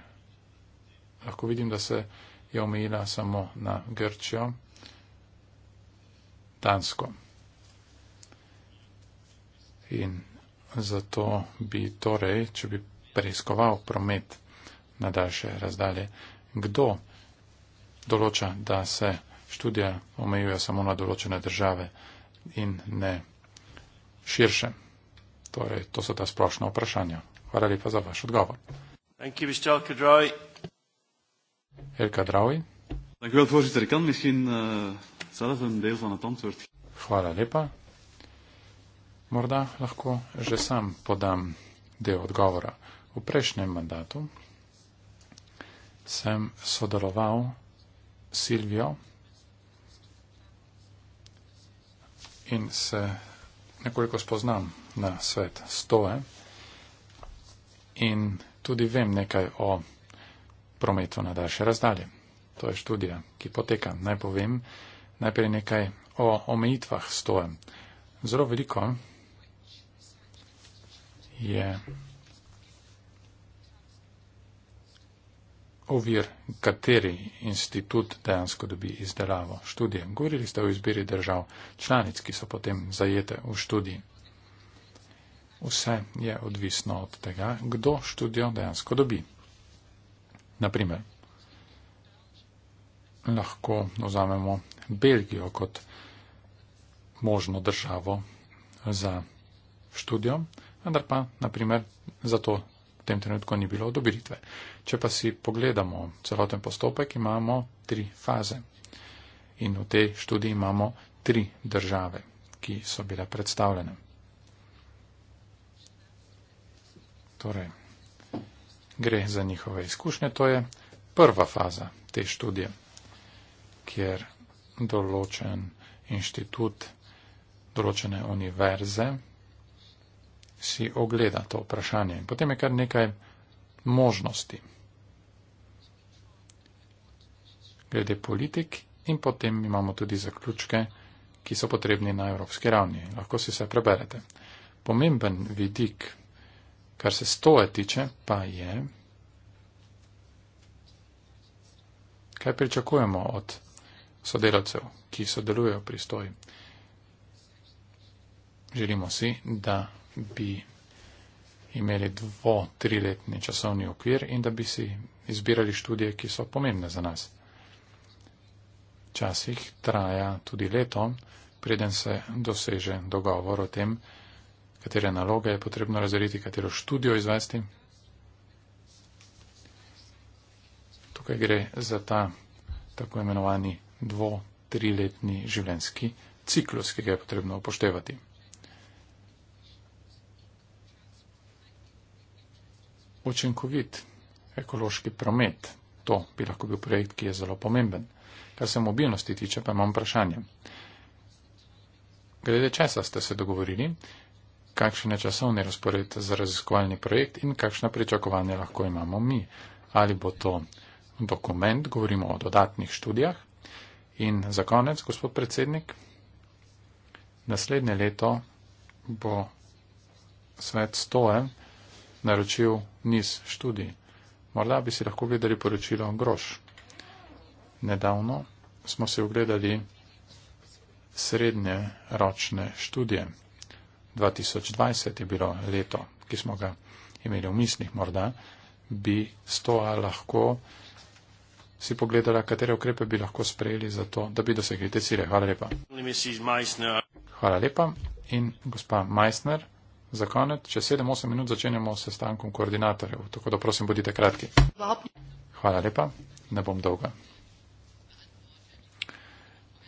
lahko vidim, da se je omejila samo na Grčijo, Dansko. In zato bi torej, če bi preiskoval promet na daljše razdalje, kdo določa, da se študija omejuje samo na določene države in ne širše. Torej, to so ta splošna vprašanja. Hvala lepa za vaš odgovor. Eh, Hvala lepa. Morda lahko že sam podam del odgovora. V prejšnjem mandatu sem sodeloval Silvijo in se nekoliko spoznam na svet stoje in tudi vem nekaj o prometu na daljše razdalje. To je študija, ki poteka. Naj povem najprej nekaj o omejitvah stoje. Zelo veliko je. ovir, kateri institut dejansko dobi izdelavo študije. Govorili ste o izbiri držav članic, ki so potem zajete v študiji. Vse je odvisno od tega, kdo študijo dejansko dobi. Naprimer, lahko vzamemo Belgijo kot možno državo za študijo, vendar pa, naprimer, za to v tem trenutku ni bilo odobritve. Če pa si pogledamo celoten postopek, imamo tri faze. In v tej študiji imamo tri države, ki so bile predstavljene. Torej, gre za njihove izkušnje. To je prva faza te študije, kjer določen inštitut, določene univerze, si ogleda to vprašanje. In potem je kar nekaj možnosti. Glede politik in potem imamo tudi zaključke, ki so potrebni na evropski ravni. Lahko si vse preberete. Pomemben vidik, kar se stoje tiče, pa je, kaj pričakujemo od sodelavcev, ki sodelujejo pri stoji. Želimo si, da bi imeli dvo, triletni časovni okvir in da bi si izbirali študije, ki so pomembne za nas. Včasih traja tudi leto, preden se doseže dogovor o tem, katere naloge je potrebno razviti, katero študijo izvesti. Tukaj gre za ta tako imenovani dvo, triletni življenjski ciklus, ki ga je potrebno upoštevati. učinkovit ekološki promet. To bi lahko bil projekt, ki je zelo pomemben. Kar se mobilnosti tiče, pa imam vprašanje. Glede česa ste se dogovorili, kakšen je časovni razpored za raziskovalni projekt in kakšna pričakovanja lahko imamo mi? Ali bo to dokument, govorimo o dodatnih študijah? In za konec, gospod predsednik, naslednje leto bo svet stoje naročil niz študij. Morda bi si lahko gledali poročilo Grož. Nedavno smo se ogledali srednje ročne študije. 2020 je bilo leto, ki smo ga imeli v mislih morda, bi s toa lahko si pogledala, katere ukrepe bi lahko sprejeli za to, da bi dosegli te cilje. Hvala lepa. Hvala lepa in gospa Meissner za konec, čez 7-8 minut začenjamo s sestankom koordinatorjev, tako da prosim, bodite kratki. Hvala lepa, ne bom dolga.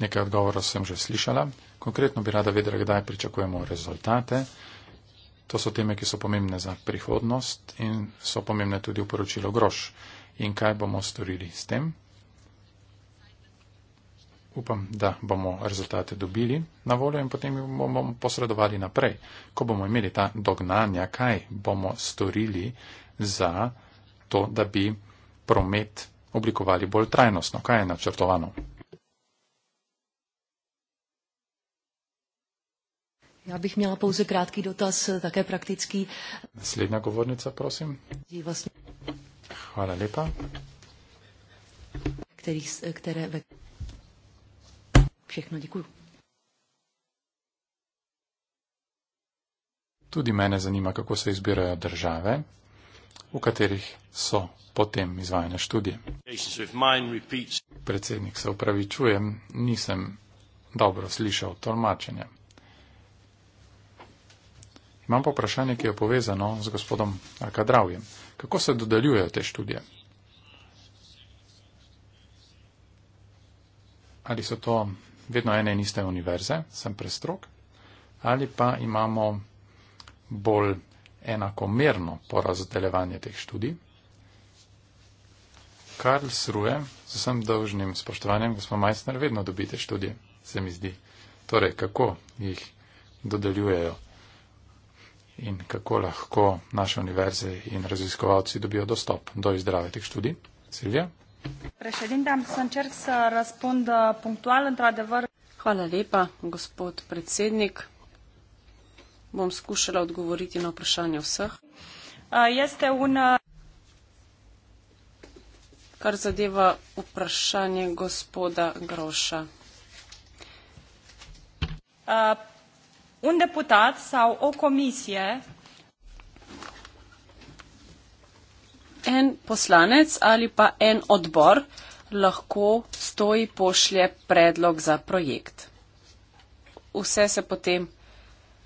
Nekaj odgovorov sem že slišala. Konkretno bi rada vedela, kdaj pričakujemo rezultate. To so teme, ki so pomembne za prihodnost in so pomembne tudi v poročilo grož. In kaj bomo storili s tem? upam, da bomo rezultate dobili na voljo in potem jih bomo posredovali naprej. Ko bomo imeli ta dognanja, kaj bomo storili za to, da bi promet oblikovali bolj trajnostno, kaj je načrtovano. Já ja, bych měla pouze krátký dotaz, také praktický. Naslední govornice, prosím. Hvala lepa. Který, které, ve... Všechno děkuju. Tudi mene zanima, kako se izbirajo države, v katerih so potem izvajane študije. Predsednik, se upravičujem, nisem dobro slišal tolmačenja. Imam pa vprašanje, ki je povezano z gospodom Kadravjem. Kako se dodeljujejo te študije? Ali so to vedno ene in iste univerze, sem prestrok, ali pa imamo bolj enakomerno porazdelevanje teh študij. Karl Sruje, z vsem dolžnim spoštovanjem, gospod Majsner, vedno dobite študije, se mi zdi. Torej, kako jih dodeljujejo in kako lahko naše univerze in raziskovalci dobijo dostop do izdravitev študij. Silvija? Președinte, am să încerc să răspund uh, punctual, într-adevăr. Hvala lepa, gospod predsednik. Bom skušala odgovoriti na vprašanje vseh. Jeste uh, un... Uh, Kar zadeva vprašanje gospoda Groša. Un deputat sau o comisie en poslanec ali pa en odbor lahko stoji pošlje predlog za projekt. Vse se potem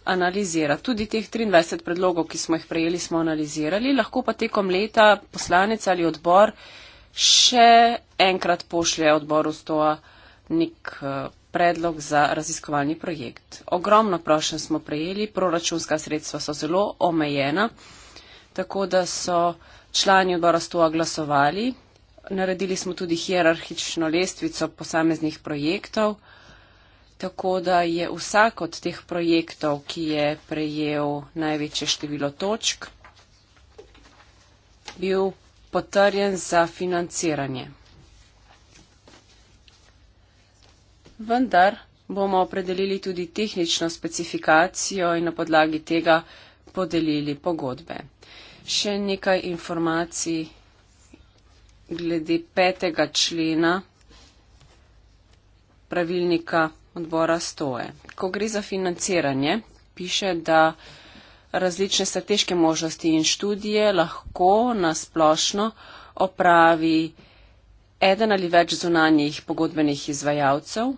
analizira. Tudi teh 23 predlogov, ki smo jih prejeli, smo analizirali. Lahko pa tekom leta poslanec ali odbor še enkrat pošlje odboru stoja nek e, predlog za raziskovalni projekt. Ogromno prošen smo prejeli, proračunska sredstva so zelo omejena, tako da so uh, člani odbora sto glasovali. Naredili smo tudi hierarhično lestvico posameznih projektov, tako da je vsak od teh projektov, ki je prejel največje število točk, bil potrjen za financiranje. Vendar bomo opredelili tudi tehnično specifikacijo in na podlagi tega podelili pogodbe. Še nekaj informacij glede petega člena pravilnika odbora stoje. Ko gre za financiranje, piše, da različne strateške možnosti in študije lahko na splošno opravi eden ali več zunanjih pogodbenih izvajalcev,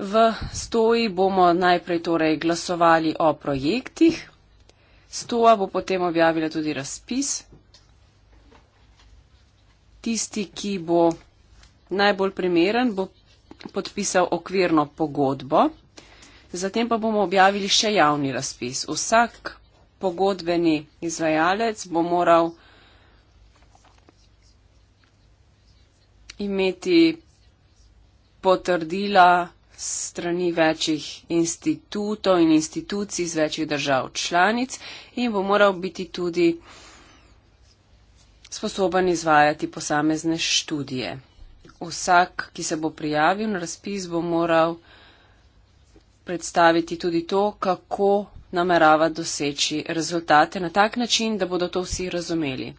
V stoji bomo najprej torej glasovali o projektih. Stoja bo potem objavila tudi razpis. Tisti, ki bo najbolj primeren, bo podpisal okvirno pogodbo. Zatem pa bomo objavili še javni razpis. Vsak pogodbeni izvajalec bo moral imeti potrdila strani večjih institutov in institucij iz večjih držav članic in bo moral biti tudi sposoben izvajati posamezne študije. Vsak, ki se bo prijavil na razpis, bo moral predstaviti tudi to, kako namerava doseči rezultate na tak način, da bodo to vsi razumeli.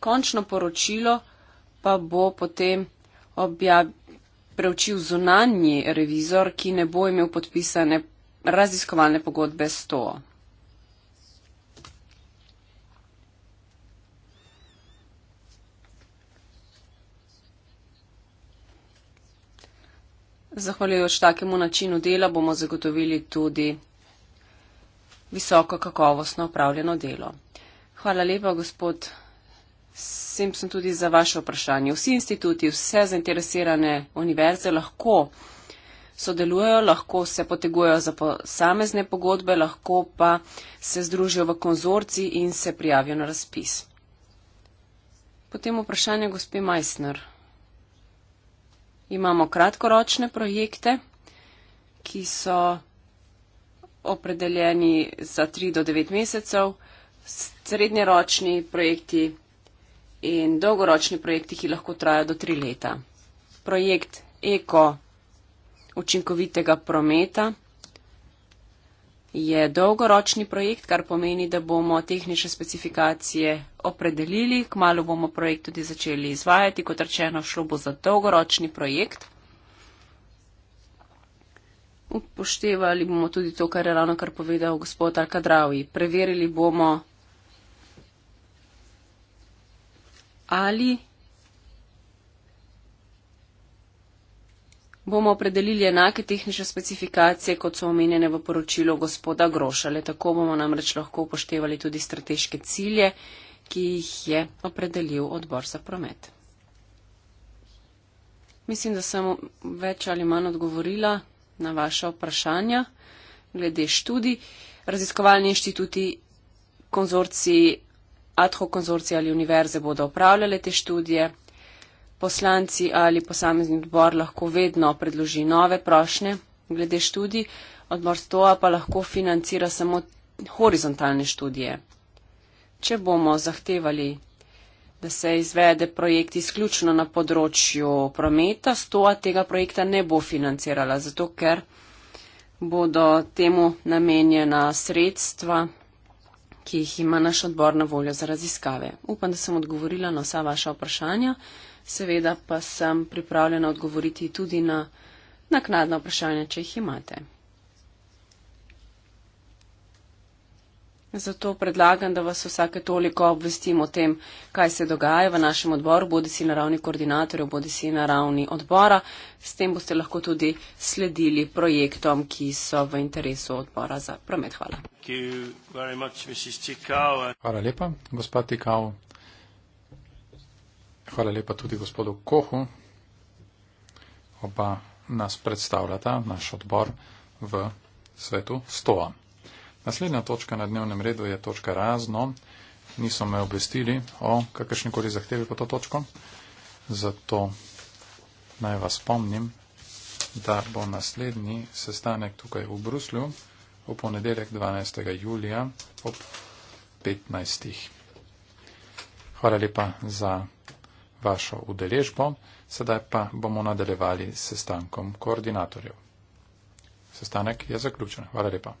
Končno poročilo pa bo potem objavljeno preučil zunanji revizor, ki ne bo imel podpisane raziskovalne pogodbe s to. Zahvaljujoč takemu načinu dela bomo zagotovili tudi visoko kakovostno upravljeno delo. Hvala lepa, gospod. Vsem sem tudi za vaše vprašanje. Vsi instituti, vse zainteresirane univerze lahko sodelujejo, lahko se potegujejo za posamezne pogodbe, lahko pa se združijo v konzorci in se prijavijo na razpis. Potem vprašanje gospe Meissner. Imamo kratkoročne projekte, ki so opredeljeni za 3 do 9 mesecev, srednjeročni projekti in dolgoročni projekti, ki lahko trajajo do tri leta. Projekt Eko učinkovitega prometa je dolgoročni projekt, kar pomeni, da bomo tehnične specifikacije opredelili, kmalo bomo projekt tudi začeli izvajati, kot rečeno, šlo bo za dolgoročni projekt. Upoštevali bomo tudi to, kar je ravno kar povedal gospod Alkadravi. Preverili bomo ali bomo opredelili enake tehnične specifikacije, kot so omenjene v poročilu gospoda Grošale. Tako bomo namreč lahko upoštevali tudi strateške cilje, ki jih je opredelil odbor za promet. Mislim, da sem več ali manj odgovorila na vaše vprašanja glede študij. Raziskovalni inštituti, konzorci adho konzorcije ali univerze bodo upravljale te študije. Poslanci ali posamezni odbor lahko vedno predloži nove prošnje glede študij, odbor STOA pa lahko financira samo horizontalne študije. Če bomo zahtevali, da se izvede projekt izključno na področju prometa, STOA tega projekta ne bo financirala, zato ker bodo temu namenjena sredstva ki jih ima naš odbor na voljo za raziskave. Upam, da sem odgovorila na vsa vaša vprašanja, seveda pa sem pripravljena odgovoriti tudi na naknadna vprašanja, če jih imate. Zato predlagam, da vas vsake toliko obvestimo o tem, kaj se dogaja v našem odboru, bodi si na ravni koordinatorjev, bodi si na ravni odbora. S tem boste lahko tudi sledili projektom, ki so v interesu odbora za promet. Hvala. Hvala lepa, gospod Tikao. Hvala lepa tudi gospodu Kohu. Oba nas predstavljata, naš odbor v svetu Stoa. Naslednja točka na dnevnem redu je točka razno. Niso me obvestili o kakršnikoli zahtevi po to točko, zato naj vas spomnim, da bo naslednji sestanek tukaj v Bruslju v ponedeljek 12. julija ob 15. Hvala lepa za vašo udeležbo. Sedaj pa bomo nadaljevali s sestankom koordinatorjev. Sestanek je zaključen. Hvala lepa.